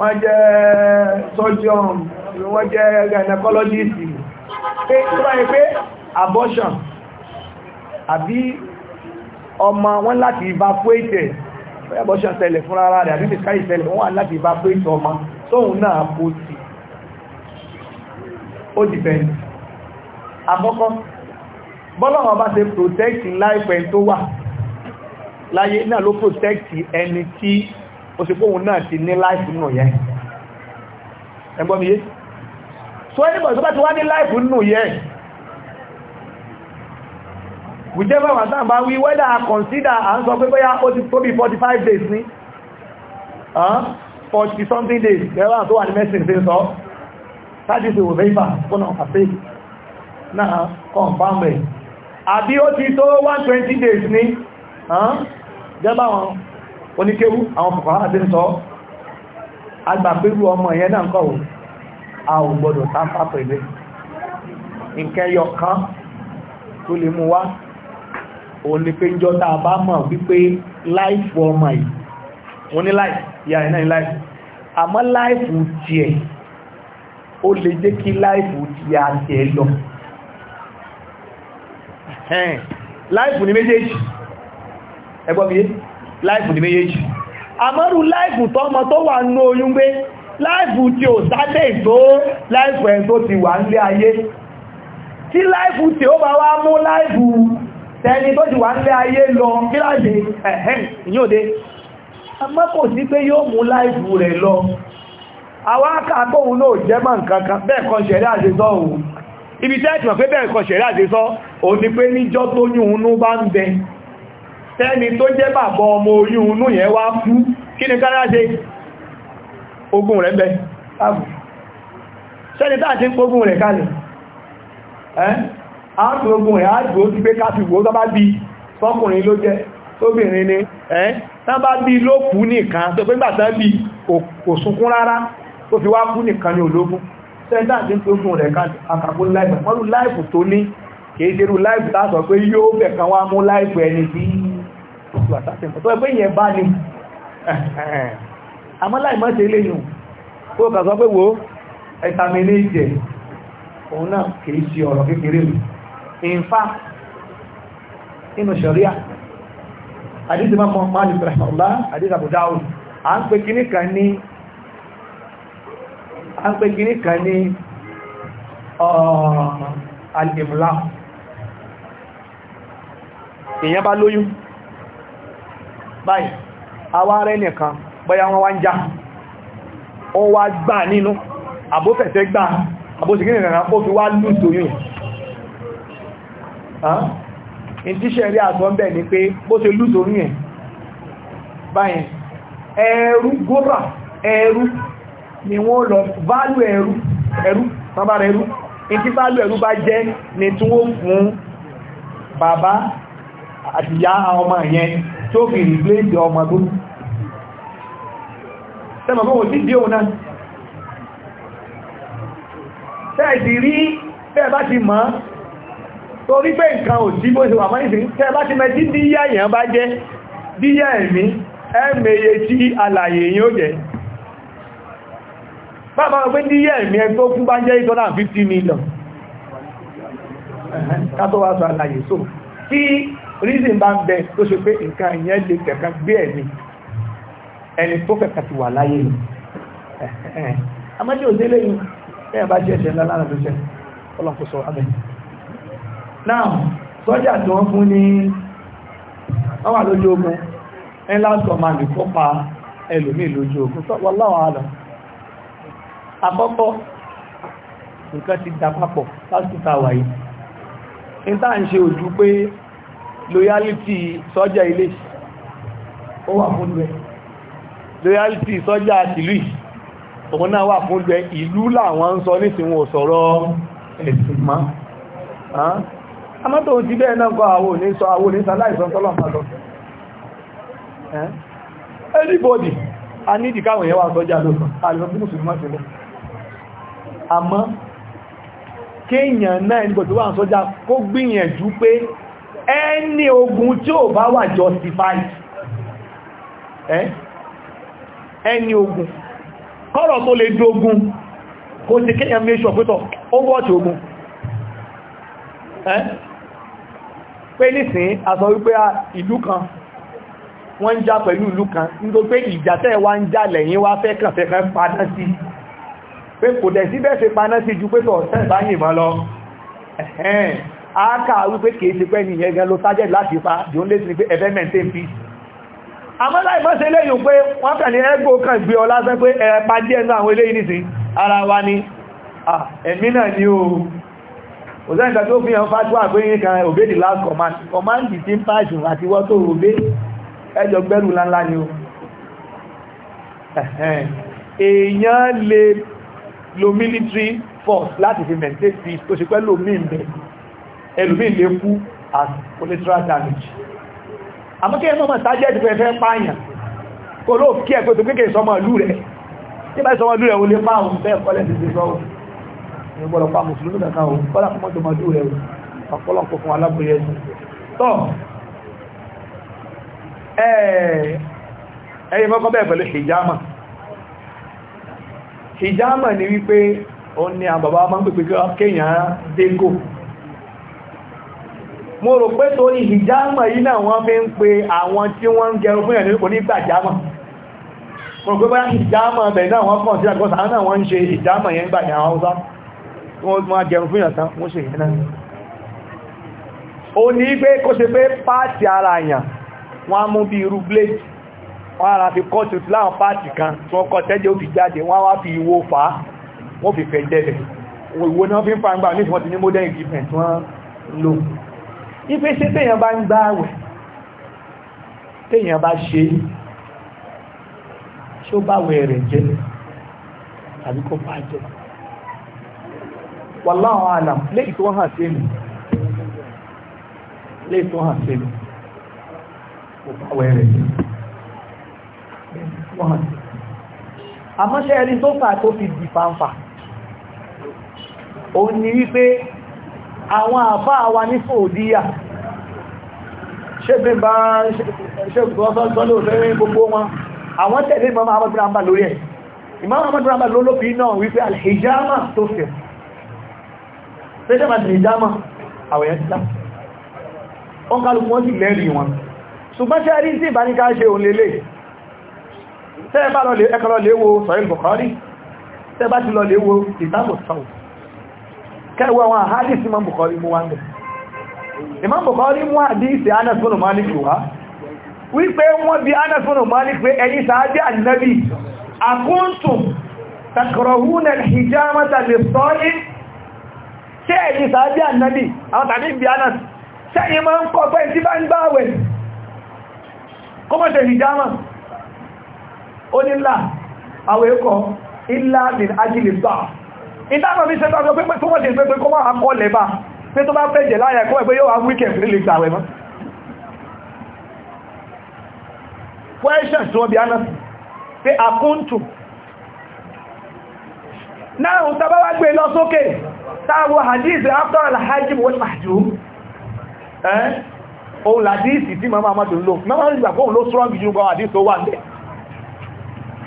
wọ́n jẹ́ surgeon wọ́n jẹ́ gynecologist pé tó báyìí pé abortion àbí ọmọ wọn láti evacuate abortion tẹ̀lẹ̀ fún ara rẹ̀ àbí miscarriage tẹ̀lẹ̀ wọ́n láti evacuate ọmọ tóhun náà kó sí ó dìbẹ̀ni àkọ́kọ́ bọ́lọ́wọ́ bá ṣe protect life ẹ̀ tó wà láyé náà ló protect ẹni tí ó sì gbóhun náà ti ní láìfù nù yẹn ẹgbọ́n yé so anybody tó bá ti wá ní láìfù nù yẹn whichever one time bá wí whether i consider à ń sọ pé bóyá ó ti tó bí 45 days ní 40 something days lẹ́wọ́n tó wà ní mẹ́sìn sí sọ sáàdì sí òveifa fún àfẹ́ náà confam rẹ̀ àbí ó ti tó 120 days ní jẹ́bà wọn oníkéwú àwọn fòkànlá àti sọ agbàpérú ọmọ ìyẹn náà kọ̀wọ̀ a ò gbọdọ̀ tápá pẹ̀lú nǹkan ẹyọ kan tó lè mú wá òun ni pé ń jọ tàà bá mọ̀ wípé láìfù ọmọ yìí wọ́n ní láìfù ìyá rẹ̀ náà ní láìfù àmọ́ láìfù tiẹ̀ ó lè jẹ́ kí láìfù ti àti ẹ̀ lọ láìfù ní méjèèjì ẹgbọ́n mi yé láìfù ní méjèèjì àmọ́rù láìfù tọ́mọ tó wà ní oyún gbé láìfù tí ò sáté ìtó láìfù ti wà nílé ayé tí láìfù tí ó bá wá mú láìfù ti wà nílé ayé lọ kíláàdé ẹ̀hẹ́n ìyóòdé àmọ́ kò sí pé yóò mú láìfù rẹ̀ lọ àwọn ibi tẹ́ni tó jẹ́ bàbá ọmọ oyún inú yẹn wá fú kí ni kára ṣe ogun rẹ̀ bẹ́ ààbù sẹ́ni táà ti ń pógún rẹ̀ kalẹ̀ ààbù ogun rẹ̀ ààbù ó ti pé káfíwò tó bá bí sọ́kùnrin ló jẹ́ tóbìnrin ni ẹ́ tán bá bí ló nìkan tó pé gbàtán bí kò rárá tó fi wá kú nìkan ní ológun sẹ́ni táà ti ń pógún rẹ̀ kalẹ̀ àkàkó láìpù tó to a certain point tó ẹgbẹ́ yẹn bá ní (laughs) àmọ́ láì mọ́ ṣe ilé yùn ó kà sọ pé wo ẹ̀sàmì ní ìjẹ̀ òun náà kìí ṣe ọ̀rọ̀ kékeré mi in fact inú ṣẹ̀ríà àdíṣe máa mọ́ máa ní ìfẹ̀rẹ̀mọ̀lá àdíṣe àbúdá òun à ń pè kan ní à ń pè kan ní uh, al-imla èèyàn bá lóyún báyìí àwa rẹ̀ nìkan bóyá wọ́n wá ń já ó wá gbà nínú àbófẹ̀fẹ́ gbà àbóṣìkínì kankan ó fi wá lùtò yìí in tí ṣẹ̀rí àtọ́ńbẹ̀ ni pé bó ṣe lùtò yìí báyìí ẹ̀rú górà ẹ̀rú ni wọ́n lọ válù ẹ̀rú ẹ̀rú sábára ẹ̀rú ìtí válù ẹ̀rú bá tó fi replace ọmọ tó tẹ́mọ̀ fún òtí dí òun náà tẹ́ẹ̀sì rí tẹ́ẹ̀ bá ti mọ́ torí pé nǹkan ò sí bó ṣe wà mọ́ ìsìn tẹ́ẹ̀ bá ti mẹ́ tí díyà èèyàn bá jẹ́ díyà ẹ̀mí ẹ̀mẹ́yẹ tí alàyè yìí ó jẹ́ bàbá ọgbẹ́ díyà ẹ̀mí ẹ tó fún bá jẹ́ 850 million kátó wá sọ alàyè so tí reason bá ń bẹ tó ṣe pé nǹkan ìyẹn lè kẹ̀kẹ́ gbé ẹ̀mí ẹni tó kẹ̀kẹ́ ti wà láyé ni amájí òdélé yìí lójú ogun ńlá sọ máa ogun àkọ́kọ́ nǹkan ti dà papọ̀ lásìkò àwàyé ń ṣe loyalty sọ́jà ilé ó wà fún rẹ̀ loyalty sọ́jà tìlú òun náà wà fún rẹ̀ ìlú làwọn ń sọ nísìnwò sọ̀rọ̀ ẹ̀sìn má amọ́tò ti bẹ́ẹ̀ náà kọ àwọn òní sọ àwọn òní sàláìsàn tọ́lọ̀ pàtó everybody a ní ìdíkàwò yẹn wà sọ́jà lóòsàn àlùfẹ́ fún mùsùlùmí sílẹ̀ àmọ́ kéèyàn náà ẹnìbọ̀ kó gbìyànjú pé ẹni ogun tí ò bá wà justified ẹni ogun kọ́rọ̀ tó lè dógún kó ti kéyàn mẹ́ṣọ́ pẹ́tọ̀ ó wọ́ tí ogun pé nísìn àsọ wípé ìlú kan wọ́n ń já pẹ̀lú ìlú kan nítorí pé ìjà tẹ́ wá ń já lẹ́yìn wá fẹ́ kàn fẹ́ kan padà sí pé kò dẹ̀ sí bẹ́ẹ̀ sí ju pẹ́tọ̀ tẹ́ yìnbọn lọ ẹ̀hẹ́n áákà wípé kìí ṣe pẹ́ ní ìyẹn gan ló target láti pa jò ń lé sí pé ẹ̀fẹ́ maintain peace àmọ́ láì mọ́ sí eléyìn pé wọ́n kàn ní ẹgbò kan gbé ọ lásán pé ẹ̀pá díẹ̀ náà àwọn eléyìn nìsín ara wa ni ẹ̀mí náà ni o òsẹ́ǹkà tó fi hàn fájúwà pé yí kan obey the last command command the team passion àti wọ́n tó obey ẹjọ gbẹ́rù láńlá ni o èèyàn lè lo military force láti fi maintain peace tó ṣe pẹ́ lómi ìbẹ̀rù ẹlùmí lè kú as collateral damage àmọ́kẹ́ ẹmọ́ sájẹ́ ti fẹ́fẹ́ pààyàn kò ló kí ẹ̀kọ́ tó kéèkéè sọmọ ìlú rẹ̀ tí bá sọmọ ìlú rẹ̀ o lè máa ń bẹ́ẹ̀ kọ́lẹ̀ ti ti sọ́wọ́ pa mùsùlùmí kankan o kọ́lá fún mọ́tò mọ́tò rẹ̀ ọ̀pọ̀lọpọ̀ fún aláboyè ẹ̀sùn tọ́ ẹ̀yìn mọ́kọ́ bẹ́ẹ̀ pẹ̀lú ni wípé ó ní àbàbá máa ń pèpè kéèyàn dégò mo rò pé torí ìjámọ̀ yìí náà wọ́n fi ń pe àwọn tí wọ́n ń gẹrun fún ẹ̀lẹ́ onígbàjámọ̀ mo rò pé bá ìjámọ̀ ẹ̀bẹ̀ náà wọ́n kàn sí àgbọ́sà àwọn náà wọ́n ń ṣe ìjámọ̀ yẹn gbà ní àwọn haúsá wọ́n gẹrun fún ìyàtán wọ́n ṣe yẹn náà kan tí wọ́n kọ́ tẹ́jẹ́ ó fi jáde wọ́n wá fi ìwo fà á wọ́n fi fẹ́ jẹ́lẹ̀ ìwo náà ipe ṣe tèyàn bá ń gbá àwẹ̀ tèyàn bá ṣe ṣó bá wẹ̀ rẹ̀ jẹ́ tàbí kó bá jẹ́ wallahu alam léyìí tó hàn sí mi léyìí tó hàn sí mi kò bá wẹ̀ rẹ̀ jẹ́ àmọ́ṣẹ́ ẹni tó fà tó fi dì òun ni wípé àwọn àfáà wa ní fòdíyà ṣébí bá ṣébí gbogbo wọn àwọn tẹ̀lé ìmọ̀mọ̀ àmọ́dúnràmbà lórí ẹ̀ ìmọ̀mọ̀ àmọ́dúnràmbà lólófin náà wípé alhijama tó fẹ̀ ṣéjẹ́mà ti hijama àwẹ̀yẹ́ títà wọ́n kálùkù wọ́n sì lẹ́rì wọn ṣùgbọ́n ṣe rí sí ìbáníká ṣe òun lélẹ̀ tẹ́ẹ̀bá lọ lè ẹkọ́ lọ lè wo sọ̀rọ̀ Bukhari tẹ́ẹ̀bá ti lọ lè kẹwàá wọn hadith imam bukhari mú wá ń bẹ̀ imam bukhari mú hadith anas bin malik wá wípé wọ́n bí anas bin malik pé ẹni sàájẹ́ annabi akuntum takrahuna al-hijamata lis-sa'im ṣé ẹ̀yin sàájẹ́ annabi àwọn tàbí bí anas sẹ́yìn máa ń kọ́ pé tí bá ń gbá àwẹ̀ kọ́mọ̀tẹ̀ hijama ó nílà àwẹ̀ kọ́ ilá min ajli bá ìdáná bí sẹ́tọ́ sọ pé tó wọ́n ti pé kó máa kọ́ lẹ́bà pé tó bá fẹ́jẹ̀ láyà kọ́ ẹgbẹ́ yóò wá wíkẹ̀ fún ilé ìgbàwẹ̀ mọ́ question tí wọ́n bí aná pé àkóǹtù náà ń tàbá wá gbé lọ sókè táwọn hadisi after alhaji wọ́n màjú ohun hadisi tí màmá amadu lò mẹ́wàá ń gbà fóun ló strong jù gbọ́ hadisi tó wà ń bẹ̀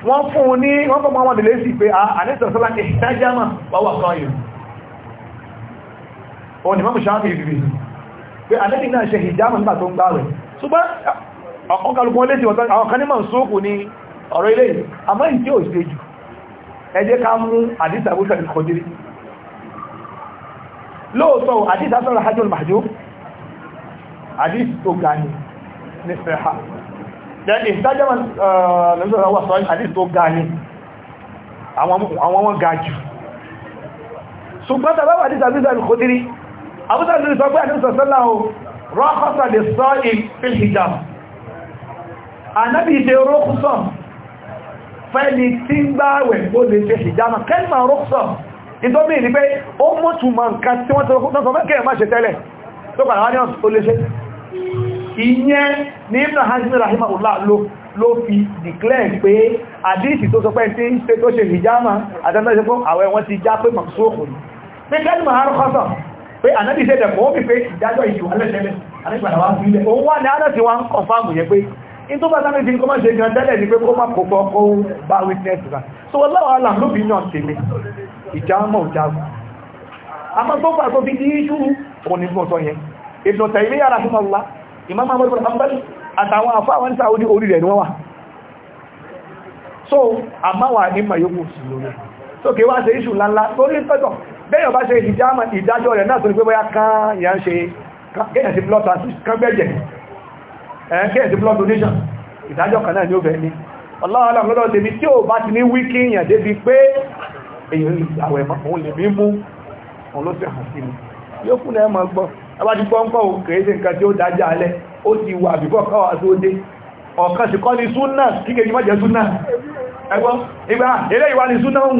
wọ́n fún un ní wọ́n fún ọmọ ìdílé sí pé àníṣẹ́sọ́lá ìṣẹ́jámà wáwà kan yìí o ni mọ́mù ṣáàfì ìbìbì pé àníṣẹ́ náà ṣe ìjámà nígbà tó ń gbá rẹ̀ ṣùgbọ́n ọkọ̀lùkún lé sí àwọn kan ní mọ̀ sókù ní ọ̀rọ̀ ilé àmọ́ ìdí ò ṣe jù ẹ jẹ́ ká mú àdíṣà bó ṣàdìsì kọjírí lóòótọ́ àdíṣà sọ́rọ̀ hajjul mahjub àdíṣ tó ga ni ní then ìdájẹ́mọ̀ lọ́sọ̀rọ̀ wà sọ́rọ̀ àdí tó ga ní àwọn wọn ga jù ṣùgbọ́n tàbí àdí tàbí ìzàlù kò dírí àbúta lórí sọ pé àdí sọ̀sọ́lá o rọ́kọ́sà lè sọ ìfihìjàm ànábì ìdè rókùsọ̀ fẹ́ni tí ń bá wẹ̀ ó lè ṣe ìjàmà kẹ́lìmà rókùsọ̀ ìtọ́bí ní pé ó mọ́tùmọ̀ nǹkan tí wọ́n tọ́rọ ìyẹn ní ibn hajjmi rahimahullah ló fi declare pé àdíìsì tó sọ pé tí ń pé tó ṣe hijama àtẹ́mẹ́sẹ̀ fún àwẹ́ wọn ti já pé mọ̀sókò ní pé kẹ́lùmọ̀ harkọ́sọ̀ pé ànábì ṣe dẹ̀kọ́ wípé ìdájọ́ ìjùwálẹ̀ṣẹ́lẹ̀ àrígbàdà wá sí ilẹ̀ òun wà ní àádọ́ tí wọ́n ń kọ̀fàmù yẹ pé in tó bá sáré ti kọmọ́ ṣe gan tẹ́lẹ̀ ní pé kó má kò pọ̀ kó bá witness rà so wọ́n lọ́wọ́ alam ló bí náà tèmi ìjámọ̀ ìjámọ̀ àmọ́ tó pàtó bí ní ìṣú òun ni fún ọ̀tọ́ yẹn ìbùn tẹ̀lé yàrá fún Imam Ahmad bin Hanbal àtàwọn àfá àwọn Saudi orí rẹ̀ ni wọ́n wà so àmáwà ní mayokú sí lórí so kí wá ṣe iṣù ńláńlá torí pẹ́tọ̀ bẹ́yàn bá ṣe ìdámà ìdájọ́ rẹ̀ náà torí pé bóyá kan ìyà ń ṣe kéyàn sí blood transfusion kan gbẹ́jẹ̀ kéyàn sí blood donation ìdájọ́ kan náà ni ó bẹ̀ ní ọlọ́ọ̀lọ́ lọ́dọ̀ tèmi tí ó bá ti ní wíkí ìyàn débi pé èyàn àwẹ̀ òun lè mí mú òun ló sì hàn sí mi yóò kún náà mọ́ gbọ́n tàbá ti pọ́ńpọ́ nǹkan tí ó dájá alẹ́ ó ti wà bíkọ́ káwà tó dé ọ̀kan sì kọ́ ni súnà kíkejì mọ́jẹ̀ súnà ẹgbọ́n ìgbà eré ìwà ni súnà ń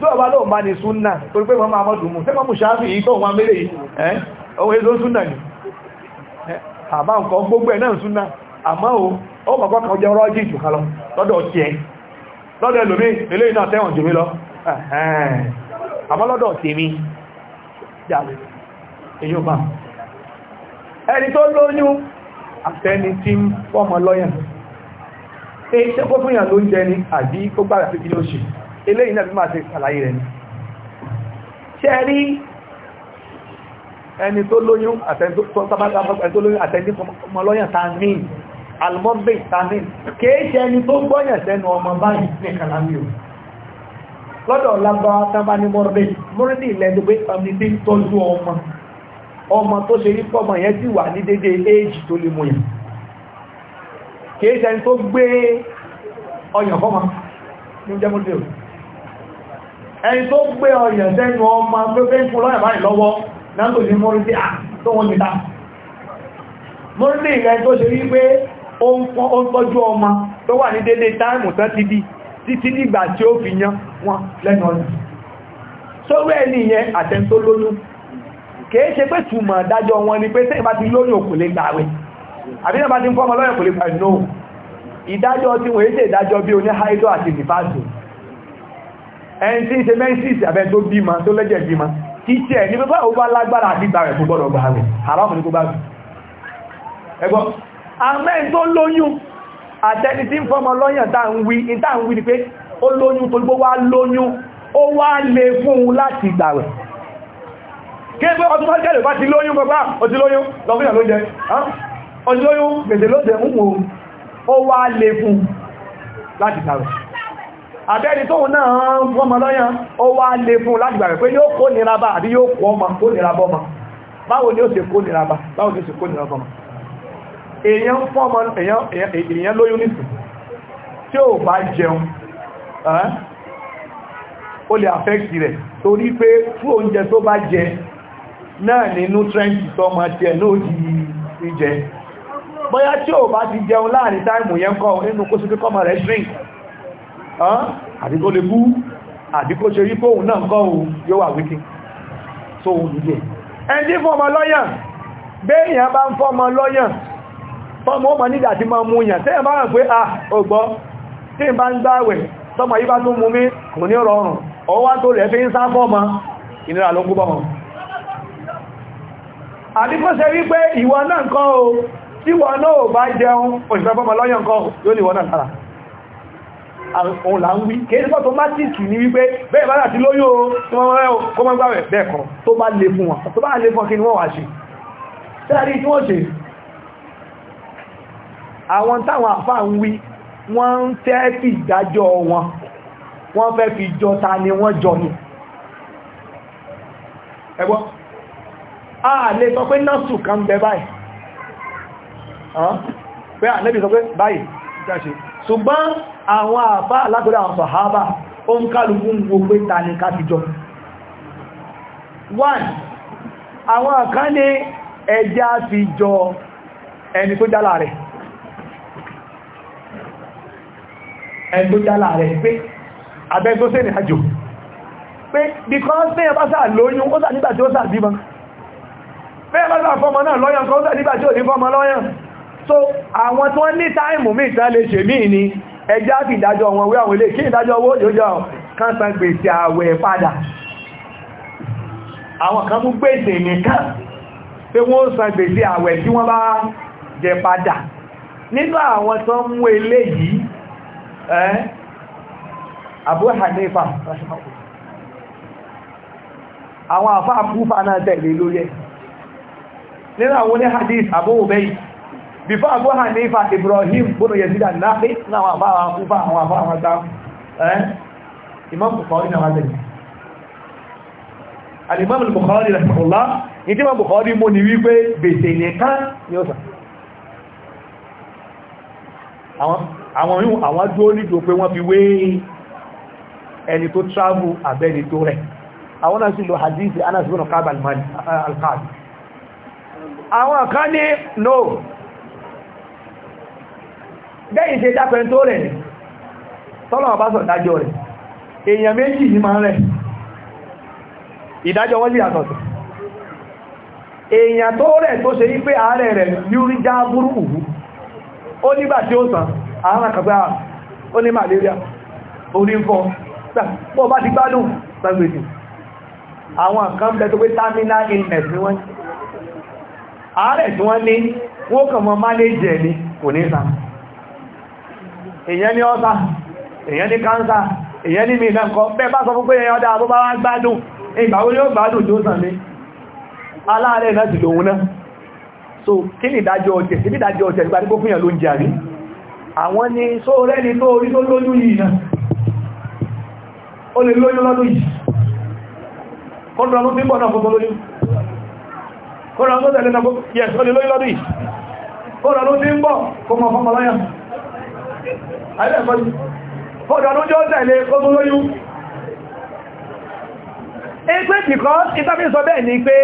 tó lóò ni súnà tó pé mọ́mọ́ amọ́dù mú tẹ́mọ́ mú ṣááfì yìí tó wọn mẹ́lẹ̀ ohun èso ni àmá kalọ lọ́dọ̀ lọ́dọ̀ náà tẹ́wọ̀n jù mí èyọ́bà ẹni tó lóyún àtẹni tí ń fọ́mọ lọ́yàn ṣe kó fún ìyàn ló ń jẹ ni àbí kó gbára sí kí ló ṣe eléyìí náà bí máa ṣe àlàyé rẹ̀ ni ṣe rí ẹni tó lóyún àtẹni fọ́mọ lọ́yàn ta ní almọ́bẹ̀ ìtàní kìí ṣe ẹni tó gbọ́yàn sẹ́nu ọmọ báyìí ní kàlámì o lọ́dọ̀ lábá tábánímọ́rẹ́dì mọ́rẹ́dì ilẹ̀ ẹ̀dùgbé ọmọdé ọmọ tó ṣe rí pọ́mọ yẹn ti wà ní dédé éèjì tó lè mú yẹn kìí ṣe tó gbé ọyàn fọ́mọ ní jẹ́ múlẹ̀ òun ẹni tó gbé ọyàn sẹ́nu ọmọ pẹ́pẹ́ ń fún lọ́yàn báyìí lọ́wọ́ náà tó ní mọ́rí sí à tó wọ́n níta mọ́rí sí ìrẹ́ tó ṣe rí pé ó ń tọ́jú ọmọ tó wà ní dédé táìmù tán ti di títí nígbà tí lẹ́nu ọdún sórú ẹni yẹn àtẹ́ntó lóyún kìí ṣe pé túmọ̀ dájọ́ wọn ni pé tẹ́yìn bá ti lóyún òkú lè gbàwẹ̀ àbíyàn bá ti ń fọ́mọ lọ́yẹ̀ kò lè gbà no ìdájọ́ tí wọ́n èdè ìdájọ́ bí oní haido àti nìfàṣò ẹni tí ń ṣe mẹ́sìsì abẹ́ tó bímọ tó lẹ́jẹ̀ bímọ kí tí ẹ̀ ní pípọ́ ó bá lágbára àti gbà rẹ̀ kó gbọ́dọ̀ haram ní kó bá rẹ̀ ẹgbọ́ amẹ́ni tó lóyún àtẹni tí ń fọ́mọ lọ́yàn tá ń wí ní pé ó lóyún tó gbó wá lóyún ó wá le fún un láti gbà rẹ̀ kéèkéé ọdún bá jẹ́ lọ́pàá ti lóyún gbogbo ọdí ah, lóyún lọ́gbìnà ló jẹ́ ọdí ah, lóyún gbèsè ló jẹ́ mú ó wá lè fún láti tààrù àbẹ́ni tóhun náà wọ́n ma lọ́yán ó wá lè fún láti gbàrẹ̀ pé yóò kó nira bá àbí yóò kó ọmọ kó nira bọ́ ma báwo pé fún oúnjẹ tó bá jẹ náà ni nutrient tọ́mọ tí ẹ̀ náà ti jẹ bóyá tí ò bá ti jẹun láàrin táìmù yẹn kọ́ nínú kó sí pé kọ́mọ rẹ̀ drink àbí kó lè bú àbí kó ṣe rí fóòun náà kọ́ òun yóò wà wíkí tó òun jẹ ẹni fọ́mọ lọ́yàn béèyàn bá ń fọ́mọ lọ́yàn fọ́mọ ó mọ̀ nígbà tí máa mú yàn tẹ́yàn bá rẹ̀ pé à ah, ògbọ́ tí ń bá ń gbáwẹ̀ tọ́mọ yí bá tó mú mi kò ní rọrùn ọwá tó rẹ̀ fi ń sá fọ́mọ ìnira ló kú bọ́mọ àbí kó ṣe wípé ìwọ náà nǹkan o tí wọ́n náà ò bá jẹun òṣìṣẹ́ fọ́mọ lọ́yàn nǹkan yóò ní wọ́n náà sára òun là ń wí kéèdè pọ́ tó má tìkì ní wípé bẹ́ẹ̀ bá láti lóyún o tí wọ́n rẹ̀ kó mọ́ gbáwẹ̀ bẹ́ẹ̀ kan tó bá lè fún wọn tó bá lè fún kí ni wọ́n wá ṣe tẹ́lẹ̀ tí wọ́n ṣe àwọn táwọn àfà ń wí wọ́n ń fẹ́ fi ìdájọ́ wọn wọ́n fẹ́ fi jọta a lè sọ pé násù kan bẹ báyìí pé ànẹ́bì sọ pé báyìí ìtàṣe ṣùgbọ́n àwọn àfá alágbẹ̀rẹ̀ àwọn sàhábà ó ń kálùkù ń wo pé ta ní káfíjọ àwọn kan ní ẹjá fi jọ ẹni tó jálà rẹ̀ ẹni tó jálà rẹ̀ pé abẹ́ tó sẹ́ni àjò pé because ní ẹbá sáà lóyún ó sà nígbàtí ó sà bímọ bẹ́ẹ̀ bá bá fọ́mọ náà lọ́yàn tó ń tẹ́ nígbà tí so àwọn tó ní táìmù mí ìtàn lè ṣe míì ni ẹjá fi ìdájọ́ wọn wé àwọn ilé kí ìdájọ́ owó yóò kan san gbèsè àwẹ̀ padà àwọn kan mú gbèsè nìkan pé wọ́n san gbèsè àwẹ̀ tí wọ́n bá jẹ padà nínú àwọn tó ń mú ilé yìí ẹ́ Abu Hanifa àwọn àfáà kúfà náà tẹ̀lé lórí ẹ̀ nínú àwọn oní hadith àbúrò bẹ́yì bífọ́ àbúrò hanifa ibrahim bónú yẹ̀sídà náàfí náwọn àbára fúfà àwọn àbára wọn dá ẹ́ imam bukhari náà wájẹ̀ alimam bukhari rahimahullah ní tí ma bukhari mú ní wípé bèsè nìkan ni ó sà àwọn yíò àwọn dúó nídò pé wọ́n fi wé ẹni tó travel àbẹ́ni tó rẹ̀ àwọn náà sí lo hadith anas bin al-qabi àwọn kan ní no gẹ́yìn ṣe dápẹ́ tó rẹ̀ tọ́lọ̀ bá sọ ìdájọ́ rẹ̀ èèyàn méjì ní máa rẹ̀ ìdájọ́ wọ́n lè àtọ̀tọ̀ èèyàn tó rẹ̀ tó ṣe wípé ààrẹ rẹ̀ lórí já burúkú ó nígbà tí ó sàn àwọn ah, ó ní malaria orí ń fọ́ pọ̀ bá ti gbádùn gbàgbèsì àwọn kan tó pé terminal ààrẹ tí wọ́n ní wọ́n kàn mọ́ mánéjẹ̀ ni kò ní sàn èyàn ní ọ́sà èyàn ní èyàn ní mìíràn bẹ́ẹ̀ bá sọ fún pé èyàn ọdá àbúbá wá gbádùn ìgbàwó ni ó gbádùn tó sàn ní aláàrẹ̀ náà lòun náà so kí ni ìdájọ́ ọ̀tẹ̀ sí ìdájọ́ ọ̀tẹ̀ nígbà tí kó ló ń ó rà lọ́dẹ̀ lẹ́nà kó yẹ̀ ó lè lóyìn lọ́dún yìí ó rà ló ti ń bọ̀ kó mọ̀ fọ́mọ lọ́yà ó rà ló jọ́ tẹ̀lé ó tún lóyún ẹgbẹ́ bìkọ́ ìtàbí sọ bẹ́ẹ̀ ni pé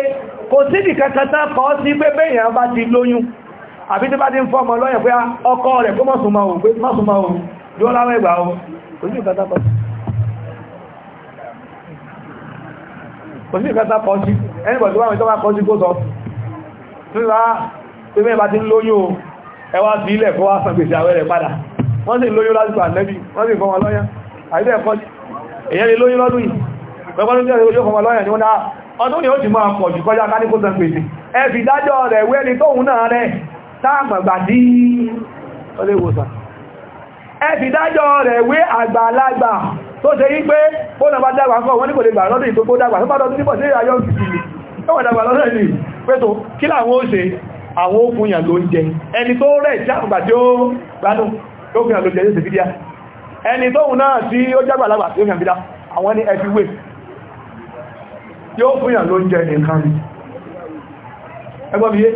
kò sí ìkẹkẹta kọ́ sí pé bẹ́yàn bá ti lóyún àbí tí bá ti ń fọ́mọ lọ́yẹ̀ pé ah, ọkọ rẹ̀ kó mọ́sùnmọ́ òun pé mọ́sùnmọ́ òun yóò láwọn ẹgbà ohun kò sí ìkẹta kọ́ sí kò sí ìkẹta kọ́ sí ẹnìbọ̀ tó síra pé mẹ́ bá ti lóyún ẹwà sí ilẹ̀ kó wá san gbèsè àwẹ̀ rẹ̀ padà wọ́n sì lóyún lásìkò ànẹ́bí wọ́n sì fọmọ lọ́yàn àìdẹ́ ẹ̀kọ́ èyàn lè lóyún lọ́dún yìí pẹ̀pọ́n jẹ́ ojú fọmọ lọ́yàn ni wọ́n náà ọdún ni ó ti máa pọ̀ jù kọjá káníkó san gbèsè ẹ fi dájọ́ rẹ̀ wẹ́ni tóhun náà rẹ̀ táàmàgbà dí ọlẹ́wòsàn ẹ fi dájọ́ rẹ̀ wé àgbàlagbà tó ṣe yí pé ó nà bá dàgbà kọ́ wọ́n ní kò lè gbà lọ́dún ìtókó dàgbà tó bá lọ́dún nípọ̀ sí àyọ́ òkìkì ọmọdàgbà lọ́rẹ̀ ní pẹ́tò kí láwọn ó ṣe àwọn òkúnyà ló ń jẹ ẹni tó rẹ̀ tí àgbà tí ó gbádùn tó fi hàn ló jẹ ní ìsẹ̀fídíà ẹni tóhun náà tí ó jágbà lágbà tí ó fìyàn bídá àwọn ní ẹfi wé yóò fúnyàn ló ń jẹ nǹkan ni ẹgbọ́n mi yé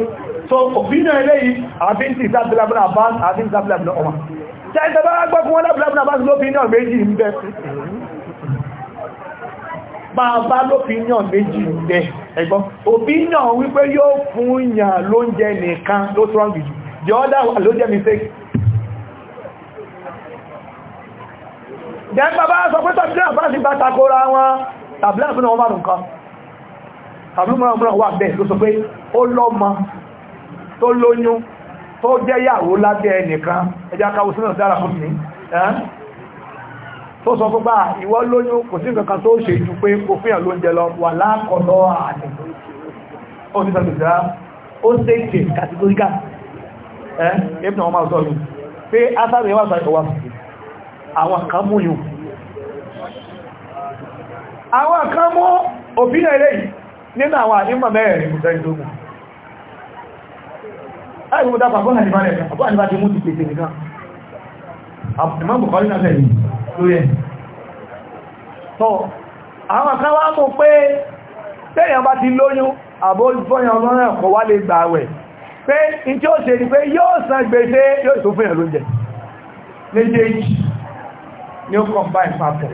so òfin náà eléyìí àti ń ti ìsáfilabuna bá àti ń ìsáfilabuna ọmọ bàbá ló fi yàn méjì bẹ̀ ẹ̀gbọ́n òbí yàn wípé yóò fún yàn lóúnjẹ nìkan ló strong jù the other one ló jẹ́ mistake then bàbá sọ pé tàbí náà bá sì bá takora wọn tàbí náà fún ọmọ nǹkan tàbí mọ́ràn wà bẹ́ẹ̀ ló sọ pé ó lọ́mọ tó tó sọ fún bá ah, ìwọ lóyún kò sí nǹkan tó ṣe jù pé kò fíyàn ló ń jẹ lọ wà lákọ̀ọ́lọ́ àti oníṣàgbèsà ó tètè kàtíkóríkà ẹ́ ẹ̀bùn àwọn ọmọ ọ̀sọ́lù pé átàrí wà sáré wà fìdí àwọn kan mú yùn àwọn kan mú òbínà ilé nínú àwọn àdímọ̀ mẹ́rin ìgbùsẹ́rìndógún ẹgbùn dápàá bọ́n àdìbálẹ̀ àbọ́ àdìbá ti mú ti pèsè nìkan àmọ́ bùkọ́lì náà lẹ́yìn lórí ẹ̀ tọ́ àwọn kan wá mú pé tẹ́yàn bá ti lóyún àbó fọ́yàn ọlọ́rẹ̀ ọ̀kọ̀ wá lè gbà àwẹ̀ pé in tí ó ṣe ni pé yóò san gbèsè yóò tó fún ẹ̀lóúnjẹ méjèèjì ni ó kọ̀ bá ìpapọ̀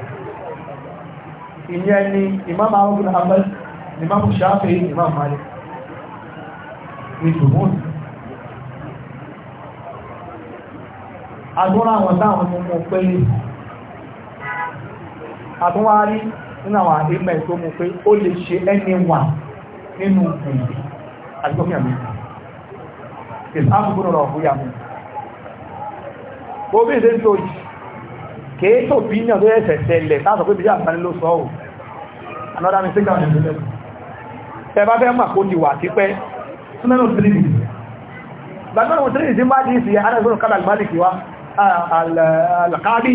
ìyẹn ni Imam Ahmad Hanbal Imam Shafi'i Imam Malik ní ṣùgbọ́n agbọ́n àwọn táwọn mú mú pé àtúnwárí nínú àwọn àdémẹ̀ tó mú pé ó lè ṣe ẹni wà nínú ìgbìyànjú àgbọ́mìyàn mi ìsáàbùgbùn ọ̀rọ̀ ògbúyà mi gbogbo ìdé tó jì kèé tó bí ní ọ̀dọ́ ẹ̀sẹ̀ tẹ́lẹ̀ táàsọ̀ pé bíjá àgbàní ló sọ ọ̀ another mistake àwọn ìlú lẹ́gbẹ̀ẹ́ tẹ bá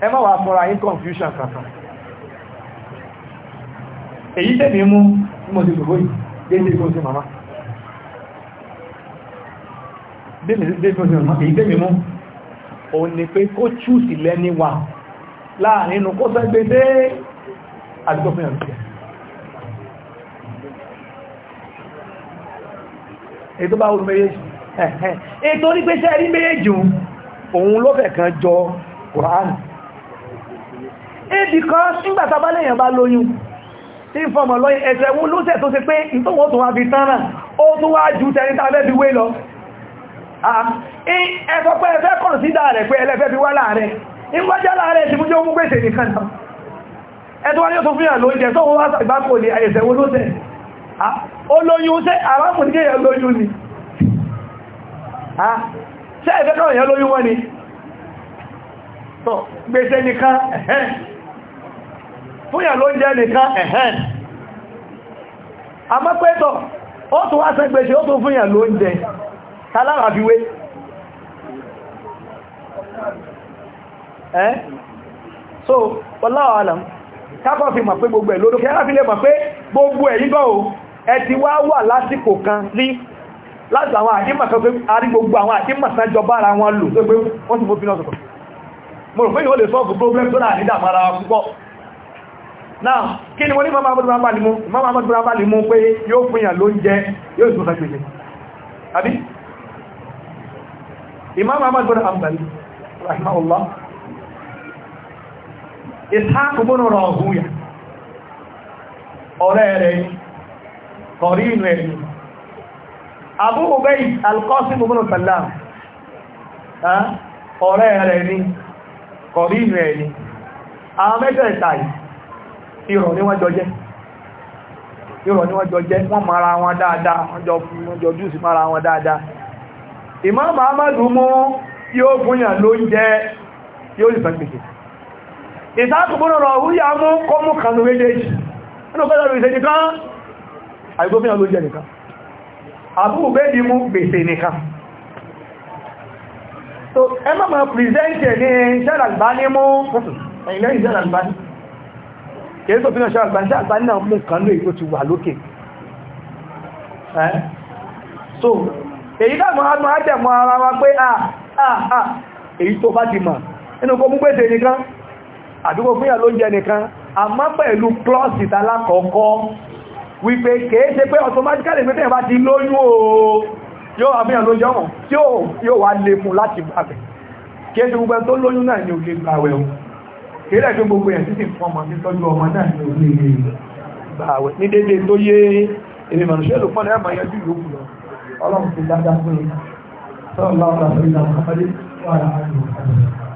ẹ má wà fọ́ra yín confusion kankan èyí tẹ́mi mú mọ́ sí gbogbo yìí déédéé kó sí màmá déédéé kó sí màmá èyí tẹ́mi mú òun ni pé kó chúùsì lẹ́ni wà láàrin inú kó sẹ́gbẹ́ dé àdúgbò fún ẹ̀rùn ètò bá wùn méjèèjì ètò onígbéṣẹ́ rí méjèèjì òun ló fẹ́ kan jọ Kùránì èdì eh, kan nígbàtà bá lẹ́yìn bá lóyún tí fọmọ̀ lọ́yìn ẹ̀tẹ̀ wọ́n ló tẹ̀ tó ṣe pé ìtọ́wọ́ tó wá fi tánà ó tó wá ju tẹnita lẹ́bí wé lọ ẹ̀fọ́ pé ẹfẹ́ kọ̀rọ̀ sí dáa rẹ̀ pé ẹlẹ́fẹ́ fi wá láàrẹ̀ ìwájá láàrẹ̀ ti mújẹ́ ogun pèsè nìkan náà ẹ̀tọ́ wá ní ó tó fíyàn lóúnjẹ tó wọ́n wá sàgbákò ní ẹ̀ẹ̀sẹ̀ wọ́n ló tẹ̀ olóyún tẹ́ àrámù ní èyàn lóyún ni ṣẹ́ ẹ̀fẹ́ kọ̀rọ̀ yẹn lóyún wọ́n ni gbèsè nìkan fúnyà ló jẹ́ nìkan ẹ̀hẹ́n àmọ́pẹ́tọ̀ ó tún wá sẹ́gbẹ̀ṣe ó tún fúnyà ló ń ẹ́ so wallahu alam fi mọ̀ pé gbogbo ẹ̀ lórí kẹ́rà fi lè mọ̀ gbogbo ẹ̀ yíbọ̀ o ẹ ti wá wà lásìkò kan ní láti àwọn kan gbogbo àwọn àdímọ̀ ara wọn lò tó gbé wọ́n ti mo rò pé yóò lè sọ́ọ̀fù problem tó náà kí ni wọ́n ní mọ́mọ́ àmọ́dúnrà bá lè mú pé yóò fún ìyà lóúnjẹ yóò ìsúnfẹ́ gbèsè àbí imam ahmad bin hanbal rahimahullah ishaq bin rahuya ọ̀rẹ́ rẹ̀ kọ̀rí inú ẹ̀rí abu ubay al-qasim bin sallam ọ̀rẹ́ rẹ̀ ni kọ̀rí inú ẹ̀rí àwọn mẹ́jọ ìtàyí ìrọ̀ ni wọ́n jọ jẹ́ ìrọ̀ ni wọ́n jọ jẹ́ wọ́n mara wọn dáadáa wọ́n jọ fún wọn jọ jùsì mara wọn dáadáa Imam Muhammadu mú yóò fúnyàn ló ń jẹ́ yóò sì sàgbèsè ìsáàkùnbọ́nà rọ̀ húyà mú kọ́ mú kanu méjèèjì nínú pẹ́lú ìṣẹ́ nìkan àìgbófíà ló jẹ́ nìkan àbúrú bẹ́ẹ̀dì mú gbèsè nìkan so ẹ mọ́ mọ́ ní kìí tó fi náà ṣàgbà ṣàgbà náà mú kan lóyìn tó ti wà lókè so èyí dámọ̀ adùn ájẹ̀mọ̀ ara wa pé àà èyí tó bá ti mọ̀ inú kó mú pèsè nìkan àdúgbò fún ìyàn ló jẹ nìkan àmọ́ pẹ̀lú klọ́sì talákọ̀ọ́kọ́ wípé kìí ṣe pé automatically pé tẹ́yàn bá ti lóyún o yóò àfihàn lójú ọmọ tí yóò wá lè fún láti gbàgbẹ̀ kìí ṣe gbogbo tó lóyún kéré tó gbogbo ẹ̀ títí fún ọmọ nítọ́jú ọmọ náà ní orílẹ̀ èdè báwẹ̀ ní dédé tó yé èmì mọ̀lúṣẹ́ ló fọ́nà ẹ̀mọ̀ yẹjú ìlúkù lọ ọlọ́run ti dáadáa fún ẹ̀ sọ́ọ̀lá